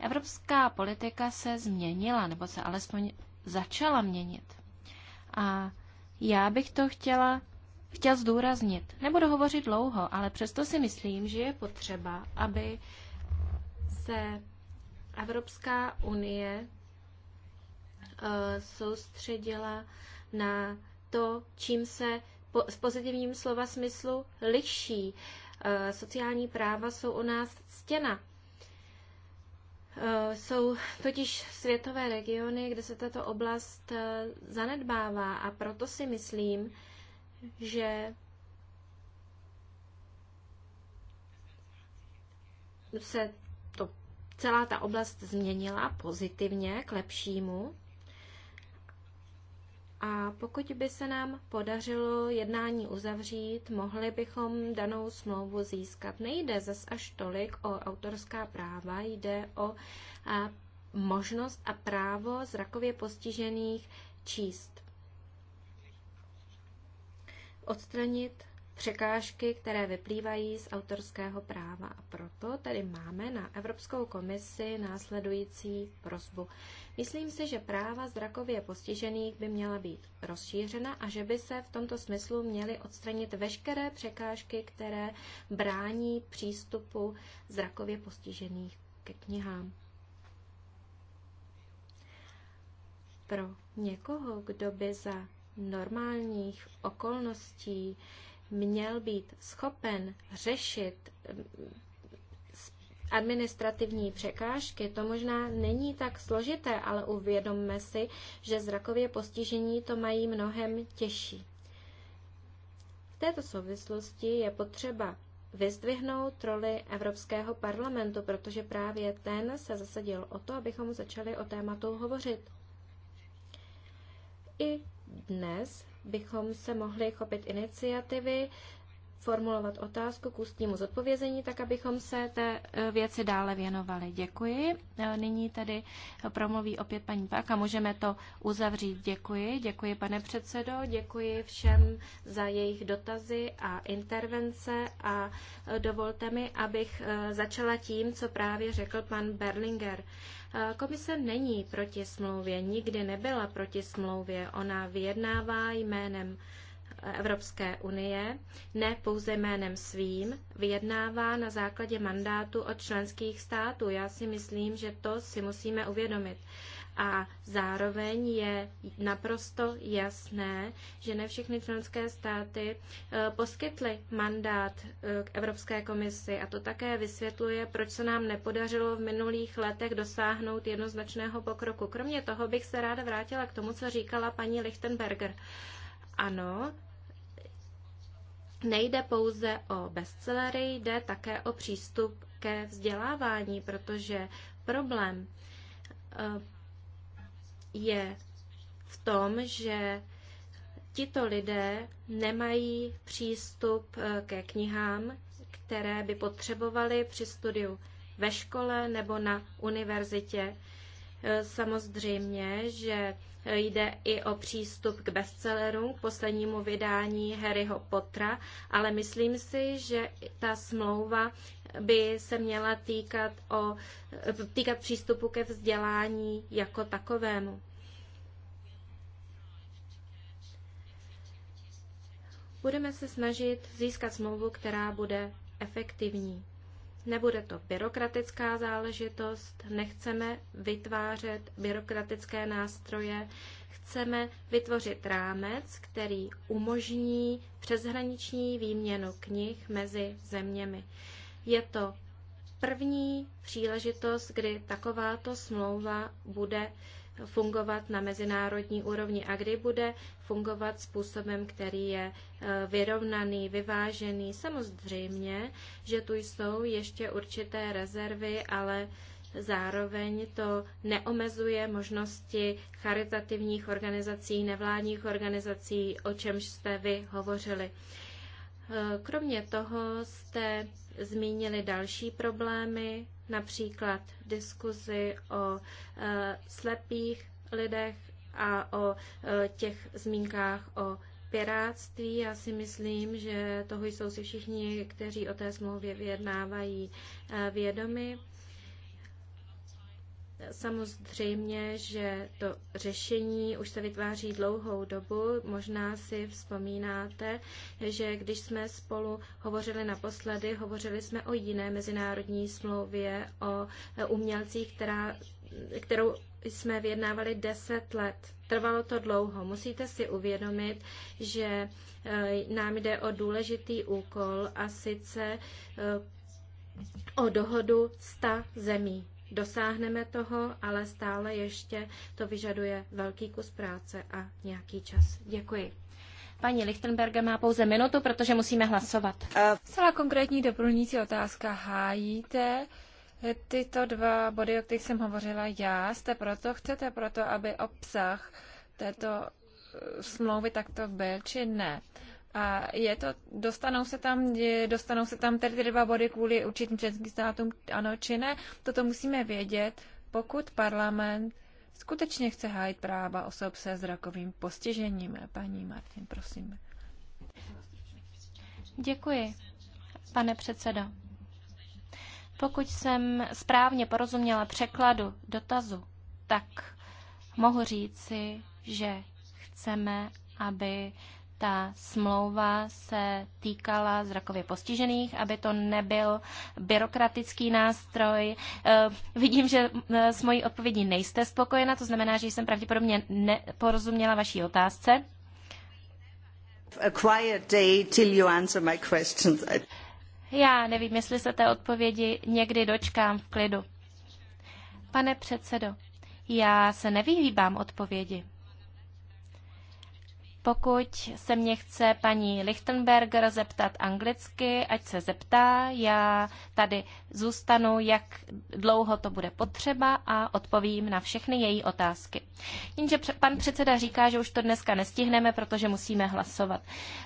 Evropská politika se změnila, nebo se alespoň začala měnit. A já bych to chtěla chtěl zdůraznit. Nebudu hovořit dlouho, ale přesto si myslím, že je potřeba, aby se Evropská unie eh, soustředila na to, čím se po, s pozitivním slova smyslu liší. Eh, sociální práva jsou u nás stěna. Eh, jsou totiž světové regiony, kde se tato oblast eh, zanedbává a proto si myslím, že se to, celá ta oblast změnila pozitivně k lepšímu. A pokud by se nám podařilo jednání uzavřít, mohli bychom danou smlouvu získat. Nejde zas až tolik o autorská práva, jde o možnost a právo zrakově postižených číst. Odstranit překážky, které vyplývají z autorského práva. A proto tady máme na Evropskou komisi následující prozbu. Myslím si, že práva zrakově postižených by měla být rozšířena a že by se v tomto smyslu měly odstranit veškeré překážky, které brání přístupu zrakově postižených ke knihám. Pro někoho, kdo by za normálních okolností měl být schopen řešit mm, administrativní překážky, to možná není tak složité, ale uvědomme si, že zrakově postižení to mají mnohem těžší. V této souvislosti je potřeba vyzdvihnout roli Evropského parlamentu, protože právě ten se zasadil o to, abychom začali o tématu hovořit. I dnes bychom se mohli chopit iniciativy, formulovat otázku k ústnímu zodpovězení, tak abychom se té e, věci dále věnovali. Děkuji. E, nyní tedy promluví opět paní Pak a můžeme to uzavřít. Děkuji. Děkuji, pane předsedo. Děkuji všem za jejich dotazy a intervence a e, dovolte mi, abych začala tím, co právě řekl pan Berlinger. Komise není proti smlouvě, nikdy nebyla proti smlouvě. Ona vyjednává jménem Evropské unie, ne pouze jménem svým, vyjednává na základě mandátu od členských států. Já si myslím, že to si musíme uvědomit. A zároveň je naprosto jasné, že ne všechny členské státy eh, poskytly mandát eh, k Evropské komisi a to také vysvětluje, proč se nám nepodařilo v minulých letech dosáhnout jednoznačného pokroku. Kromě toho bych se ráda vrátila k tomu, co říkala paní Lichtenberger. Ano, nejde pouze o bestsellery, jde také o přístup ke vzdělávání, protože problém eh, je v tom, že tito lidé nemají přístup eh, ke knihám, které by potřebovali při studiu ve škole nebo na univerzitě. Eh, samozřejmě, že jde i o přístup k bestsellerům, k poslednímu vydání Harryho Pottera, ale myslím si, že ta smlouva by se měla týkat, o, týkat přístupu ke vzdělání jako takovému. Budeme se snažit získat smlouvu, která bude efektivní. Nebude to byrokratická záležitost, nechceme vytvářet byrokratické nástroje, chceme vytvořit rámec, který umožní přeshraniční výměnu knih mezi zeměmi. Je to první příležitost, kdy takováto smlouva bude fungovat na mezinárodní úrovni a kdy bude fungovat způsobem, který je e, vyrovnaný, vyvážený. Samozřejmě, že tu jsou ještě určité rezervy, ale Zároveň to neomezuje možnosti charitativních organizací, nevládních organizací, o čemž jste vy hovořili. E, kromě toho jste zmínili další problémy, například diskuzi o e, slepých lidech a o e, těch zmínkách o piráctví. Já si myslím, že toho jsou si všichni, kteří o té smlouvě vyjednávají e, vědomi. Samozřejmě, že to řešení už se vytváří dlouhou dobu. Možná si vzpomínáte, že když jsme spolu hovořili naposledy, hovořili jsme o jiné mezinárodní smlouvě, o e, umělcích, která, kterou jsme vyjednávali 10 let. Trvalo to dlouho. Musíte si uvědomit, že e, nám jde o důležitý úkol a sice e, o dohodu 100 zemí. Dosáhneme toho, ale stále ještě to vyžaduje velký kus práce a nějaký čas. Děkuji. Paní Lichtenberger má pouze minutu, protože musíme hlasovat. Celá konkrétní doplňující otázka hájíte Tyto dva body, o kterých jsem hovořila já, jste proto, chcete proto, aby obsah této eh, smlouvy takto byl, či ne? A je to, dostanou se tam, dostanou se tam tedy dva body kvůli určitým členským státům, ano či ne? Toto musíme vědět, pokud parlament skutečně chce hájit práva osob se zrakovým postižením. Paní Martin, prosím. Děkuji, pane předsedo. Pokud jsem správně porozuměla překladu dotazu, tak mohu říci, že chceme, aby ta smlouva se týkala zrakově postižených, aby to nebyl byrokratický nástroj. Eh, vidím, že eh, s mojí odpovědí nejste spokojena, to znamená, že jsem pravděpodobně neporozuměla vaší otázce. Já nevím, jestli se té odpovědi někdy dočkám v klidu. Pane předsedo, já se nevyhýbám odpovědi. Pokud se mě chce paní Lichtenberger zeptat anglicky, ať se zeptá, já tady zůstanu, jak dlouho to bude potřeba a odpovím na všechny její otázky. Jenže pan předseda říká, že už to dneska nestihneme, protože musíme hlasovat.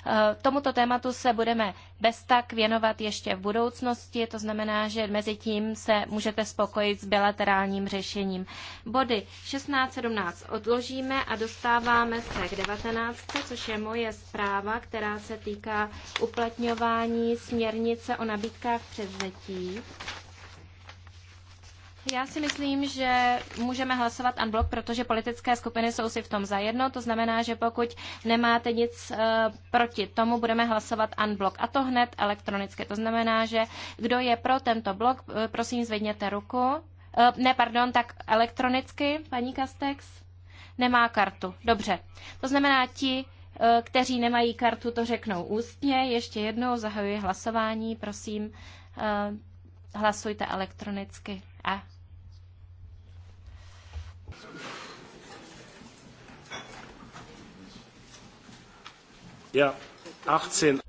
Eh, tomuto tématu se budeme bez tak věnovat ještě v budoucnosti, to znamená, že mezi tím se můžete spokojit s bilaterálním řešením. Body 16-17 odložíme a dostáváme se k 19. Švédska, což je moje zpráva, která se týká uplatňování směrnice o nabídkách předzetí. Já si myslím, že můžeme hlasovat unblock, protože politické skupiny jsou si v tom zajedno. To znamená, že pokud nemáte nic eh, proti tomu, budeme hlasovat unblock. A to hned elektronicky. To znamená, že kdo je pro tento blok, eh, prosím zvedněte ruku. Eh, ne, pardon, tak elektronicky, paní Kastex nemá kartu. Dobře. To znamená, ti, eh, kteří nemají kartu, to řeknou ústně. Ještě jednou zahajuji hlasování. Prosím, eh, hlasujte elektronicky. A. Ja, 18.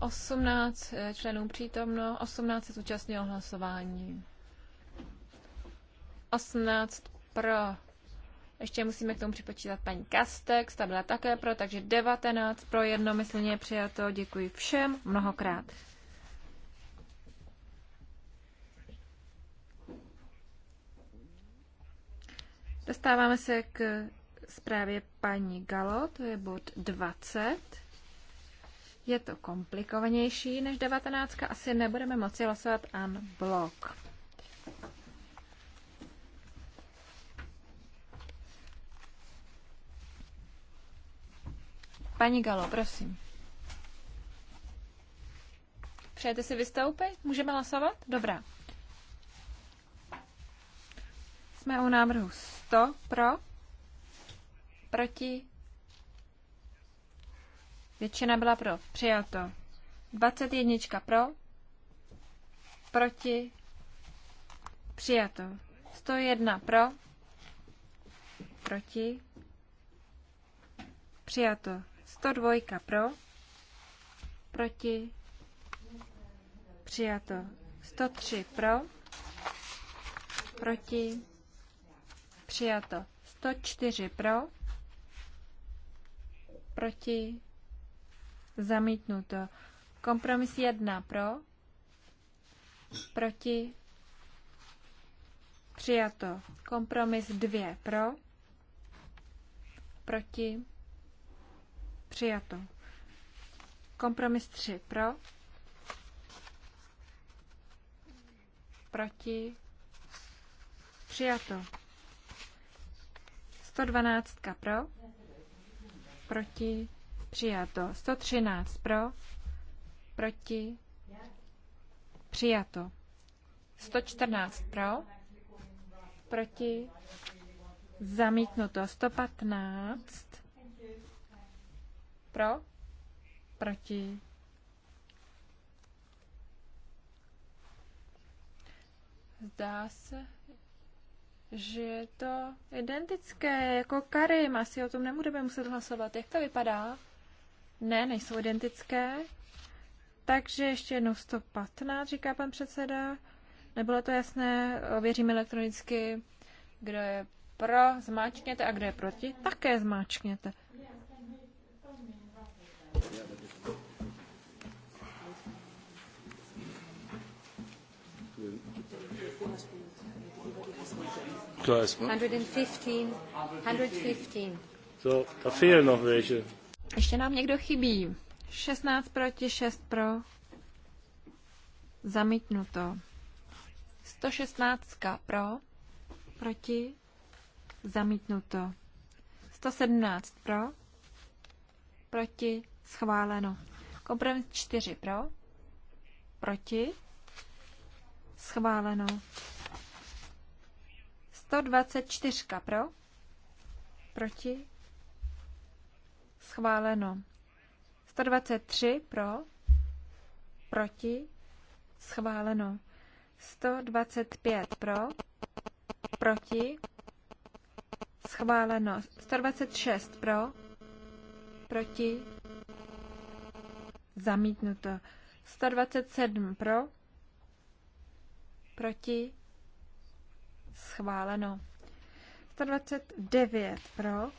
18 členů přítomno, 18 se zúčastnilo hlasování. 18 pro, ještě musíme k tomu připočítat paní Kastex, ta byla také pro, takže 19 pro jednomyslně přijato. Děkuji všem mnohokrát. Dostáváme se k zprávě paní Galo, to je bod 20. Je to komplikovanější než 19, asi nebudeme moci hlasovat an blok. Paní Galo, prosím. Přejete si vystoupit? Můžeme hlasovat? Dobrá. Jsme u návrhu 100 pro, proti, většina byla pro, přijato. 21 pro, proti, přijato. 101 pro, proti, přijato. 102 pro, proti, přijato. 103 pro, proti, přijato. 104 pro, proti, zamítnuto. Kompromis 1 pro, proti, přijato. Kompromis 2 pro, proti, Přijato. Kompromis 3 pro. Proti. Přijato. 112 pro. Proti. Přijato. 113 pro. Proti. Přijato. 114 pro. Proti. Zamítnuto. 115 pro? Proti? Zdá se, že je to identické, jako Karim. Asi o tom nebudeme muset hlasovat. Jak to vypadá? Ne, nejsou identické. Takže ještě jednou 115, říká pan předseda. Nebylo to jasné, ověříme elektronicky, kdo je pro, zmáčkněte, a kdo je proti, také zmáčkněte. No? So, da fehlen noch welche. Ještě nám někdo chybí. 16 proti, 6 pro. Zamítnuto. 116 pro. Proti. Zamítnuto. 117 pro. Proti. Schváleno. Kompromis 4 pro. Proti. Schváleno. 124 pro, proti, schváleno. 123 pro, proti, schváleno. 125 pro, proti, schváleno. 126 pro, proti, zamítnuto. 127 pro, proti, schváleno. 129 pro,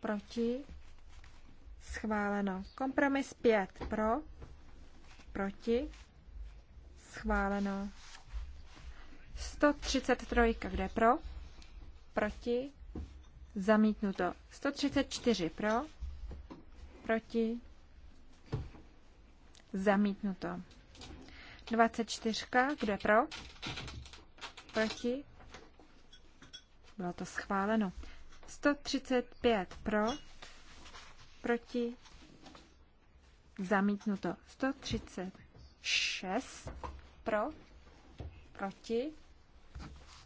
proti, schváleno. Kompromis 5 pro, proti, schváleno. 133, kde pro, proti, zamítnuto. 134 pro, proti, zamítnuto. 24, kde pro, proti, bylo to schváleno. 135 pro, proti, zamítnuto. 136 pro, proti,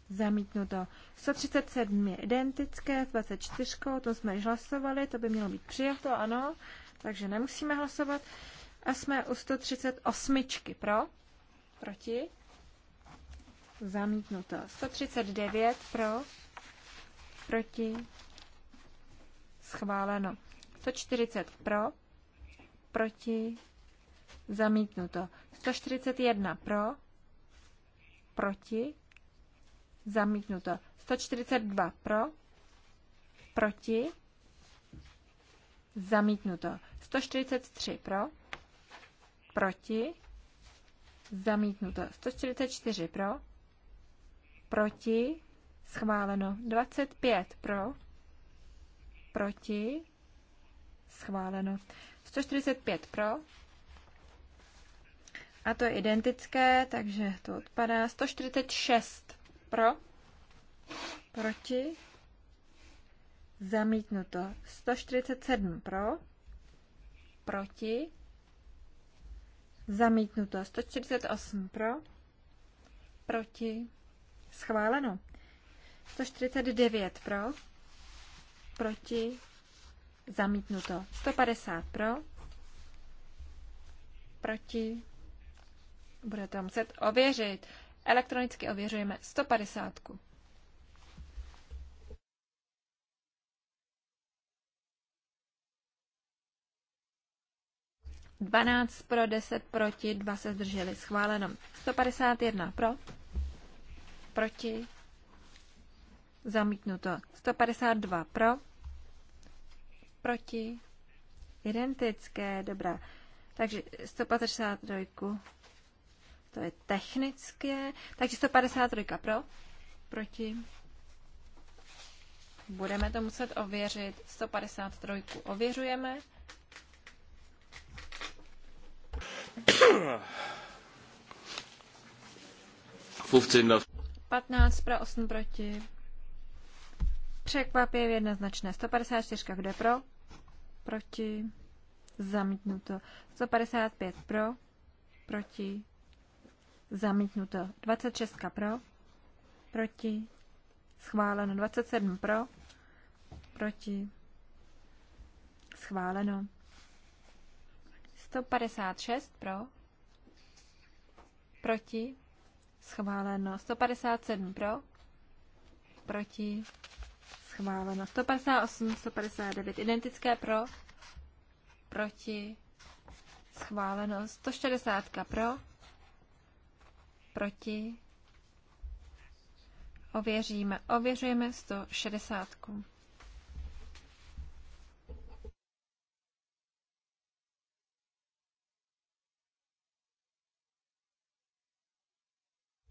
zamítnuto. 137 je identické s 24, o tom jsme již hlasovali, to by mělo být přijato, ano, takže nemusíme hlasovat. A jsme u 138 pro, proti, zamítnuto. 139 pro, proti, schváleno. 140 pro, proti, zamítnuto. 141 pro, proti, zamítnuto. 142 pro, proti, zamítnuto. 143 pro, proti, zamítnuto. 144 pro, proti, Schváleno. 25 pro. Proti. Schváleno. 145 pro. A to je identické, takže to odpadá. 146 pro. Proti. Zamítnuto. 147 pro. Proti. Zamítnuto. 148 pro. Proti. Schváleno. 149 pro, proti, zamítnuto. 150 pro, proti, bude to muset ověřit. Elektronicky ověřujeme 150. Dvanáct pro, deset proti, dva se zdrželi. Schváleno. 151 pro, proti, Zamítnuto. 152 pro. Proti. Identické. Dobrá. Takže 153. To je technické. Takže 153 pro. Proti. Budeme to muset ověřit. 153 ověřujeme. Fufcinda. No. 15 pro 8 proti. Překvapivě jednoznačné. 154, kdo je pro? Proti. Zamítnuto. 155 pro. Proti. Zamítnuto. 26 pro. Proti. Schváleno. 27 pro. Proti. Schváleno. 156 pro. Proti. Schváleno. 157 pro. Proti schváleno. 158, 159 identické pro, proti, schváleno. 160 pro, proti, ověříme. Ověřujeme 160.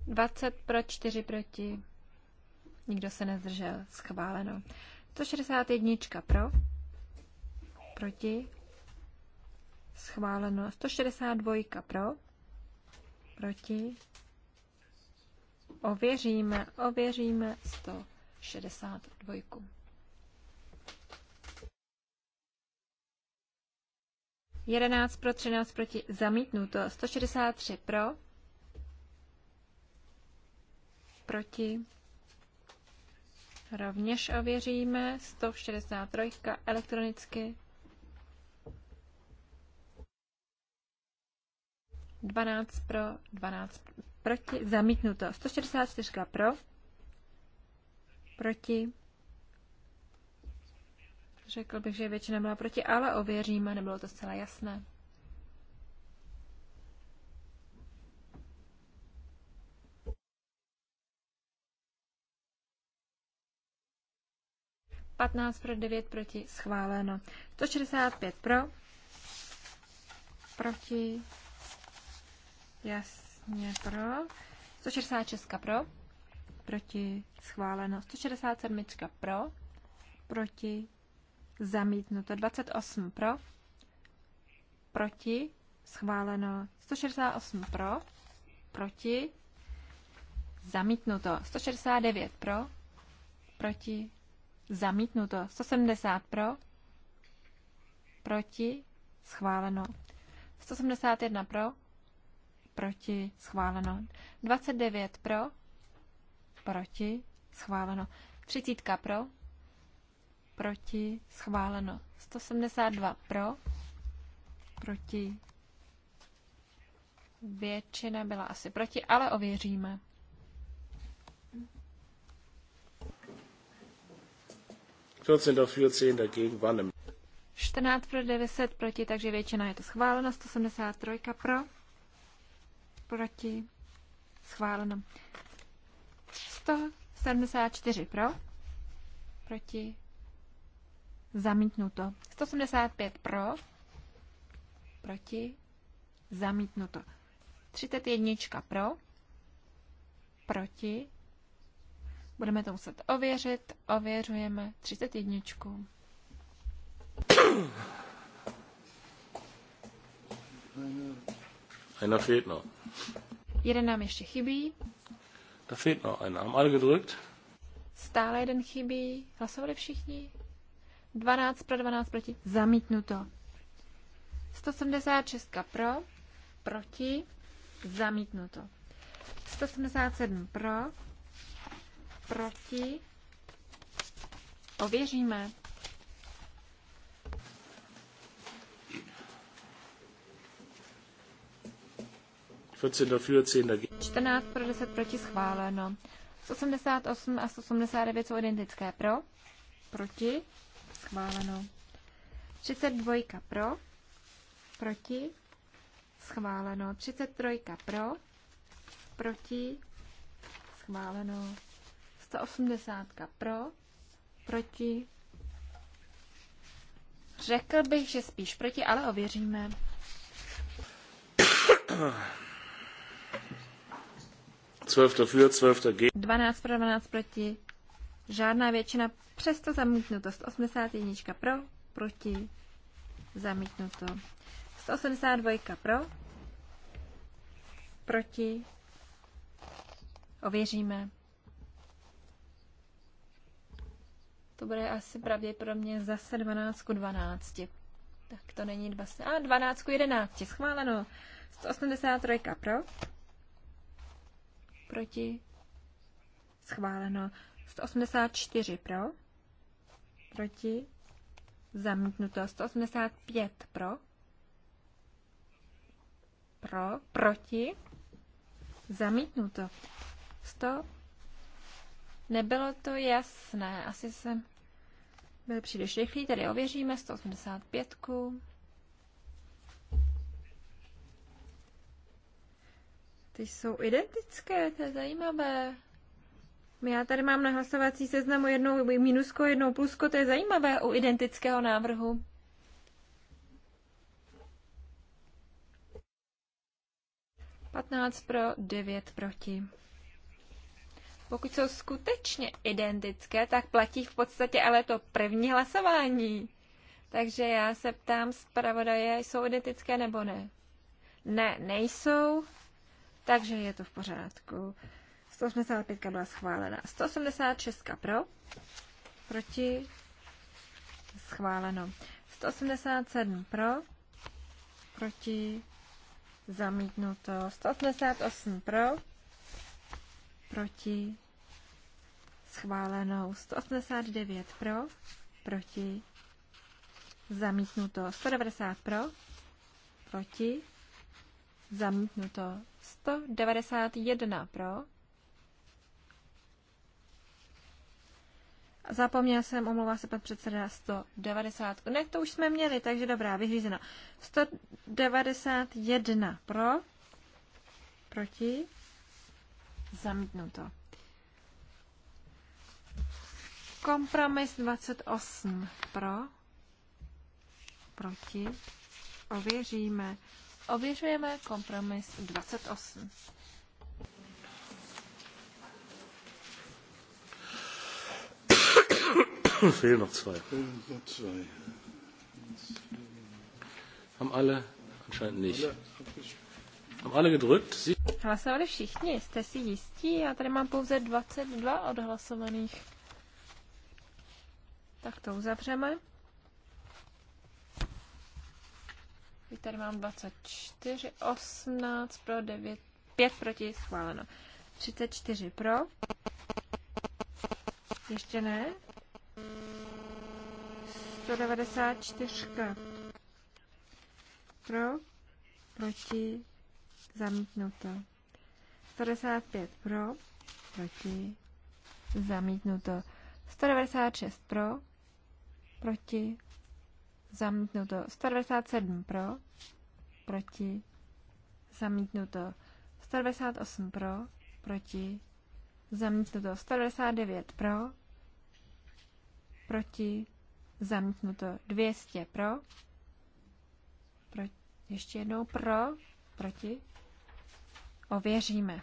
Dvacet pro čtyři proti nikdo se nezdržel, schváleno. 161 pro, proti, schváleno. 162 pro, proti, ověříme, ověříme 162. Jedenáct pro, třináct proti, zamítnuto. 163 pro, proti, Rovněž ověříme 163 elektronicky. 12 pro, 12 proti, zamítnuto. 164 pro, proti. Řekl bych, že většina byla proti, ale ověříme, nebylo to zcela jasné. 15 pro 9 proti schváleno. 165 pro, proti, jasně pro. 166 pro, proti schváleno. 167 pro, proti zamítnuto. 28 pro, proti schváleno. 168 pro, proti zamítnuto. 169 pro, proti Zamítnuto. 170 pro. Proti. Schváleno. 171 pro. Proti. Schváleno. 29 pro. Proti. Schváleno. 30 pro. Proti. Schváleno. 172 pro. Proti. Většina byla asi proti, ale ověříme. 14 dafür, 10 dagegen, war 14 pro 9 proti, takže většina je to schváleno. 173 pro, proti, schváleno. 174 pro, proti, zamítnuto. 175 pro, proti, zamítnuto. 31 pro, proti, Budeme to muset ověřit. Ověřujeme 31. Einer fehlt noch. Jeden nám ještě chybí. Da fehlt noch einer. Haben alle gedrückt? Stále jeden chybí. Hlasovali všichni? 12 pro 12 proti. Zamítnuto. 176 pro, proti, zamítnuto. 177 pro, proti, ověříme. Dafür, 14 pro 10 proti schváleno. 88 a 189 jsou identické pro, proti, schváleno. 32 pro, proti, schváleno. 33 pro, proti, schváleno. 180 pro, proti. Řekl bych, že spíš proti, ale ověříme. Dafür, 12 dagegen. 12 pro, 12 proti. Žádná většina, přesto zamítnuto. jednička. pro, proti, zamítnuto. 182 pro, proti, ověříme. To bude asi pravděpodobně zase 12 ku 12. Tak to není 20. A 12 ku 11. Schváleno. 183 pro. Proti. Schváleno. 184 pro. Proti. Zamítnuto. 185 pro. Pro. Proti. Zamítnuto. 100. Nebylo to jasné. Asi jsem byl příliš rychlý, tedy ověříme 185. -ku. Ty jsou identické, to je zajímavé. Já tady mám na hlasovací seznamu jednou minusko, jednou plusko, to je zajímavé u identického návrhu. Patnáct pro, devět proti. Pokud jsou skutečně identické, tak platí v podstatě ale to první hlasování. Takže já se ptám zpravodaje, jsou identické nebo ne? Ne, nejsou, takže je to v pořádku. 185 byla schválena. 186 pro, proti, schváleno. 187 pro, proti, zamítnuto. 188 pro, proti, schváleno 189 pro, proti, zamítnuto 190 pro, proti, zamítnuto 191 pro. Zapomněl jsem, omlouvá se pan předseda 190. Ne, to už jsme měli, takže dobrá, vyhřízeno 191 pro, proti, Zamítnuto. Kompromis 28 pro, proti, ověříme. Ověřujeme kompromis 28. Fehlen noch zwei. Haben alle? Anscheinend nicht. Hlasovali všichni, jste si jistí? Já tady mám pouze 22 odhlasovaných. Tak to uzavřeme. Vy tady mám 24, 18 pro 9, 5 proti, schváleno. 34 pro. Ještě ne. 194 pro, proti, Zamítnuto. 195 pro, proti, zamítnuto. 196 pro, proti, zamítnuto. 197 pro, proti, zamítnuto. 198 pro, proti, zamítnuto. 199 pro, proti, zamítnuto. 200 pro, proti, ještě jednou pro, proti, ověříme.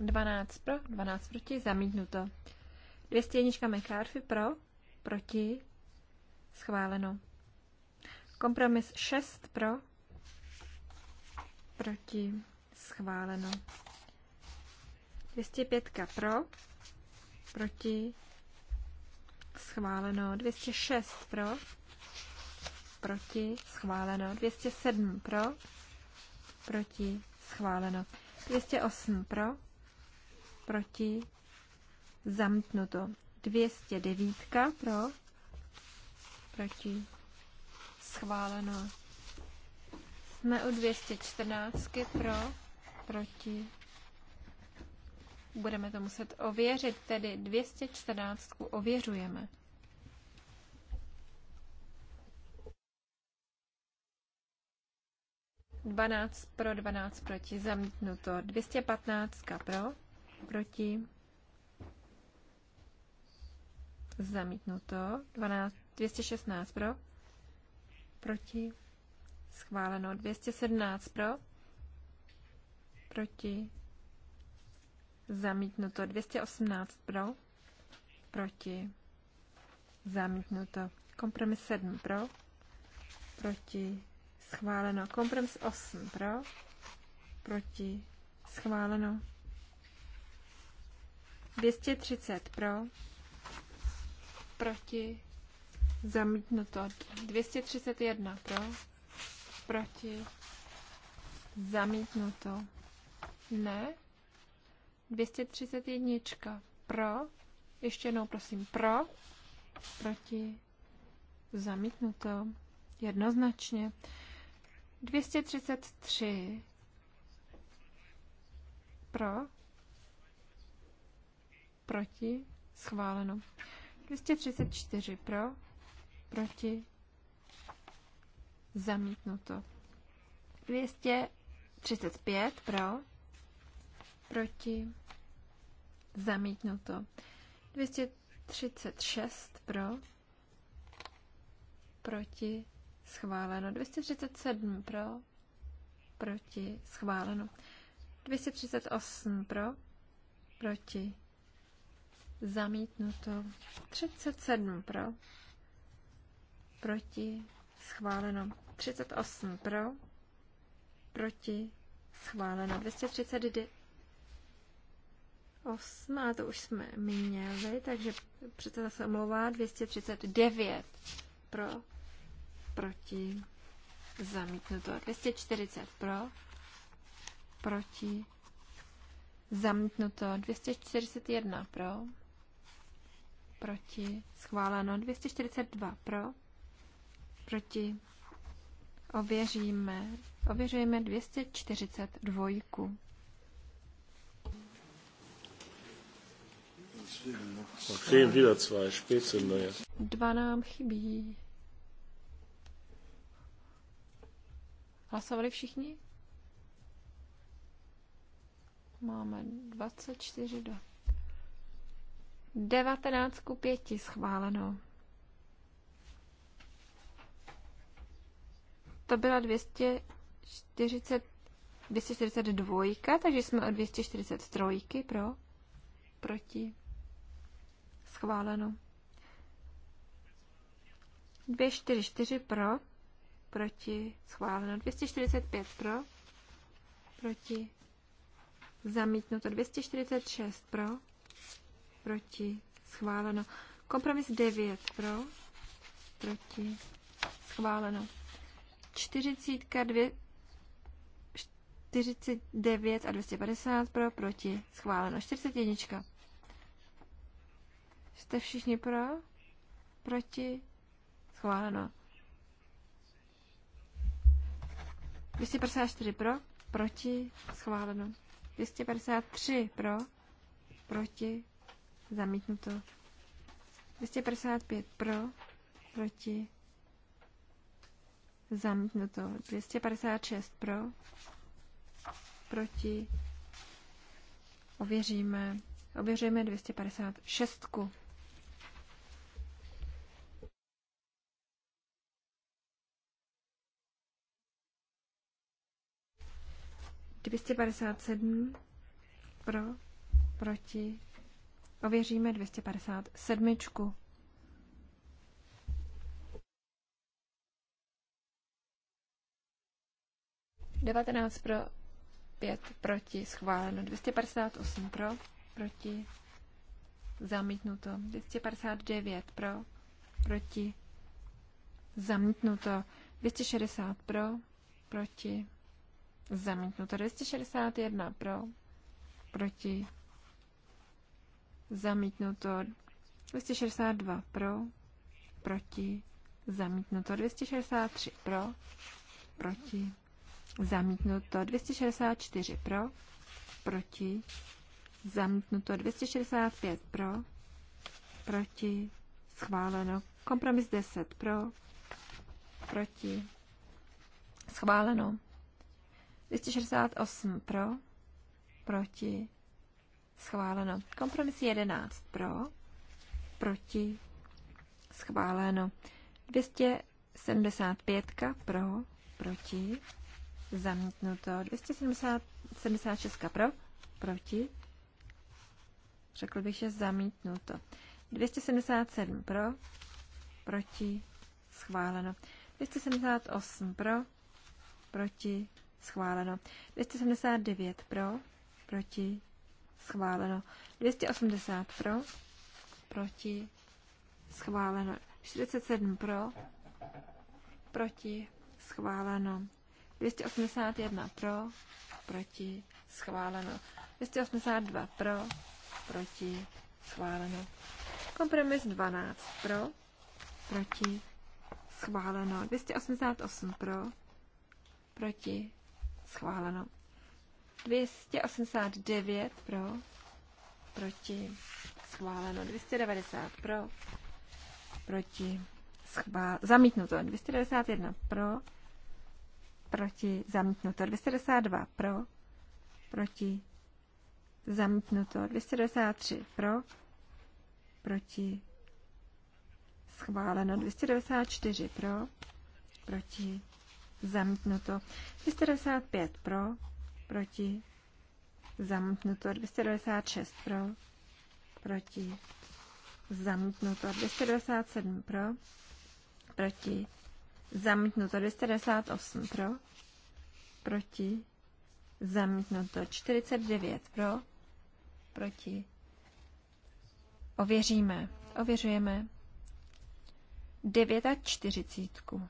Dvanáct pro, dvanáct proti, zamítnuto. Dvěstě jednička McCarthy pro, proti, schváleno. Kompromis 6 pro, proti, schváleno. 205 pro, proti, schváleno 206 pro, proti, schváleno 207 pro, proti, schváleno 208 pro, proti, zamknuto 209 pro, proti, schváleno. Jsme u 214 pro, proti, Budeme to muset ověřit, tedy 214 ověřujeme. Dvanáct pro, dvanáct proti, zamítnuto. 215 pro, proti, zamítnuto. 12, 216 pro, proti, schváleno. 217 pro, proti, Zamítnuto 218 pro, proti, zamítnuto. Kompromis 7 pro, proti, schváleno. Kompromis 8 pro, proti, schváleno. 230 pro, proti, zamítnuto. 231 pro, proti, zamítnuto. Ne, 231 pro, ještě jednou prosím pro, proti, zamítnuto, jednoznačně. 233 pro, proti, schváleno. 234 pro, proti, zamítnuto. 235 pro, proti, zamítnuto. 236 pro, proti, schváleno. 237 pro, proti, schváleno. 238 pro, proti, zamítnuto. 37 pro, proti, schváleno. 38 pro, proti, schváleno. 239 8, a to už jsme měli, takže přece zase omlouvá 239 pro, proti, zamítnuto. 240 pro, proti, zamítnuto. 241 pro, proti, schváleno. 242 pro, proti, ověříme, ověřujeme 242. Fehlen wieder zwei Spätzünder jetzt. Dva nám chybí. Hlasovali všichni? Máme 24 do 19 ku 5 schváleno. To byla 240, 242, takže jsme o 243 pro, proti. Schváleno. 244 pro, proti, schváleno. 245 pro, proti, zamítnuto. 246 pro, proti, schváleno. Kompromis 9 pro, proti, schváleno. 40 dvě, 49 a 250 pro, proti, schváleno. 41 Jste všichni pro? Proti? Schváleno. 254 pro, proti, schváleno. 253 pro, proti, zamítnuto. 255 pro, proti, zamítnuto. 256 pro, proti, ověříme, ověříme 256. -ku. 257 pro, proti. Ověříme 257. Devatenáct pro, pět proti, schváleno. 258 pro, proti, zamítnuto. 259 pro, proti, zamítnuto. 260 pro, proti, Zamítnuto 261 pro, proti, zamítnuto 262 pro, proti, zamítnuto 263 pro, proti, zamítnuto 264 pro, proti, zamítnuto 265 pro, proti, schváleno, kompromis 10 pro, proti, schváleno. 268 pro, proti, schváleno. Kompromis 11 pro, proti, schváleno. 275 pro, proti, zamítnuto. 276 pro, proti, řekl bych, že zamítnuto. 277 pro, proti, schváleno. 278 pro, proti, schváleno. 279 pro, proti, schváleno. 280 pro, proti, schváleno. 47 pro, proti, schváleno. 281 pro, proti, schváleno. 282 pro, proti, schváleno. Kompromis 12 pro, proti, schváleno. 288 pro, proti, Schváleno. 289 pro, proti, schváleno. 290 pro, proti, schváleno. zamítnuto. 291 pro, proti, zamítnuto. 292 pro, proti, zamítnuto. 293 pro, proti, schváleno. 294 pro, proti, zamítnuto. 295 pro, proti, zamítnuto. 296 pro, proti, zamítnuto. 297 pro, proti, zamítnuto. 298 pro, proti, zamítnuto. 49 pro, proti. Ověříme. Ověřujeme. 49.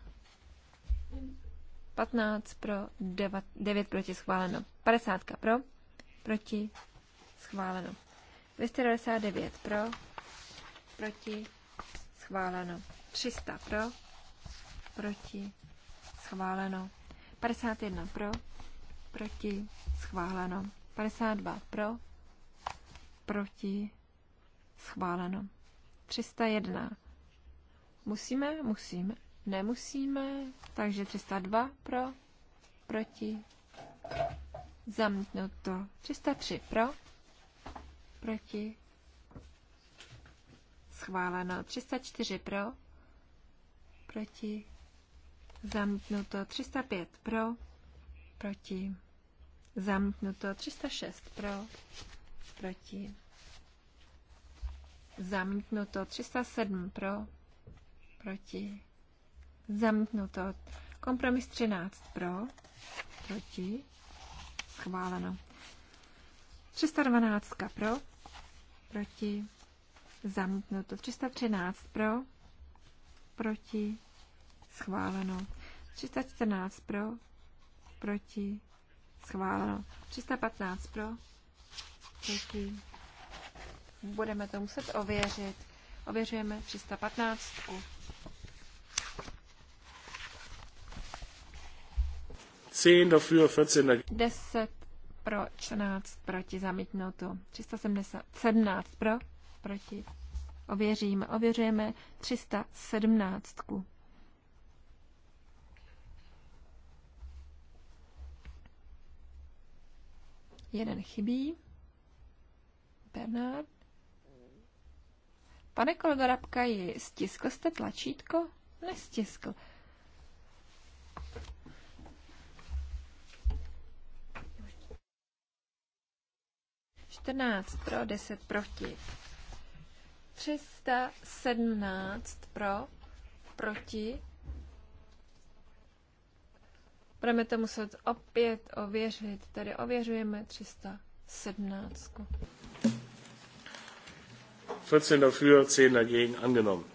15 pro, 9, 9 proti schváleno. 50 pro, proti schváleno. 299 pro, proti schváleno. 300 pro, proti schváleno. 51 pro, proti schváleno. 52 pro, proti schváleno. 301. Musíme? Musíme. Nemusíme, takže 302 pro, proti, to. 303 pro, proti, schváleno. 304 pro, proti, to. 305 pro, proti, to. 306 pro, proti, to. 307 pro, proti, Zamítnuto. Kompromis 13 pro, proti, schváleno. 312 pro, proti, zamítnuto. 313 pro, proti, schváleno. 314 pro, proti, schváleno. 315 pro, proti. Budeme to muset ověřit. Ověřujeme 315. -ku. 10 dafür, 14 dagegen. 10 pro, 14 proti, zamítnuto. 317 pro, proti. Ověříme, ověřujeme 317. Jeden chybí. Bernard. Pane kolego Rabka, stiskl jste tlačítko? Nestiskl. 14 pro, 10 proti. 317 pro, proti. Budeme to muset opět ověřit, Tady ověřujeme 317. 14 dafür, 10 dagegen angenommen.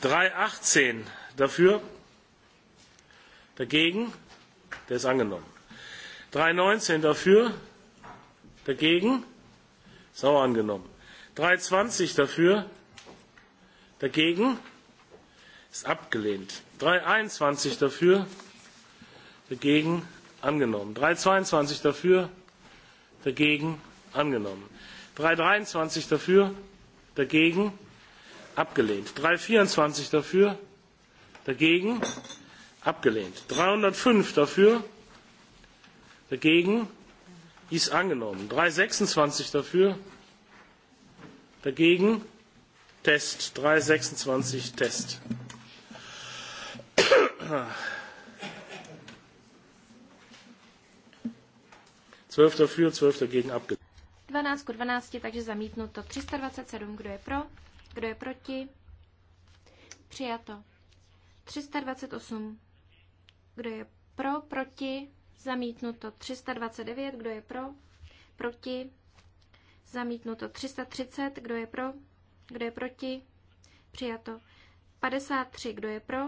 318 dafür, dagegen, der ist angenommen. 319 dafür, dagegen, Ist auch angenommen. 320 dafür, dagegen, ist abgelehnt. 321 dafür, dagegen, angenommen. 322 dafür, dagegen, angenommen. 323 dafür, dagegen, abgelehnt. 324 dafür, dagegen, abgelehnt. 305 dafür, dagegen, ist angenommen. 326 dafür, dagegen, Test. 326 Test. Zwölf dafür, zwölf dagegen abgelehnt. 12 ku 12, takže zamítnuto. 327, kdo je pro, kdo je proti? Přijato. 328, kdo je pro, proti? Zamítnuto 329, kdo je pro? Proti? Zamítnuto 330, kdo je pro? Kdo je proti? Přijato 53, kdo je pro?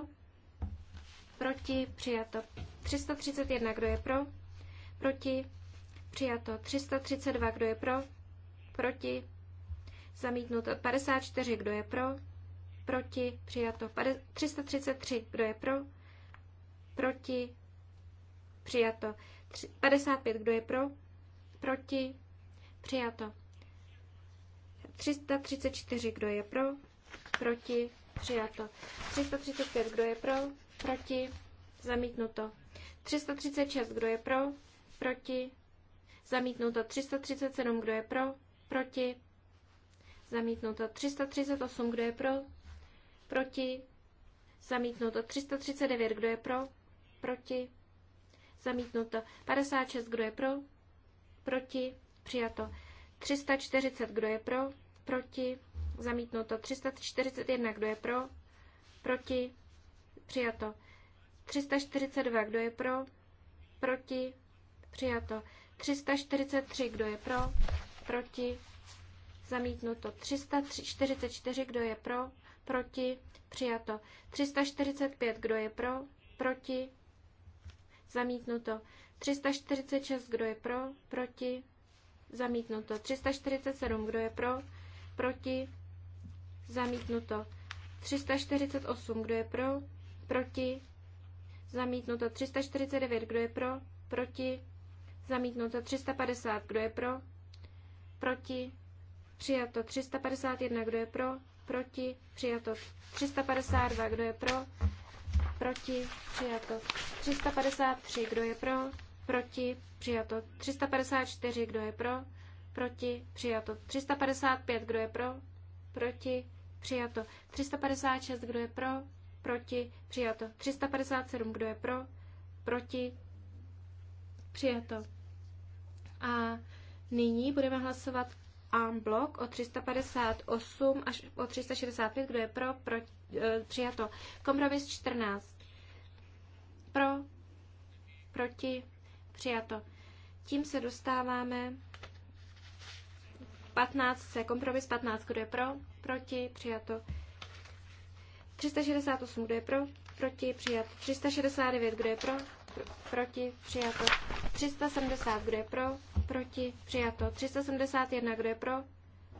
Proti? Přijato 331, kdo je pro? Proti? Přijato 332, kdo je pro? Proti? Zamítnuto 54, kdo je pro? Proti? Přijato 333, kdo je pro? Proti? Přijato. 55, kdo je pro? Proti? Přijato. 334, kdo je pro? Proti? Přijato. 335, kdo je pro? Proti? Zamítnuto. 336, kdo je pro? Proti? Zamítnuto. 337, kdo je pro? Proti? Zamítnuto. 338, kdo je pro? Proti? Zamítnuto. 339, kdo je pro? Proti? zamítnuto. 56, kdo je pro, proti, přijato. 340, kdo je pro, proti, zamítnuto. 341, kdo je pro, proti, přijato. 342, kdo je pro, proti, přijato. 343, kdo je pro, proti, zamítnuto. 344, kdo je pro, proti, přijato. 345, kdo je pro, proti, Zamítnuto. 346, kdo je pro? Proti? Zamítnuto. 347, kdo je pro? Proti? Zamítnuto. 348, kdo je pro? Proti? Zamítnuto. 349, kdo je pro? Proti? Zamítnuto. 350, kdo je pro? Proti? Přijato. 351, kdo je pro? Proti? Přijato. 352, kdo je pro? proti, přijato 353, kdo je pro, proti, přijato 354, kdo je pro, proti, přijato 355, kdo je pro, proti, přijato 356, kdo je pro, proti, přijato 357, kdo je pro, proti, přijato. A nyní budeme hlasovat en blok o 358 až o 365, kdo je pro, proti, Eh, přijato. Kompromis 14. Pro, proti, přijato. Tím se dostáváme 15. Kompromis 15. Kdo je pro, proti, přijato. 368. Kdo je pro, proti, přijato. 369. Kdo je pro, proti, přijato. 370. Kdo je pro, proti, přijato. 371. Kdo je pro,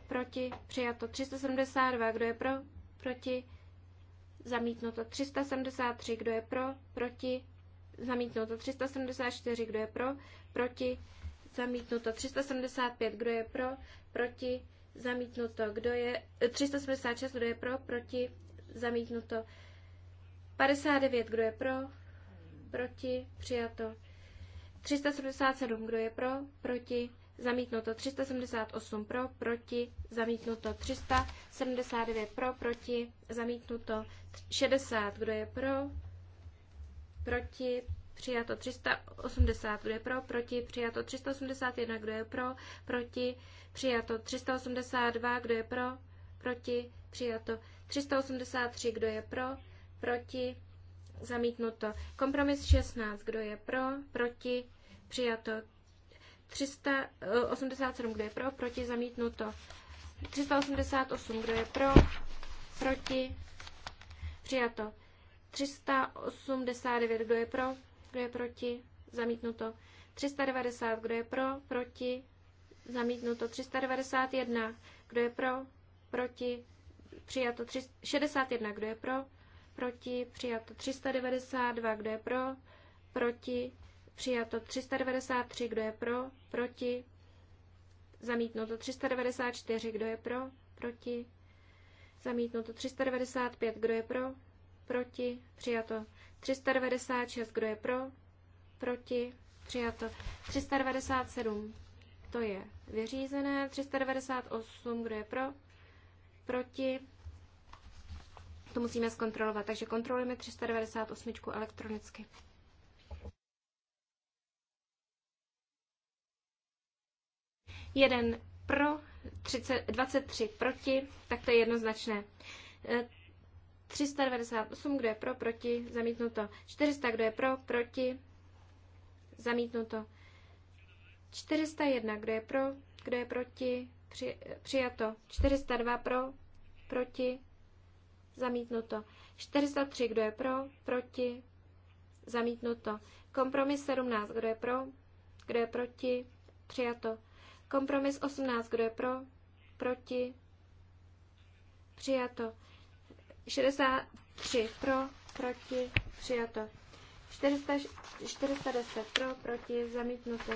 proti, přijato. 372. Kdo je pro, proti, zamítnuto 373, kdo je pro, proti, zamítnuto 374, kdo je pro, proti, zamítnuto 375, kdo je pro, proti, zamítnuto, kdo je 376, eh, kdo je pro, proti, zamítnuto 59, kdo je pro, proti, přijato 377, kdo je pro, proti, zamítnuto 378 pro, proti, zamítnuto 379 pro, proti, zamítnuto 60, kdo je pro, proti, přijato 380, kdo je pro, proti, přijato 381, kdo je pro, proti, přijato 382, kdo je pro, proti, přijato 383, kdo je pro, proti, zamítnuto. Kompromis 16, kdo je pro, proti, přijato 387, kdo je pro, proti, zamítnuto. 388, kdo je pro, proti, Přijato. 389, kdo je pro, kdo je proti, zamítnuto. 390, kdo je pro, proti, zamítnuto. 391, kdo je pro, proti, přijato. 61, kdo je pro, proti, přijato. 392, kdo je pro, proti, přijato. 393, kdo je pro, proti, zamítnuto. 394, kdo je pro, proti, Zamítnuto 395, kdo je pro? Proti. Přijato 396, kdo je pro? Proti. Přijato 397, to je vyřízené. 398, kdo je pro? Proti. To musíme zkontrolovat, takže kontrolujeme 398 elektronicky. Jeden pro, 30, 23 proti, tak to je jednoznačné. 398, e, kdo je pro, proti, zamítnuto. 400, kdo je pro, proti, zamítnuto. 401, kdo je pro, kdo je proti, při, přijato. 402 pro, proti, zamítnuto. 403, kdo je pro, proti, zamítnuto. Kompromis 17, kdo je pro, kdo je proti, přijato. Kompromis 18, kdo je pro? Proti? Přijato. 63 pro, proti, přijato. 400, 410 pro, proti, zamítnuto.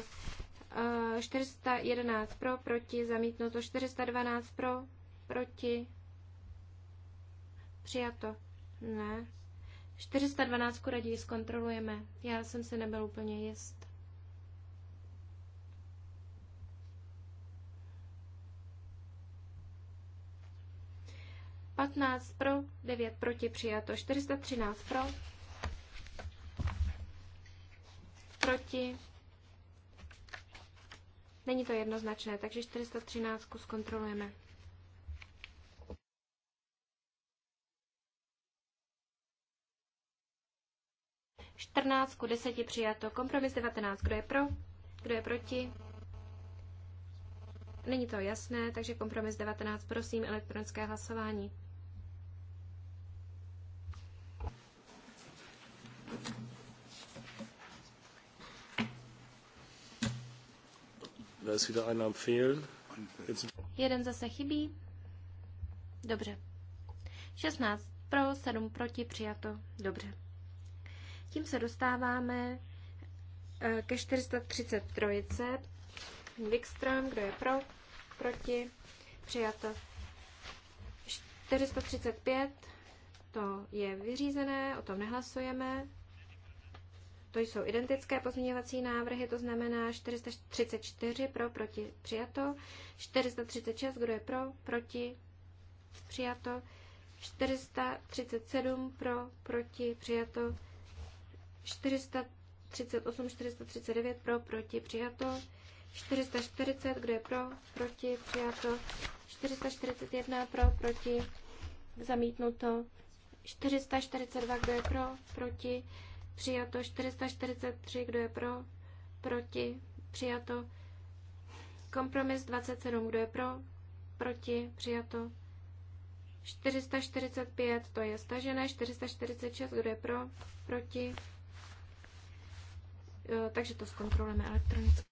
411 eh, pro, proti, zamítnuto. 412 pro, proti, přijato. Ne. 412 raději zkontrolujeme. Já jsem si nebyl úplně jist. 15 pro, 9 proti, přijato. 413 pro, proti. Není to jednoznačné, takže 413 zkontrolujeme. Čtrnáctku, deseti přijato. Kompromis 19. Kdo je pro? Kdo je proti? Není to jasné, takže kompromis 19. Prosím elektronické hlasování. Da ist wieder einer am Fehlen. Jeden zase chybí. Dobře. 16 pro, 7 proti, přijato. Dobře. Tím se dostáváme eh, ke 433. Wikström, kdo je pro, proti, přijato. 435, to je vyřízené, o tom nehlasujeme. To jsou identické pozměňovací návrhy, to znamená 434 pro, proti, přijato. 436, kdo je pro, proti, přijato. 437 pro, proti, přijato. 438, 439 pro, proti, přijato. 440, kdo je pro, proti, přijato. 441 pro, proti, zamítnuto. 442, kdo je pro, proti, Přijato 443, kdo je pro? Proti? Přijato. Kompromis 27, kdo je pro? Proti? Přijato. 445, to je stažené. 446, kdo je pro? Proti? E, takže to zkontrolujeme elektronicky.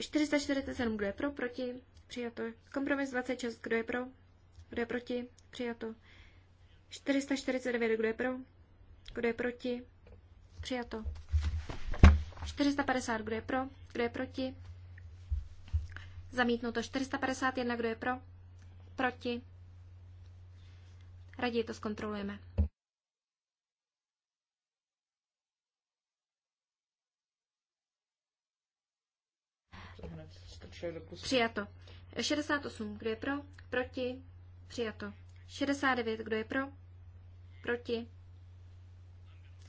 447, kdo je pro, proti, přijato. Kompromis 26, kdo je pro, kdo je proti, přijato. 449, kdo je pro, kdo je proti, přijato. 450, kdo je pro, kdo je proti, zamítnuto. 451, kdo je pro, proti. Raději to zkontrolujeme. Přijato. 68, kdo je pro? Proti? Přijato. 69, kdo je pro? Proti?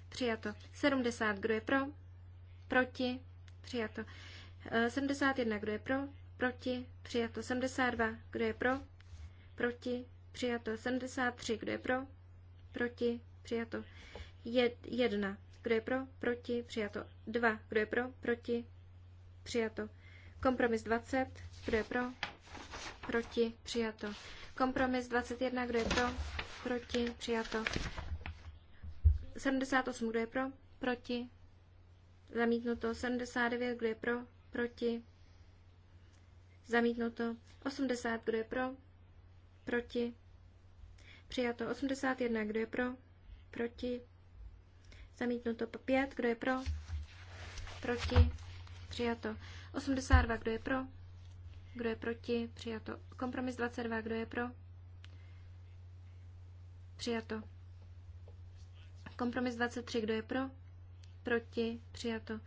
Přijato. 70, kdo je pro? Proti? Přijato. 71, eh, kdo je pro? Proti? Přijato. 72, kdo je pro? Proti? Přijato. 73, kdo je pro? Proti? Přijato. 1, kdo je pro? Proti? Přijato. 2, kdo je pro? Proti? Přijato. Kompromis 20, kdo je pro? Proti, přijato. Kompromis 21, kdo je pro? Proti, přijato. 78, kdo je pro? Proti. Zamítnuto. 79, kdo je pro? Proti. Zamítnuto. 80, kdo je pro? Proti. Přijato. 81, kdo je pro? Proti. Zamítnuto. 5, kdo je pro? Proti. Přijato. 82, kdo je pro? Kdo je proti? Přijato. Kompromis 22, kdo je pro? Přijato. Kompromis 23, kdo je pro? Proti? Přijato.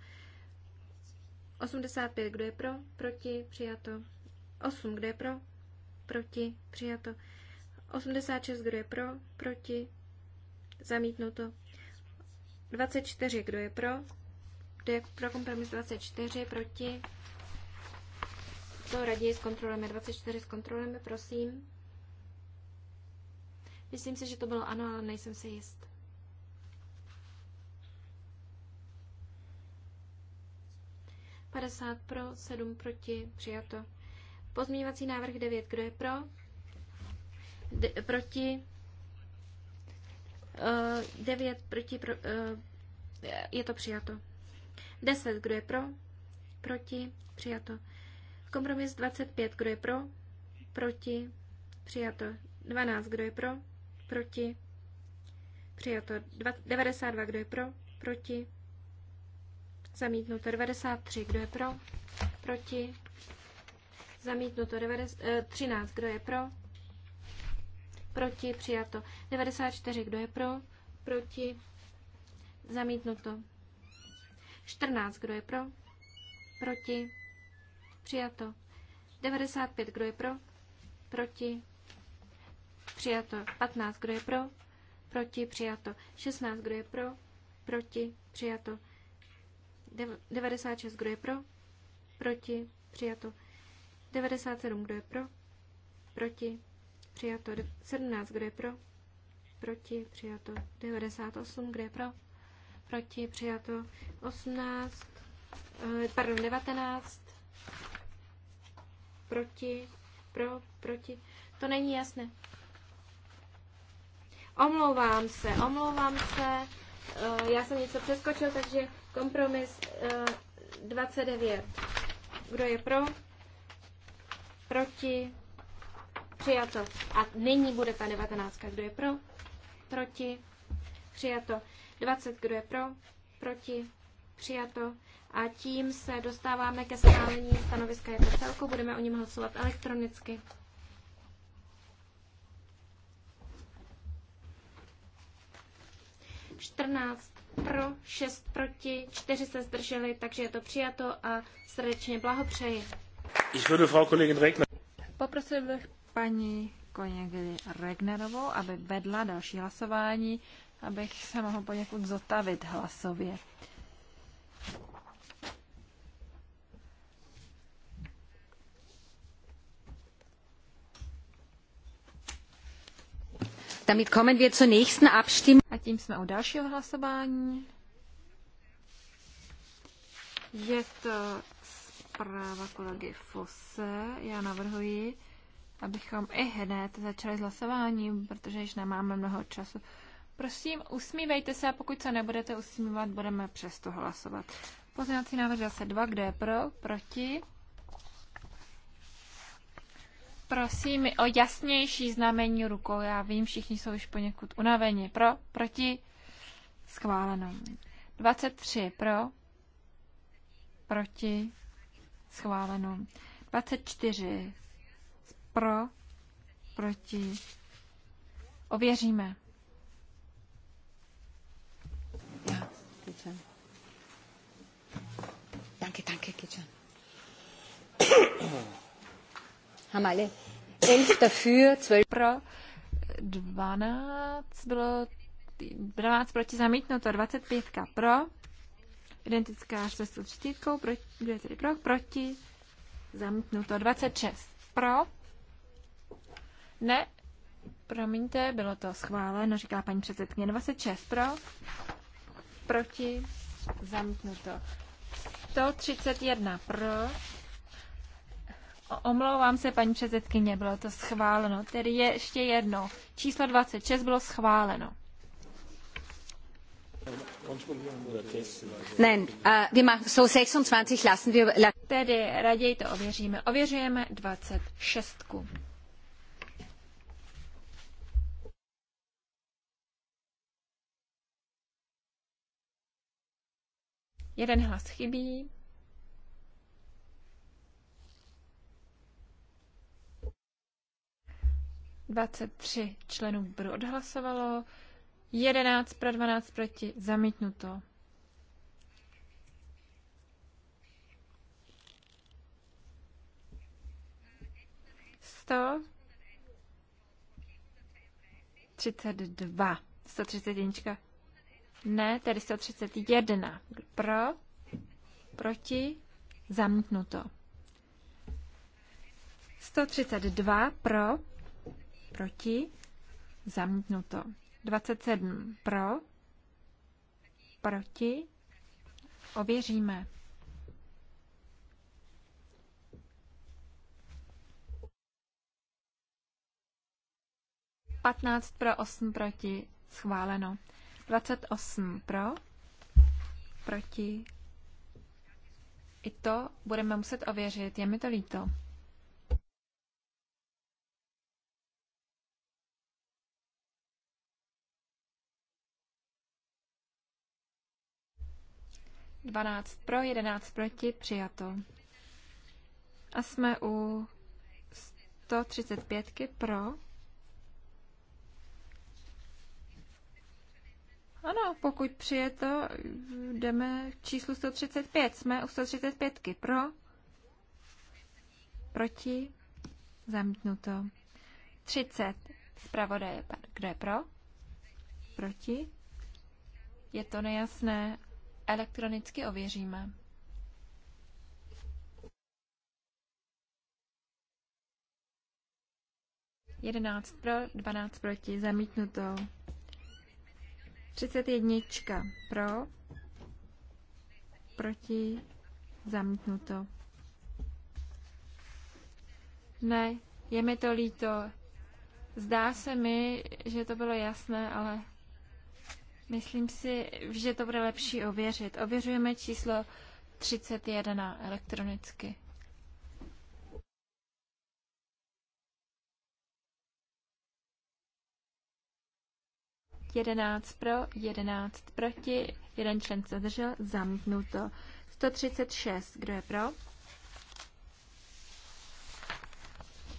85, kdo je pro? Proti? Přijato. 8, kdo je pro? Proti? Přijato. 86, kdo je pro? Proti? Zamítnuto. 24, kdo je pro? je pro kompromis 24, proti. To raději zkontrolujeme. 24 zkontrolujeme, prosím. Myslím si, že to bylo ano, ale nejsem si jist. pro, 7 proti, přijato. Pozměňovací návrh 9. Kdo je pro? D- proti? Uh, eh, 9 proti. Pro, uh, je to přijato. 10, kdo je pro, proti, přijato. Kompromis 25, kdo je pro, proti, přijato. 12, kdo je pro, proti, přijato. 92, kdo je pro, proti, zamítnuto. 93, kdo je pro, proti, zamítnuto. 13, eh, kdo je pro, proti, přijato. 94, kdo je pro, proti, zamítnuto. 14. Kdo je pro? Proti? Přijato. 95. Kdo je pro? Proti? Přijato. 15. Kdo je pro? Proti? Přijato. 16. Kdo je pro? Proti? Přijato. 96. Kdo je pro? Proti? Přijato. 97. Kdo je pro? Proti? Přijato. 17. Kdo je pro? Proti? Přijato. 98. Kdo je pro? proti, přijato 18, eh, pardon, 19, proti, pro, proti, to není jasné. Omlouvám se, omlouvám se, eh, já jsem něco přeskočil, takže kompromis 29. Eh, Kdo je pro? Proti? Přijato. A nyní bude ta 19. Kdo je pro? Proti? Přijato. 20, kdo je pro, proti, přijato. A tím se dostáváme ke schválení stanoviska jako celku. Budeme o něm hlasovat elektronicky. Čtrnáct pro, šest proti, čtyři se zdrželi, takže je to přijato a srdečně blahopřeji. Ich Poprosil bych paní Koněgli Regnerovou, aby vedla další hlasování abych se mohl poněkud zotavit hlasově. Damit kommen wir zur nächsten Abstimmung. A tím jsme u dalšího hlasování. Je to zpráva kolegy Fosse. Já navrhuji, abychom i hned začali s hlasováním, protože již nemáme mnoho času. Prosím, usmívejte se a pokud se nebudete usmívat, budeme přesto hlasovat. Pozměňovací návrh zase dva, kde je pro, proti. Prosím o jasnější znamení rukou. Já vím, všichni jsou už poněkud unaveni. Pro, proti, schváleno. 23 pro, proti, schváleno. 24 pro, proti, ověříme. Ja, bitte. Danke, danke, Kitchen. [coughs] Haben alle. Elf dafür, zwölf pro. 12 bylo 12 proti zamítnuto, 25 pro, identická se 104, proti, pro, proti, zamítnuto, 26 pro, ne, promiňte, bylo to schváleno, říká paní předsedkyně, 26 pro, proti, zamítnuto. 131 pro, Omlouvám se, paní předsedkyně, bylo to schváleno. Tedy je ještě jedno. Číslo 26 bylo schváleno. Ne, wir machen so 26 lassen wir... Tedy raději to ověříme. Ověřujeme 26. Jeden hlas chybí. Dvacet tři členů výboru odhlasovalo, jedenáct pro dvanáct proti zamítnuto. Sto třicet dva. Sto třicet ne, tedy 131. Pro, proti, zamknuto. 132 pro, proti, zamknuto. 27 pro, proti, ověříme. Patnáct pro, osm proti, schváleno. 28 pro, proti. I to budeme muset ověřit, je mi to líto. Dvanáct pro, jedenáct proti, přijato. A jsme u 135 pro, Ano, pokud to jdeme k číslu 135. Jsme u 135. -ky. Pro? Proti? Zamítnuto. 30. Zpravodaje. Kdo je pro? Proti? Je to nejasné. Elektronicky ověříme. Jedenáct pro, dvanáct proti, zamítnuto. 31 pro, proti, zamítnuto. Ne, je mi to líto. Zdá se mi, že to bylo jasné, ale myslím si, že to bude lepší ověřit. Ověřujeme číslo 31 elektronicky. 11 pro, 11 proti, jeden člen se zdržel, zamknuto. 136, kdo je pro?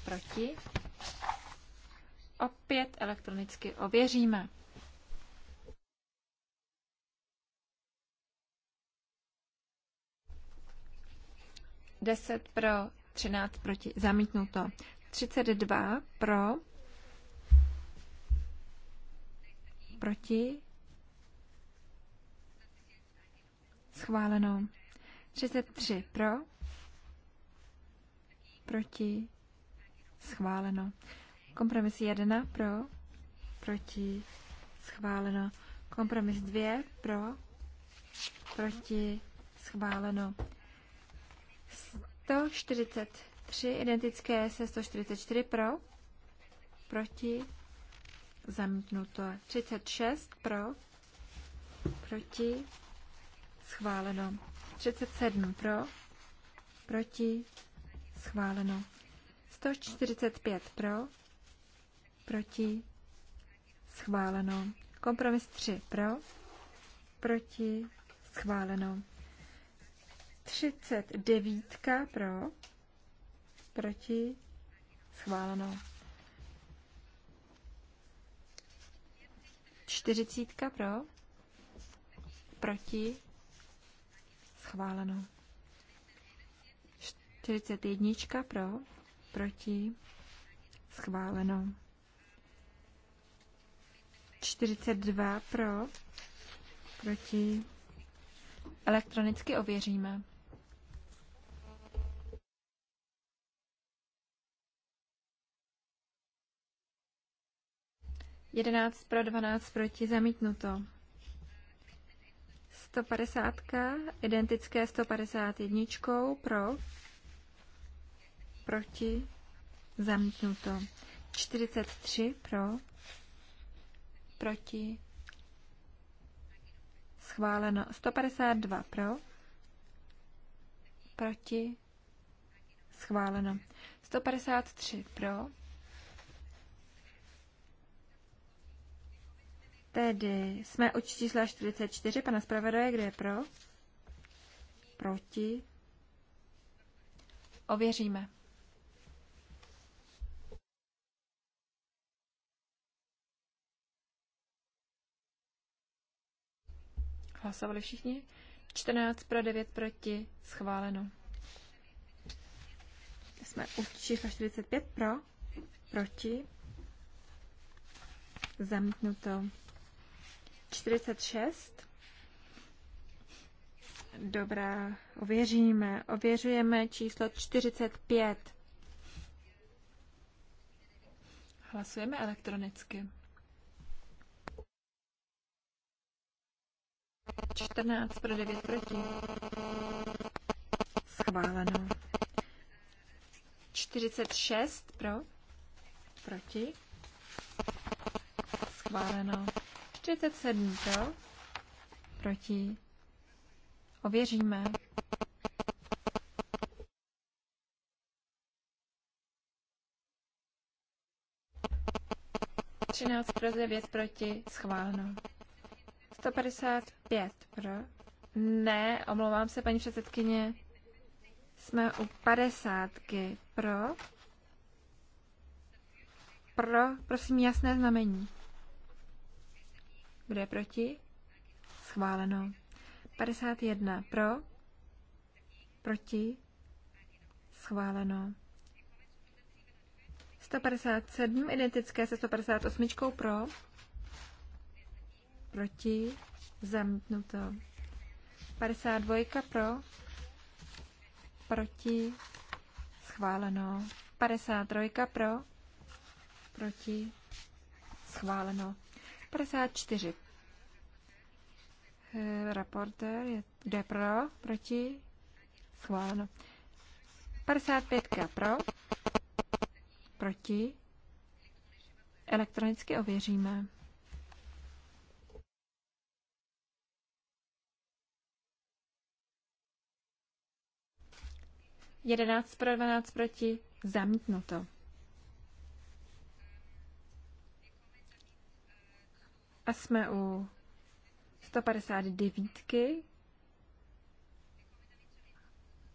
Proti. Opět elektronicky ověříme. Deset pro, třináct proti, zamítnuto. Třicet dva pro, Proti? Schváleno. 33 pro? Proti? Schváleno. Kompromis 1 pro? Proti? Schváleno. Kompromis 2 pro? Proti? Schváleno. 143 identické se 144 pro? Proti? Zamítnuto. 36 pro. Proti. Schváleno. 37 pro. Proti. Schváleno. 145 pro. Proti. Schváleno. Kompromis 3 pro. Proti. Schváleno. 39 pro. Proti. Schváleno. 40 pro, proti, schváleno. 41 pro, proti, schváleno. 42 pro, proti, elektronicky ověříme. 11 pro, 12 proti, zamítnuto. 150, identické 151, pro, proti, zamítnuto. 43 pro, proti, schváleno. 152 pro, proti, schváleno. 153 pro, Tedy jsme od čísla 44, pana zpravodaje, kde je pro? Proti? Ověříme. Hlasovali všichni? 14 pro 9 proti, schváleno. Jsme u čísla 45 pro, proti, zamítnuto. 46. Dobrá, ověříme. Ověřujeme číslo 45. Hlasujeme elektronicky. 14 pro 9 proti. Schváleno. 46 pro. Proti. Schváleno. 47 pro, proti, ověříme. Třináct pro devět proti, schváleno. 155 pro. Ne, omlouvám se, paní předsedkyně. Jsme u padesátky pro. Pro, prosím, jasné znamení. Kdo je proti? Schváleno. 51 pro? Proti? Schváleno. 157 identické se 158 pro? Proti? Zamítnuto. 52 pro? Proti? Schváleno. 53 pro? Proti? Schváleno. 54. Eh, reporter je, jde pro, proti, schváleno. 55 pro, proti, elektronicky ověříme. Jedenáct pro, dvanáct proti, zamítnuto. A jsme u 159.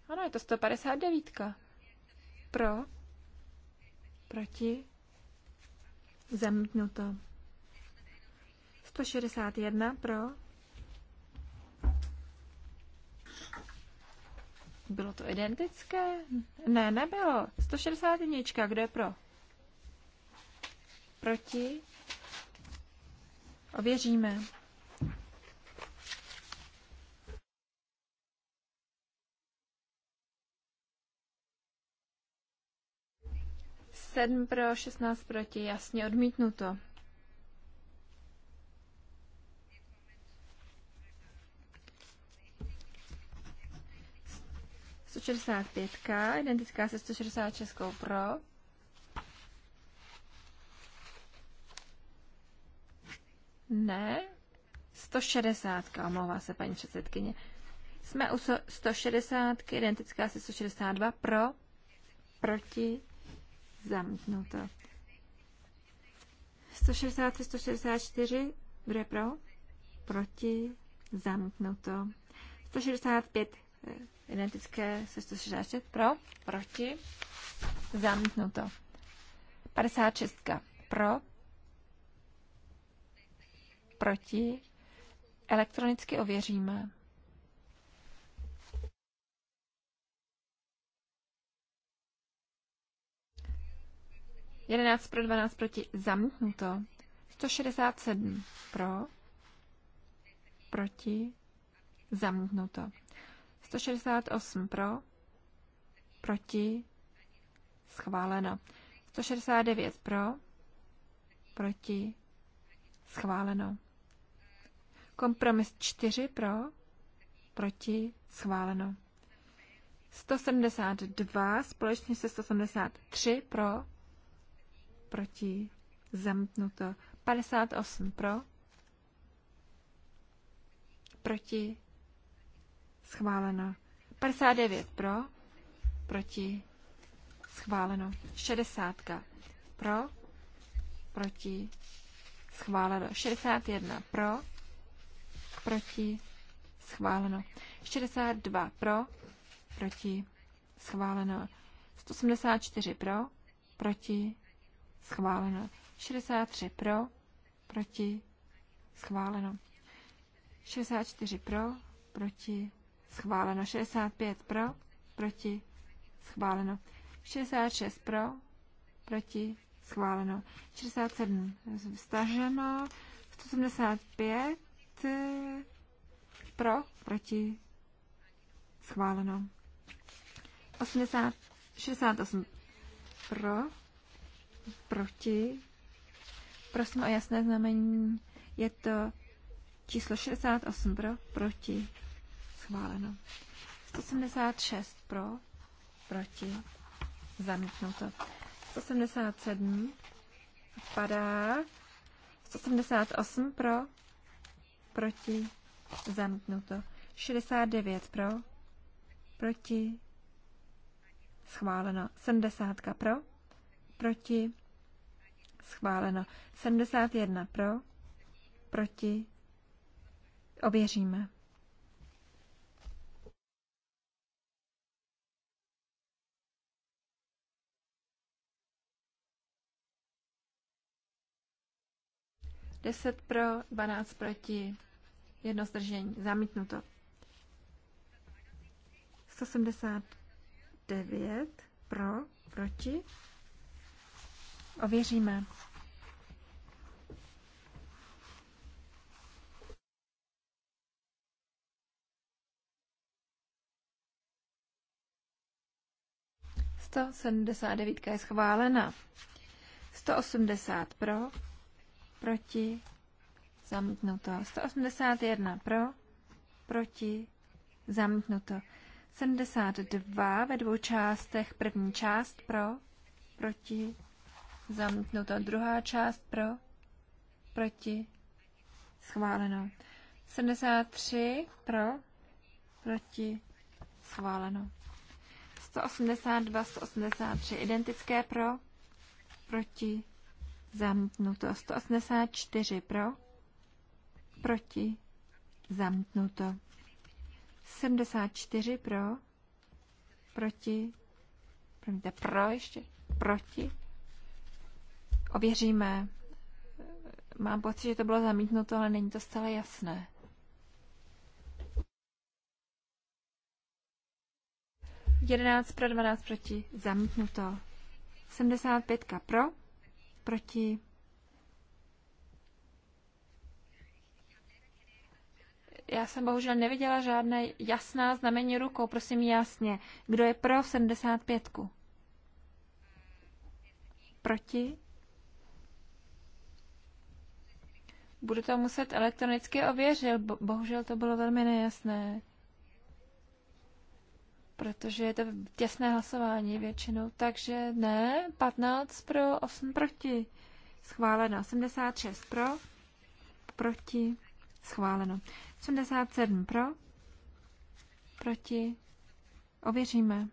Ano, je to 159. Pro, proti, zamítnuto. 161 pro. Bylo to identické? Ne, nebylo. 161, kdo je pro? Proti? Ověříme. Sedm pro, šestnáct proti, jasně odmítnuto. pětka, identická se českou pro, Ne, 160, omlouvá se paní předsedkyně. Jsme u 160, identická se 162, pro, proti, zamítnuto. 163, 164, kdo je pro? Proti, zamítnuto. 165, identické se 166, pro, proti, zamítnuto. 56, pro, proti, elektronicky ověříme. Jedenáct pro, dvanáct proti, zamítnuto. 167 pro, proti, zamítnuto. 168 pro, proti, schváleno. 169 pro, proti, schváleno. Kompromis 4 pro, proti, schváleno. 172 společně se 173 pro, proti, zamknuto. 58 pro, proti, schváleno. 59 pro, proti, schváleno. 60 pro, proti, schváleno. 61 pro, proti, schváleno. 62 pro, proti, schváleno. 174 pro, proti, schváleno. 63 pro, proti, schváleno. 64 pro, proti, schváleno. 65 pro, proti, schváleno. 66 pro, proti, schváleno. 67 staženo, 175 hlasy pro, proti, schváleno. 80, 68 pro, proti, prosím o jasné znamení, je to číslo 68 pro, proti, schváleno. 176 pro, proti, zamítnuto. 177 padá, 178 pro, proti, zamítnuto. 69 pro, proti, schváleno. 70 pro, proti, schváleno. 71 pro, proti, ověříme. 10 pro, 12 proti, jedno zdržení, zamítnuto. 179 pro, proti. Ověříme. Sto sedmdesát devítka je schválena. 180 pro, proti, zamítnuto. 181 pro, proti, zamítnuto. 72 ve dvou částech, první část pro, proti, zamítnuto. Druhá část pro, proti, schváleno. 73 pro, proti, schváleno. 182, 183 identické pro, proti, zamknuto. 184 pro. Proti. zamknuto. 74 pro. Proti. Promiňte, pro ještě. Proti. Ověříme. Mám pocit, že to bylo zamítnuto, ale není to zcela jasné. Jedenáct pro, dvanáct proti. Zamítnuto. 75 pro Proti? Já jsem bohužel neviděla žádné jasná znamení rukou. Prosím jasně, kdo je pro 75? -ku? Proti? Budu to muset elektronicky ověřit, bohužel to bylo velmi nejasné protože je to těsné hlasování většinou, takže ne, 15 pro, 8 proti, schváleno, 76 pro, proti, schváleno, 77 pro, proti, ověříme.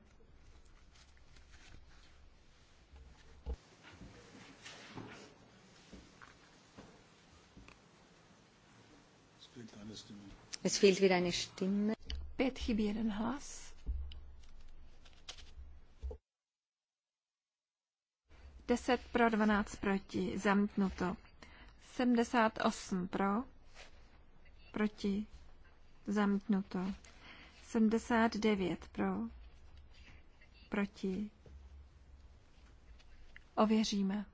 Es fehlt wieder eine Stimme. Pět chybí jeden hlas. 10 pro, 12 proti, zamítnuto. 78 pro, proti, zamítnuto. 79 pro, proti. Ověříme.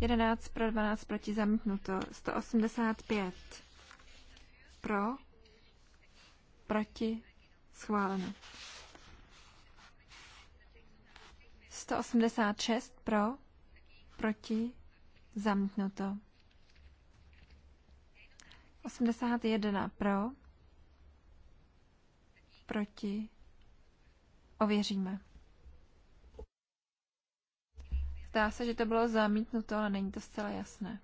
Jedenáct pro, 12 proti, zamítnuto. 185 pro, Proti? Schváleno. 186 pro? Proti? Zamítnuto. 81 pro? Proti? Ověříme. Zdá se, že to bylo zamítnuto, ale není to zcela jasné.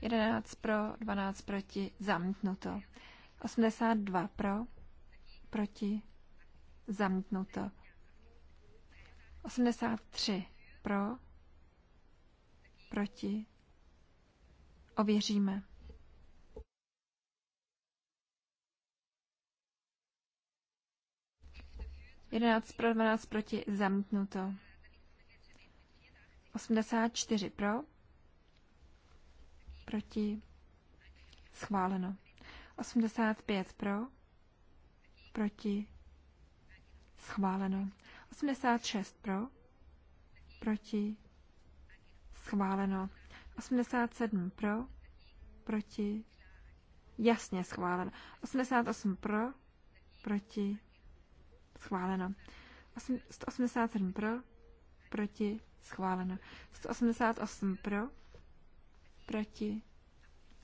11 pro, 12 proti, zamítnuto. 82 pro, proti, zamítnuto. 83 pro, proti, ověříme. Jedenáct pro, 12 proti, zamítnuto. 84 pro, proti, schváleno. 85 pro, proti, schváleno. 86 pro, proti, schváleno. 87 pro, proti, jasně schváleno. 88 pro, proti, schváleno. 187 pro, proti, schváleno. 188 pro, proti,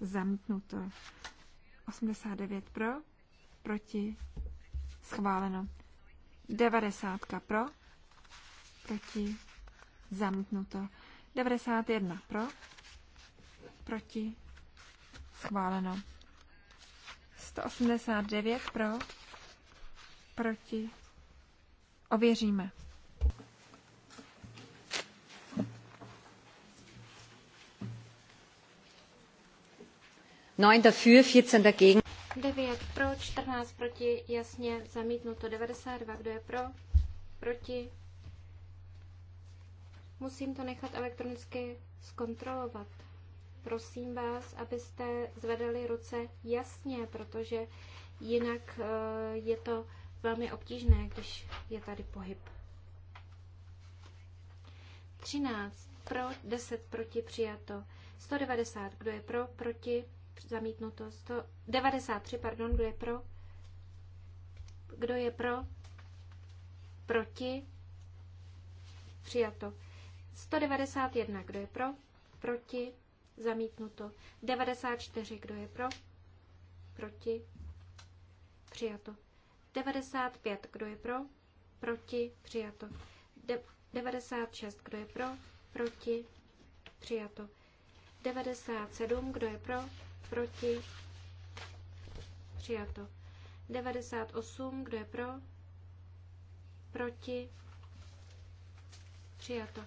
zamítnuto. 89 pro, proti, schváleno. 90 pro, proti, zamítnuto. 91 pro, proti, schváleno. 189 pro, proti, ověříme. 9 dafür, 14 dagegen. 9 pro, 14 proti, jasně zamítnuto. 92, kdo je pro? Proti? Musím to nechat elektronicky zkontrolovat. Prosím vás, abyste zvedali ruce jasně, protože jinak eh, je to velmi obtížné, když je tady pohyb. 13 pro, 10 proti přijato. 190, kdo je pro, proti, zamítnuto. 100, 93, pardon, kdo je pro? Kdo je pro? Proti? Přijato. 191, kdo je pro? Proti? Zamítnuto. 94, kdo je pro? Proti? Přijato. 95, kdo je pro? Proti? Přijato. De- 96, kdo je pro? Proti? Přijato. 97, kdo je pro? proti, přijato. 98, kdo je pro, proti, přijato.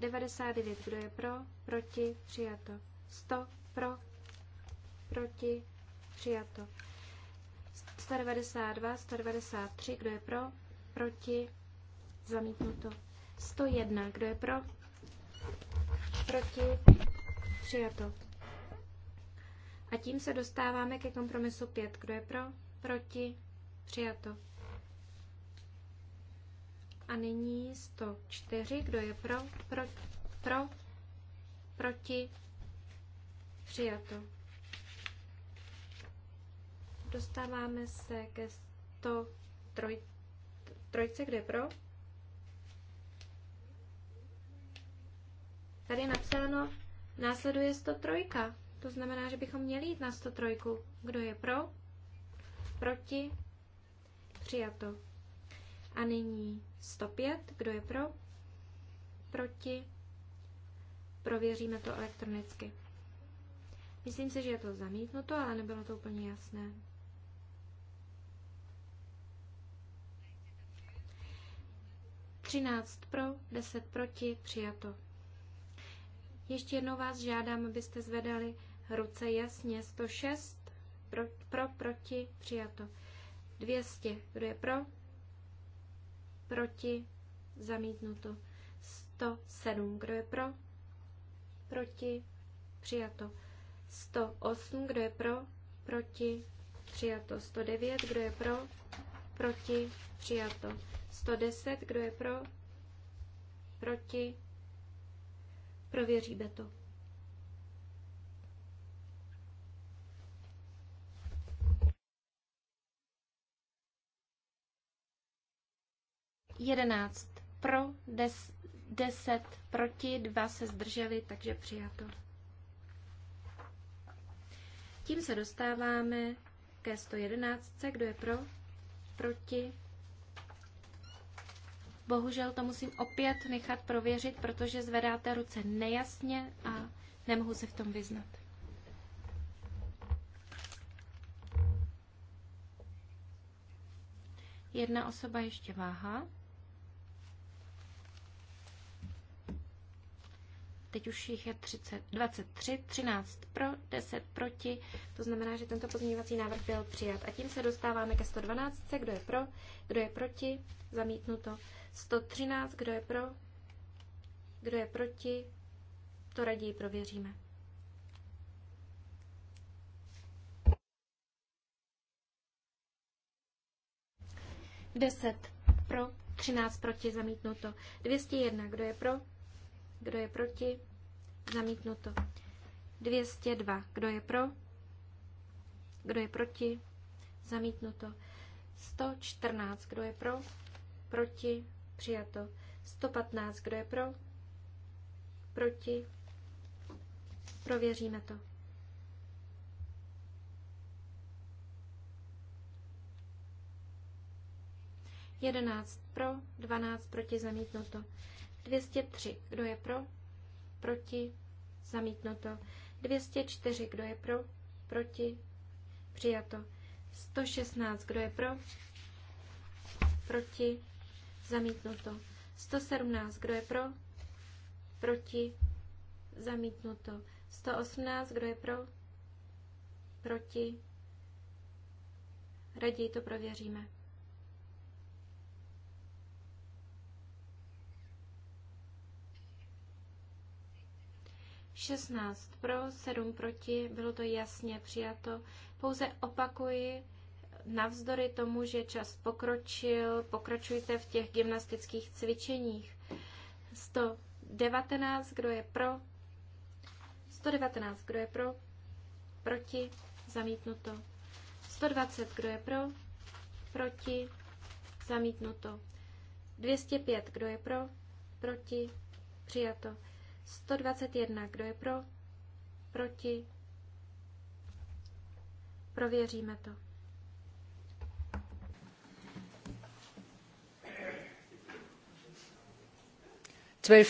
99, kdo je pro, proti, přijato. 100, pro, proti, přijato. 192, 193, kdo je pro, proti, zamítnuto. 101, kdo je pro, proti, přijato. A tím se dostáváme ke kompromisu 5. Kdo je pro? Proti? Přijato. A nyní 104. Kdo je pro? Pro? pro proti? Přijato. Dostáváme se ke 103. Trojce, kde je pro? Tady je napsáno, následuje 103. To znamená, že bychom měli jít na 103. Kdo je pro? Proti? Přijato. A nyní 105. Kdo je pro? Proti? Prověříme to elektronicky. Myslím si, že je to zamítnuto, ale nebylo to úplně jasné. Třináct pro, deset proti, přijato. Ještě jednou vás žádám, abyste zvedali ruce jasně. 106 pro, pro proti, přijato. 200, kdo je pro, proti, zamítnuto. 107, kdo je pro, proti, přijato. 108, kdo je pro, proti, přijato. 109, kdo je pro, proti, přijato. 110, kdo je pro, proti, prověříme to. 11 pro, 10 proti, 2 se zdrželi, takže přijato. Tím se dostáváme ke 111. Kdo je pro? Proti? Bohužel to musím opět nechat prověřit, protože zvedáte ruce nejasně a nemohu se v tom vyznat. Jedna osoba ještě váha. teď už jich je 30, 23, 13 pro, 10 proti, to znamená, že tento pozměňovací návrh byl přijat. A tím se dostáváme ke 112, kdo je pro, kdo je proti, zamítnuto. 113, kdo je pro, kdo je proti, to raději prověříme. Deset pro, 13 proti, zamítnuto. 201, kdo je pro, kdo je proti? Zamítnuto. 202. Kdo je pro? Kdo je proti? Zamítnuto. 114. Kdo je pro? Proti? Přijato. 115. Kdo je pro? Proti? Prověříme to. Jedenáct pro, dvanáct proti zamítnuto. 203. Kdo je pro? Proti? Zamítnuto. 204. Kdo je pro? Proti? Přijato. 116. Kdo je pro? Proti? Zamítnuto. 117. Kdo je pro? Proti? Zamítnuto. 118. Kdo je pro? Proti? Raději to prověříme. 16 pro, 7 proti, bylo to jasně přijato. Pouze opakuji, navzdory tomu, že čas pokročil, pokračujte v těch gymnastických cvičeních. 119, kdo je pro? 119, kdo je pro? Proti? Zamítnuto. 120, kdo je pro? Proti? Zamítnuto. 205, kdo je pro? Proti? Přijato. 121. Kdo je pro? Proti? Prověříme to.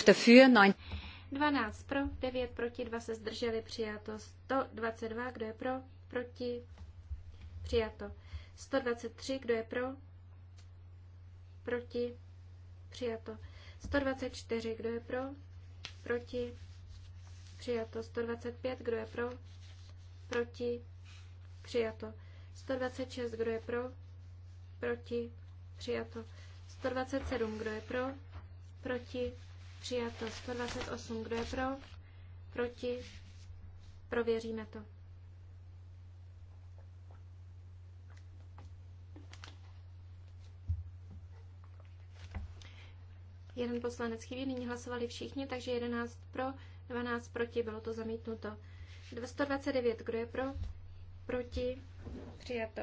Dafür, 12 pro, 9 proti, 2 se zdrželi, přijato 122, kdo je pro, proti, přijato 123, kdo je pro, proti, přijato 124, kdo je pro, Proti? Přijato. 125. Kdo je pro? Proti? Přijato. 126. Kdo je pro? Proti? Přijato. 127. Kdo je pro? Proti? Přijato. 128. Kdo je pro? Proti? Prověříme to. Jeden poslanec chybí, nyní hlasovali všichni, takže 11 pro, 12 proti, bylo to zamítnuto. 229, kdo je pro? Proti, přijato.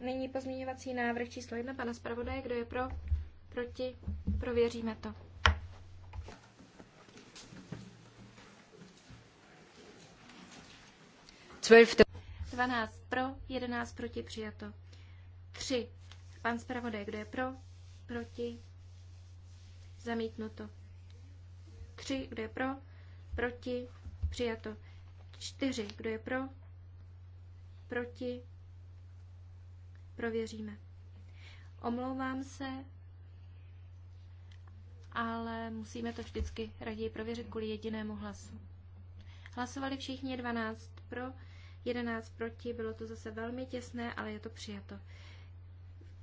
Nyní pozměňovací návrh číslo 1 pana zpravodaje, kdo je pro? Proti, prověříme to. Zwölfte. 12 pro, 11 proti přijato. 3. Pan zpravodaj, kdo je pro? Proti? Zamítnuto. 3. Kdo je pro? Proti? Přijato. 4. Kdo je pro? Proti? Prověříme. Omlouvám se, ale musíme to vždycky raději prověřit kvůli jedinému hlasu. Hlasovali všichni 12 pro, 11 proti, bylo to zase velmi těsné, ale je to přijato.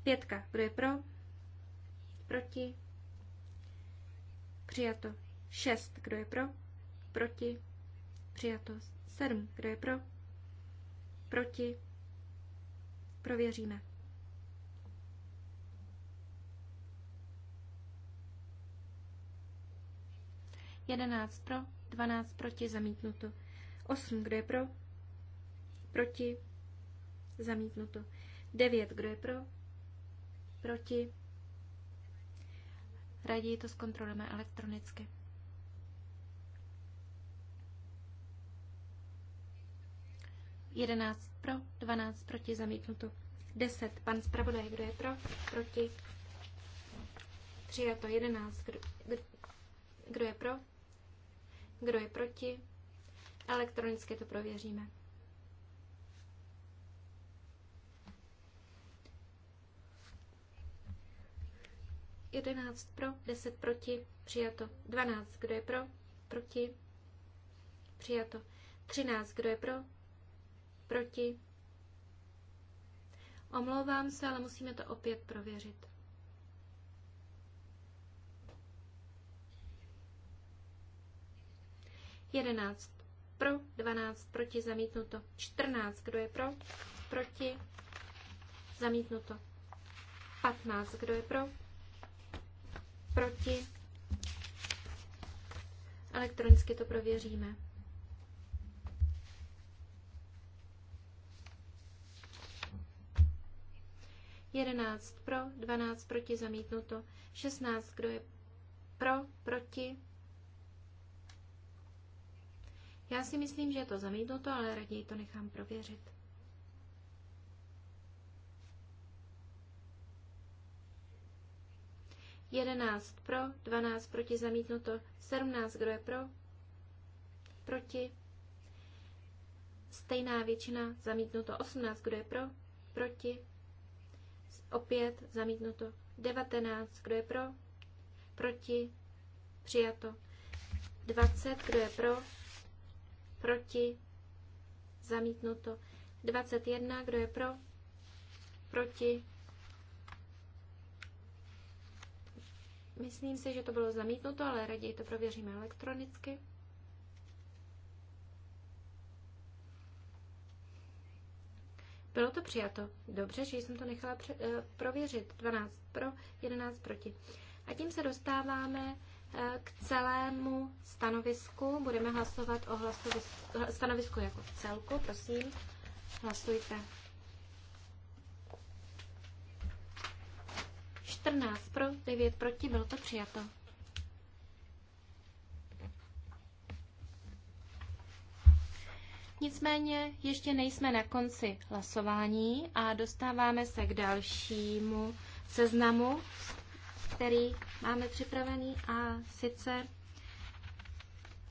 Pětka, kdo je pro? Proti? Přijato. 6. Kdo je pro? Proti. Přijato. 7. Kdo je pro? Proti. Prověříme. Jedenáct pro, dvanáct proti, zamítnuto. Osm, kdo je pro? Proti, zamítnuto. Devět, kdo je pro? Proti Raději to zkontrolujeme elektronicky. Jedenáct pro, dvanáct proti, zamítnuto. Deset. Pan zpravodaj, kdo je pro? Proti. Přijato. Jedenáct. Kdo, kdo je pro? Kdo je proti? Elektronicky to prověříme. 11 pro, 10 proti, přijato. 12, kdo je pro, proti, přijato. 13, kdo je pro, proti. Omlouvám se, ale musíme to opět prověřit. Jedenáct pro, dvanáct proti, zamítnuto. Čtrnáct, kdo je pro, proti, zamítnuto. Patnáct, kdo je pro, proti. Elektronicky to prověříme. Jedenáct pro, dvanáct proti, zamítnuto. Šestnáct, kdo je pro, proti. Já si myslím, že je to zamítnuto, ale raději to nechám prověřit. 11 pro, 12 proti zamítnuto, 17 kdo je pro, proti, stejná většina zamítnuto, 18 kdo je pro, proti, opět zamítnuto, 19 kdo je pro, proti, přijato, 20 kdo je pro, proti, zamítnuto, 21 kdo je pro, proti, Myslím si, že to bylo zamítnuto, ale raději to prověříme elektronicky. Bylo to přijato. Dobře, že jsem to nechala pře- eh, prověřit. 12 pro, 11 proti. A tím se dostáváme eh, k celému stanovisku. Budeme hlasovat o eh, stanovisku jako celku. Prosím, hlasujte. 14 pro, 9 proti, bylo to přijato. Nicméně ještě nejsme na konci hlasování a dostáváme se k dalšímu seznamu, který máme připravený a sice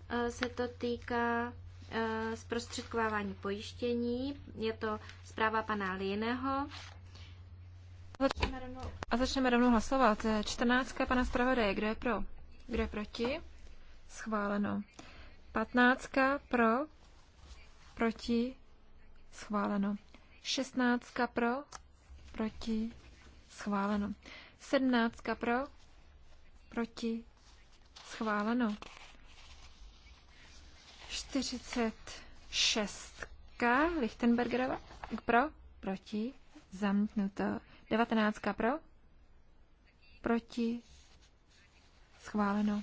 eh, se to týká eh, zprostředkovávání pojištění. Je to zpráva pana Lieného. Začneme rovnou, a začneme rovnou hlasovat. Čtrnáctka pana zpravodaje, kdo je pro? Kdo je proti? Schváleno. Patnáctka pro? Proti? Schváleno. Šestnáctka pro? Proti? Schváleno. Sedmnáctka pro? Proti? Schváleno. Čtyřicet šestka Lichtenbergerova pro? Proti? zamknuto 19 pro, proti, schváleno.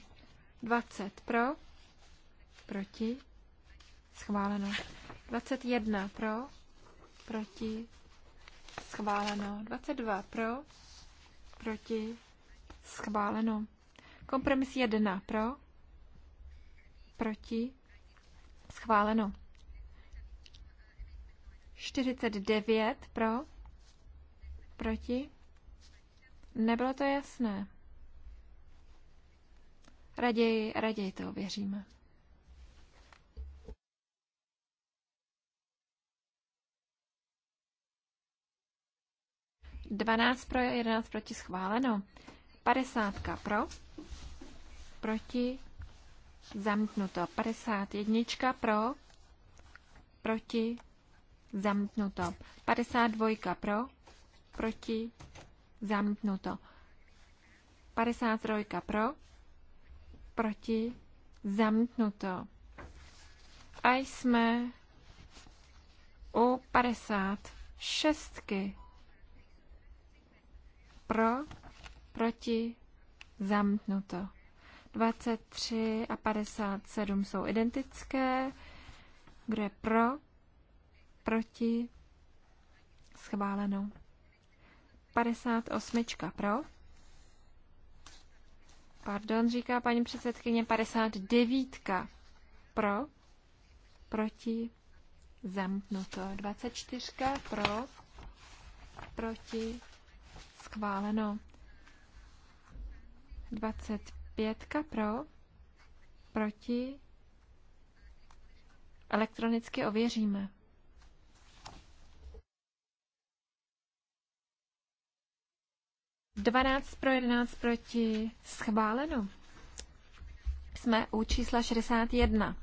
20 pro, proti, schváleno. 21 pro, proti, schváleno. 22 pro, proti, schváleno. Kompromis 1 pro, proti, schváleno. 49 pro, Proti? Nebylo to jasné. Raději, raději to ověříme. Dvanáct pro, jedenáct proti schváleno. Padesátka pro, proti, zamknuto. Padesát jednička pro, proti, zamknuto. Padesát dvojka pro, proti, zamítnuto. 53 pro, proti, zamítnuto. A jsme u 56 pro, proti, zamítnuto. 23 a 57 jsou identické. Kdo je pro, proti, schváleno. 58 pro. Pardon, říká paní předsedkyně 59 pro. Proti. Zamknuto. 24 pro. Proti. Schváleno. 25 pro. Proti. Elektronicky ověříme. 12 pro 11 proti schváleno. Jsme u čísla 61.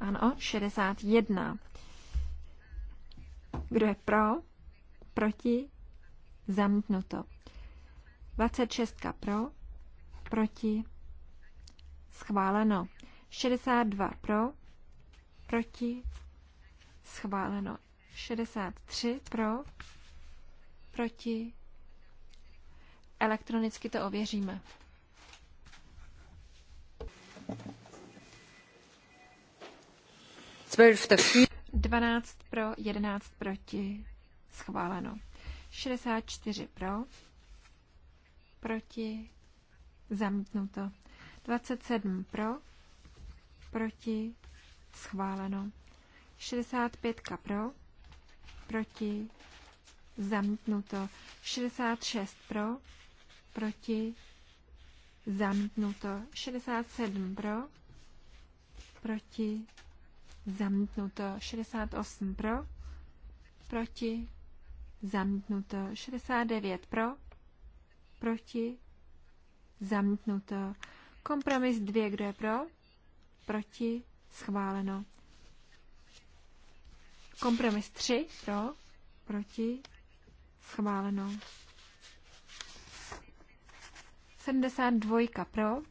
Ano, 61. Kdo je pro? Proti? Zamítnuto. 26 pro? Proti? Schváleno. 62 pro? Proti? Schváleno. 63 pro, proti, elektronicky to ověříme. Dvanáct pro, jedenáct proti, schváleno. 64 pro, proti, zamítnuto. 27 pro, proti, schváleno. 65 pro, proti, zamítnuto. 66 pro, proti, zamítnuto. 67 pro, proti, zamítnuto. 68 pro, proti, zamítnuto. 69 pro, proti, zamítnuto. Kompromis 2, kdo je pro, proti, schváleno. Kompromis 3 pro, proti, schváleno. 72 pro,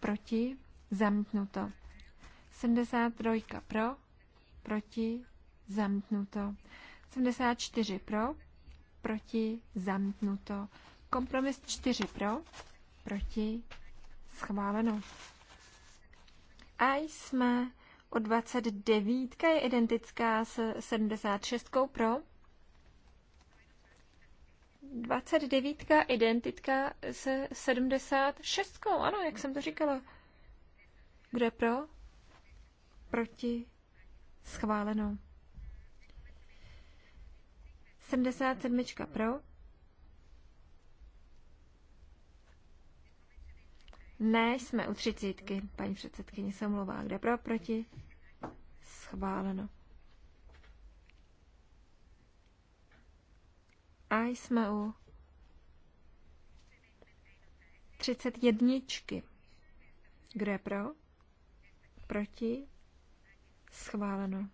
proti, zamítnuto. 73 pro, proti, zamítnuto. 74 pro, proti, zamítnuto. Kompromis 4 pro, proti, schváleno. A jsme O 29 je identická s 76 pro. 29 identická se 76. Ano, jak jsem to říkala. Kdo je pro? Proti? Schváleno. 77 pro. Ne, jsme u třicítky. Paní předsedkyně se omlouvá. Kde pro, proti? Schváleno. A jsme u 31. Kdo je pro? Proti? Schváleno.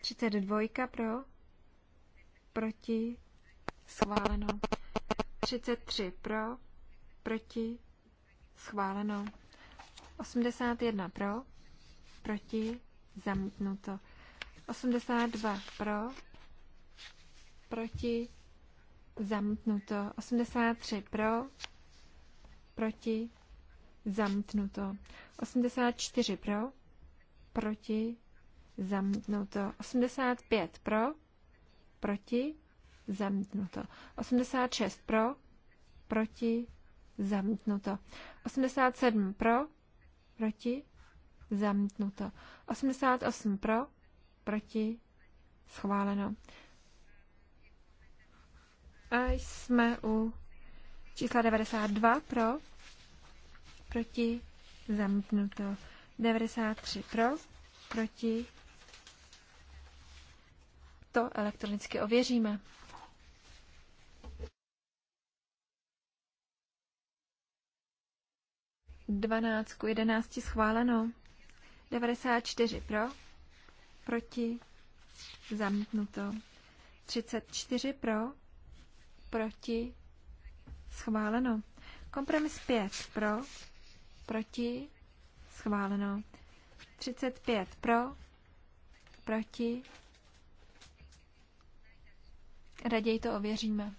32 pro? Proti? Schváleno. 33 pro? Proti? Schváleno. 81 pro, proti, zamítnuto. 82 pro, proti, zamítnuto. 83 pro, proti, zamítnuto. 84 pro, proti, zamítnuto. 85 pro, proti, zamítnuto. 86 pro, proti, zamítnuto. 87 pro, proti, zamítnuto. 88 pro, proti, schváleno. A jsme u čísla 92 pro, proti, zamítnuto. 93 pro, proti, to elektronicky ověříme. 12 k 11 schváleno. 94 pro, proti, zamítnuto. 34 pro, proti, schváleno. Kompromis 5 pro, proti, schváleno. 35 pro, proti, raději to ověříme.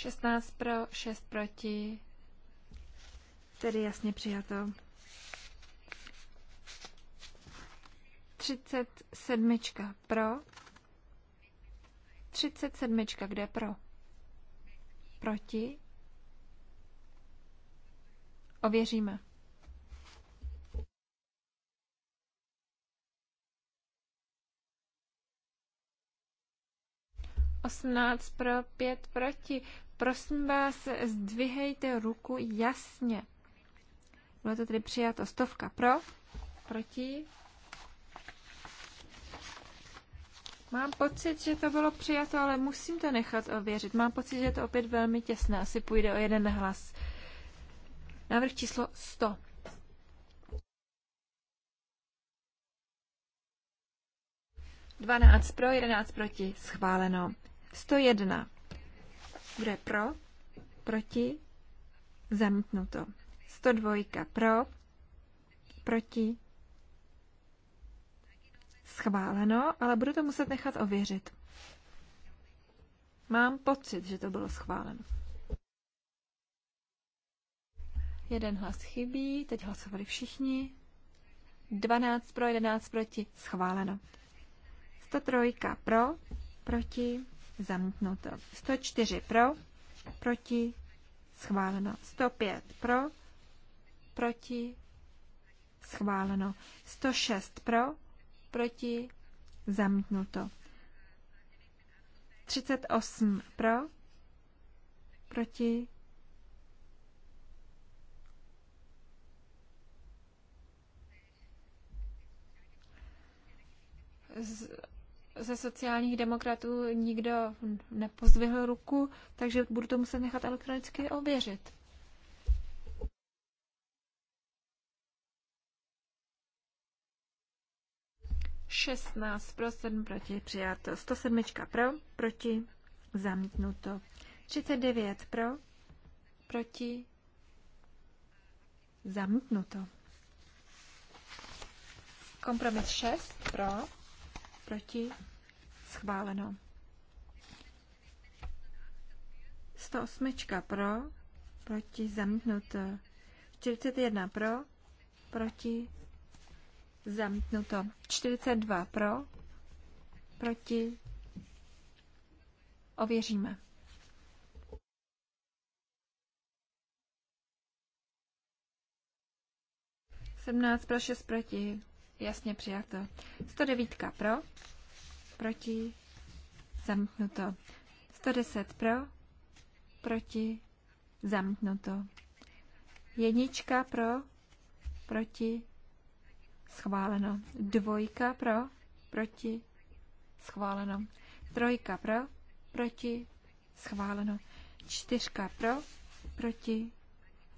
16 pro, 6 proti. Tedy jasně přijato. 37 pro. 37 kde pro? Proti. Ověříme. Osmnáct pro, pět proti. Prosím vás, zdvihejte ruku jasně. Bylo to tedy přijato stovka pro, proti. Mám pocit, že to bylo přijato, ale musím to nechat ověřit. Mám pocit, že je to opět velmi těsné. Asi půjde o jeden hlas. Návrh číslo 100. Dvanáct pro, jedenáct proti. Schváleno. 101 kdo je pro? Proti? Zamítnuto. 102 pro? Proti? Schváleno, ale budu to muset nechat ověřit. Mám pocit, že to bylo schváleno. Jeden hlas chybí, teď hlasovali všichni. 12 pro, 11 proti, schváleno. 103 pro, proti, zamítnuto. 104 pro, proti, schváleno. 105 pro, proti, schváleno. 106 pro, proti, zamítnuto. 38 pro, proti, Z ze sociálních demokratů nikdo nepozvihl ruku, takže budu to muset nechat elektronicky ověřit. Šestnáct pro, sedm proti, přijato. 107 pro, proti, zamítnuto. 39 pro, proti, zamítnuto. Kompromis 6 pro, proti, schváleno. 108 pro, proti, zamítnuto. 41 pro, proti, zamítnuto. 42 pro, proti, ověříme. Sedmnáct pro šest proti jasně přijato. 109 pro, proti, zamknuto. 110 pro, proti, zamknuto. Jednička pro, proti, schváleno. Dvojka pro, proti, schváleno. Trojka pro, proti, schváleno. Čtyřka pro, proti,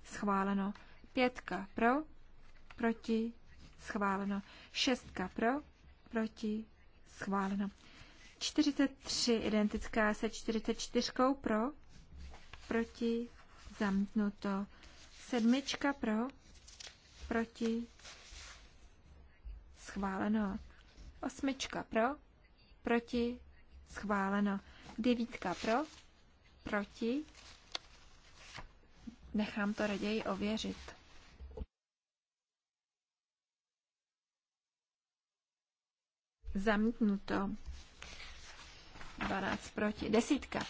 schváleno. Pětka pro, proti, schváleno. Šestka pro, proti, schváleno. 43 identická se 44 pro, proti, zamítnuto. Sedmička pro, proti, schváleno. Osmička pro, proti, schváleno. Devítka pro, proti, nechám to raději ověřit. Zamítnuto. 12 proti. Desítka.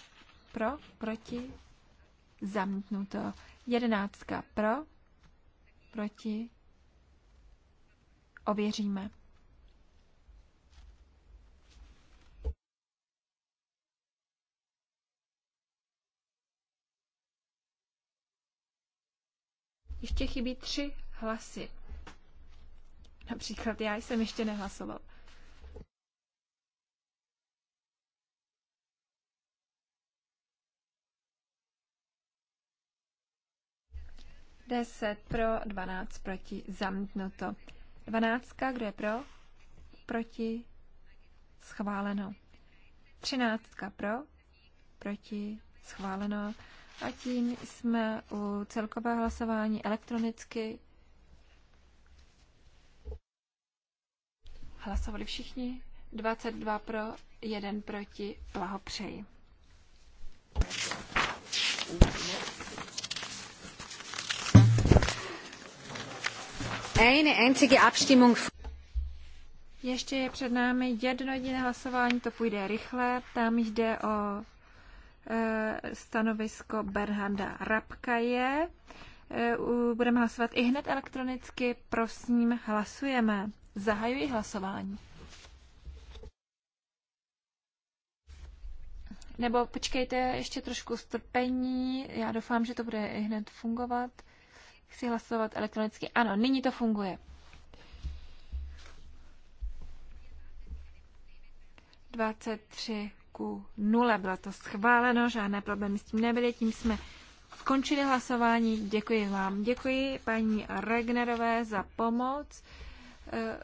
Pro, proti. Zamítnuto. Jedenáctka. Pro, proti. Ověříme. Ještě chybí tři hlasy. Například já jsem ještě nehlasoval. 10 pro, 12 proti, zamítnuto. 12, kdo je pro? Proti, schváleno. 13 pro, proti, schváleno. A tím jsme u celkového hlasování elektronicky. Hlasovali všichni? 22 pro, 1 proti, blahopřeji. Ještě je před námi jedno jediné hlasování, to půjde rychle. Tam jde o e, stanovisko Berhanda Rapkaje. E, u, budeme hlasovat i hned elektronicky. Prosím, hlasujeme. Zahajuji hlasování. Nebo počkejte ještě trošku strpení. Já doufám, že to bude i hned fungovat. Chci hlasovat elektronicky. Ano, nyní to funguje. 23 ku 0 bylo to schváleno, žádné problémy s tím nebyly, tím jsme skončili hlasování. Děkuji vám. Děkuji paní Regnerové za pomoc. Eh,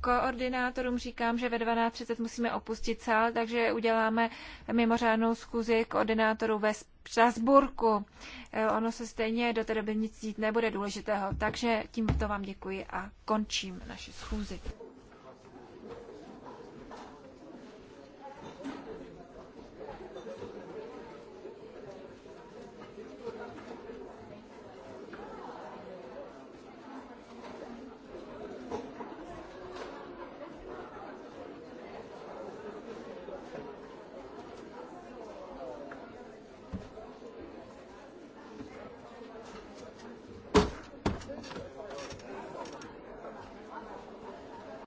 Koordinátorům říkám, že ve 12.30 musíme opustit sál, takže uděláme mimořádnou zkuzi koordinátorů ve Strasburku. Eh, ono se stejně do té doby nic dít nebude důležitého, takže tímto vám děkuji a končím naši schůzi.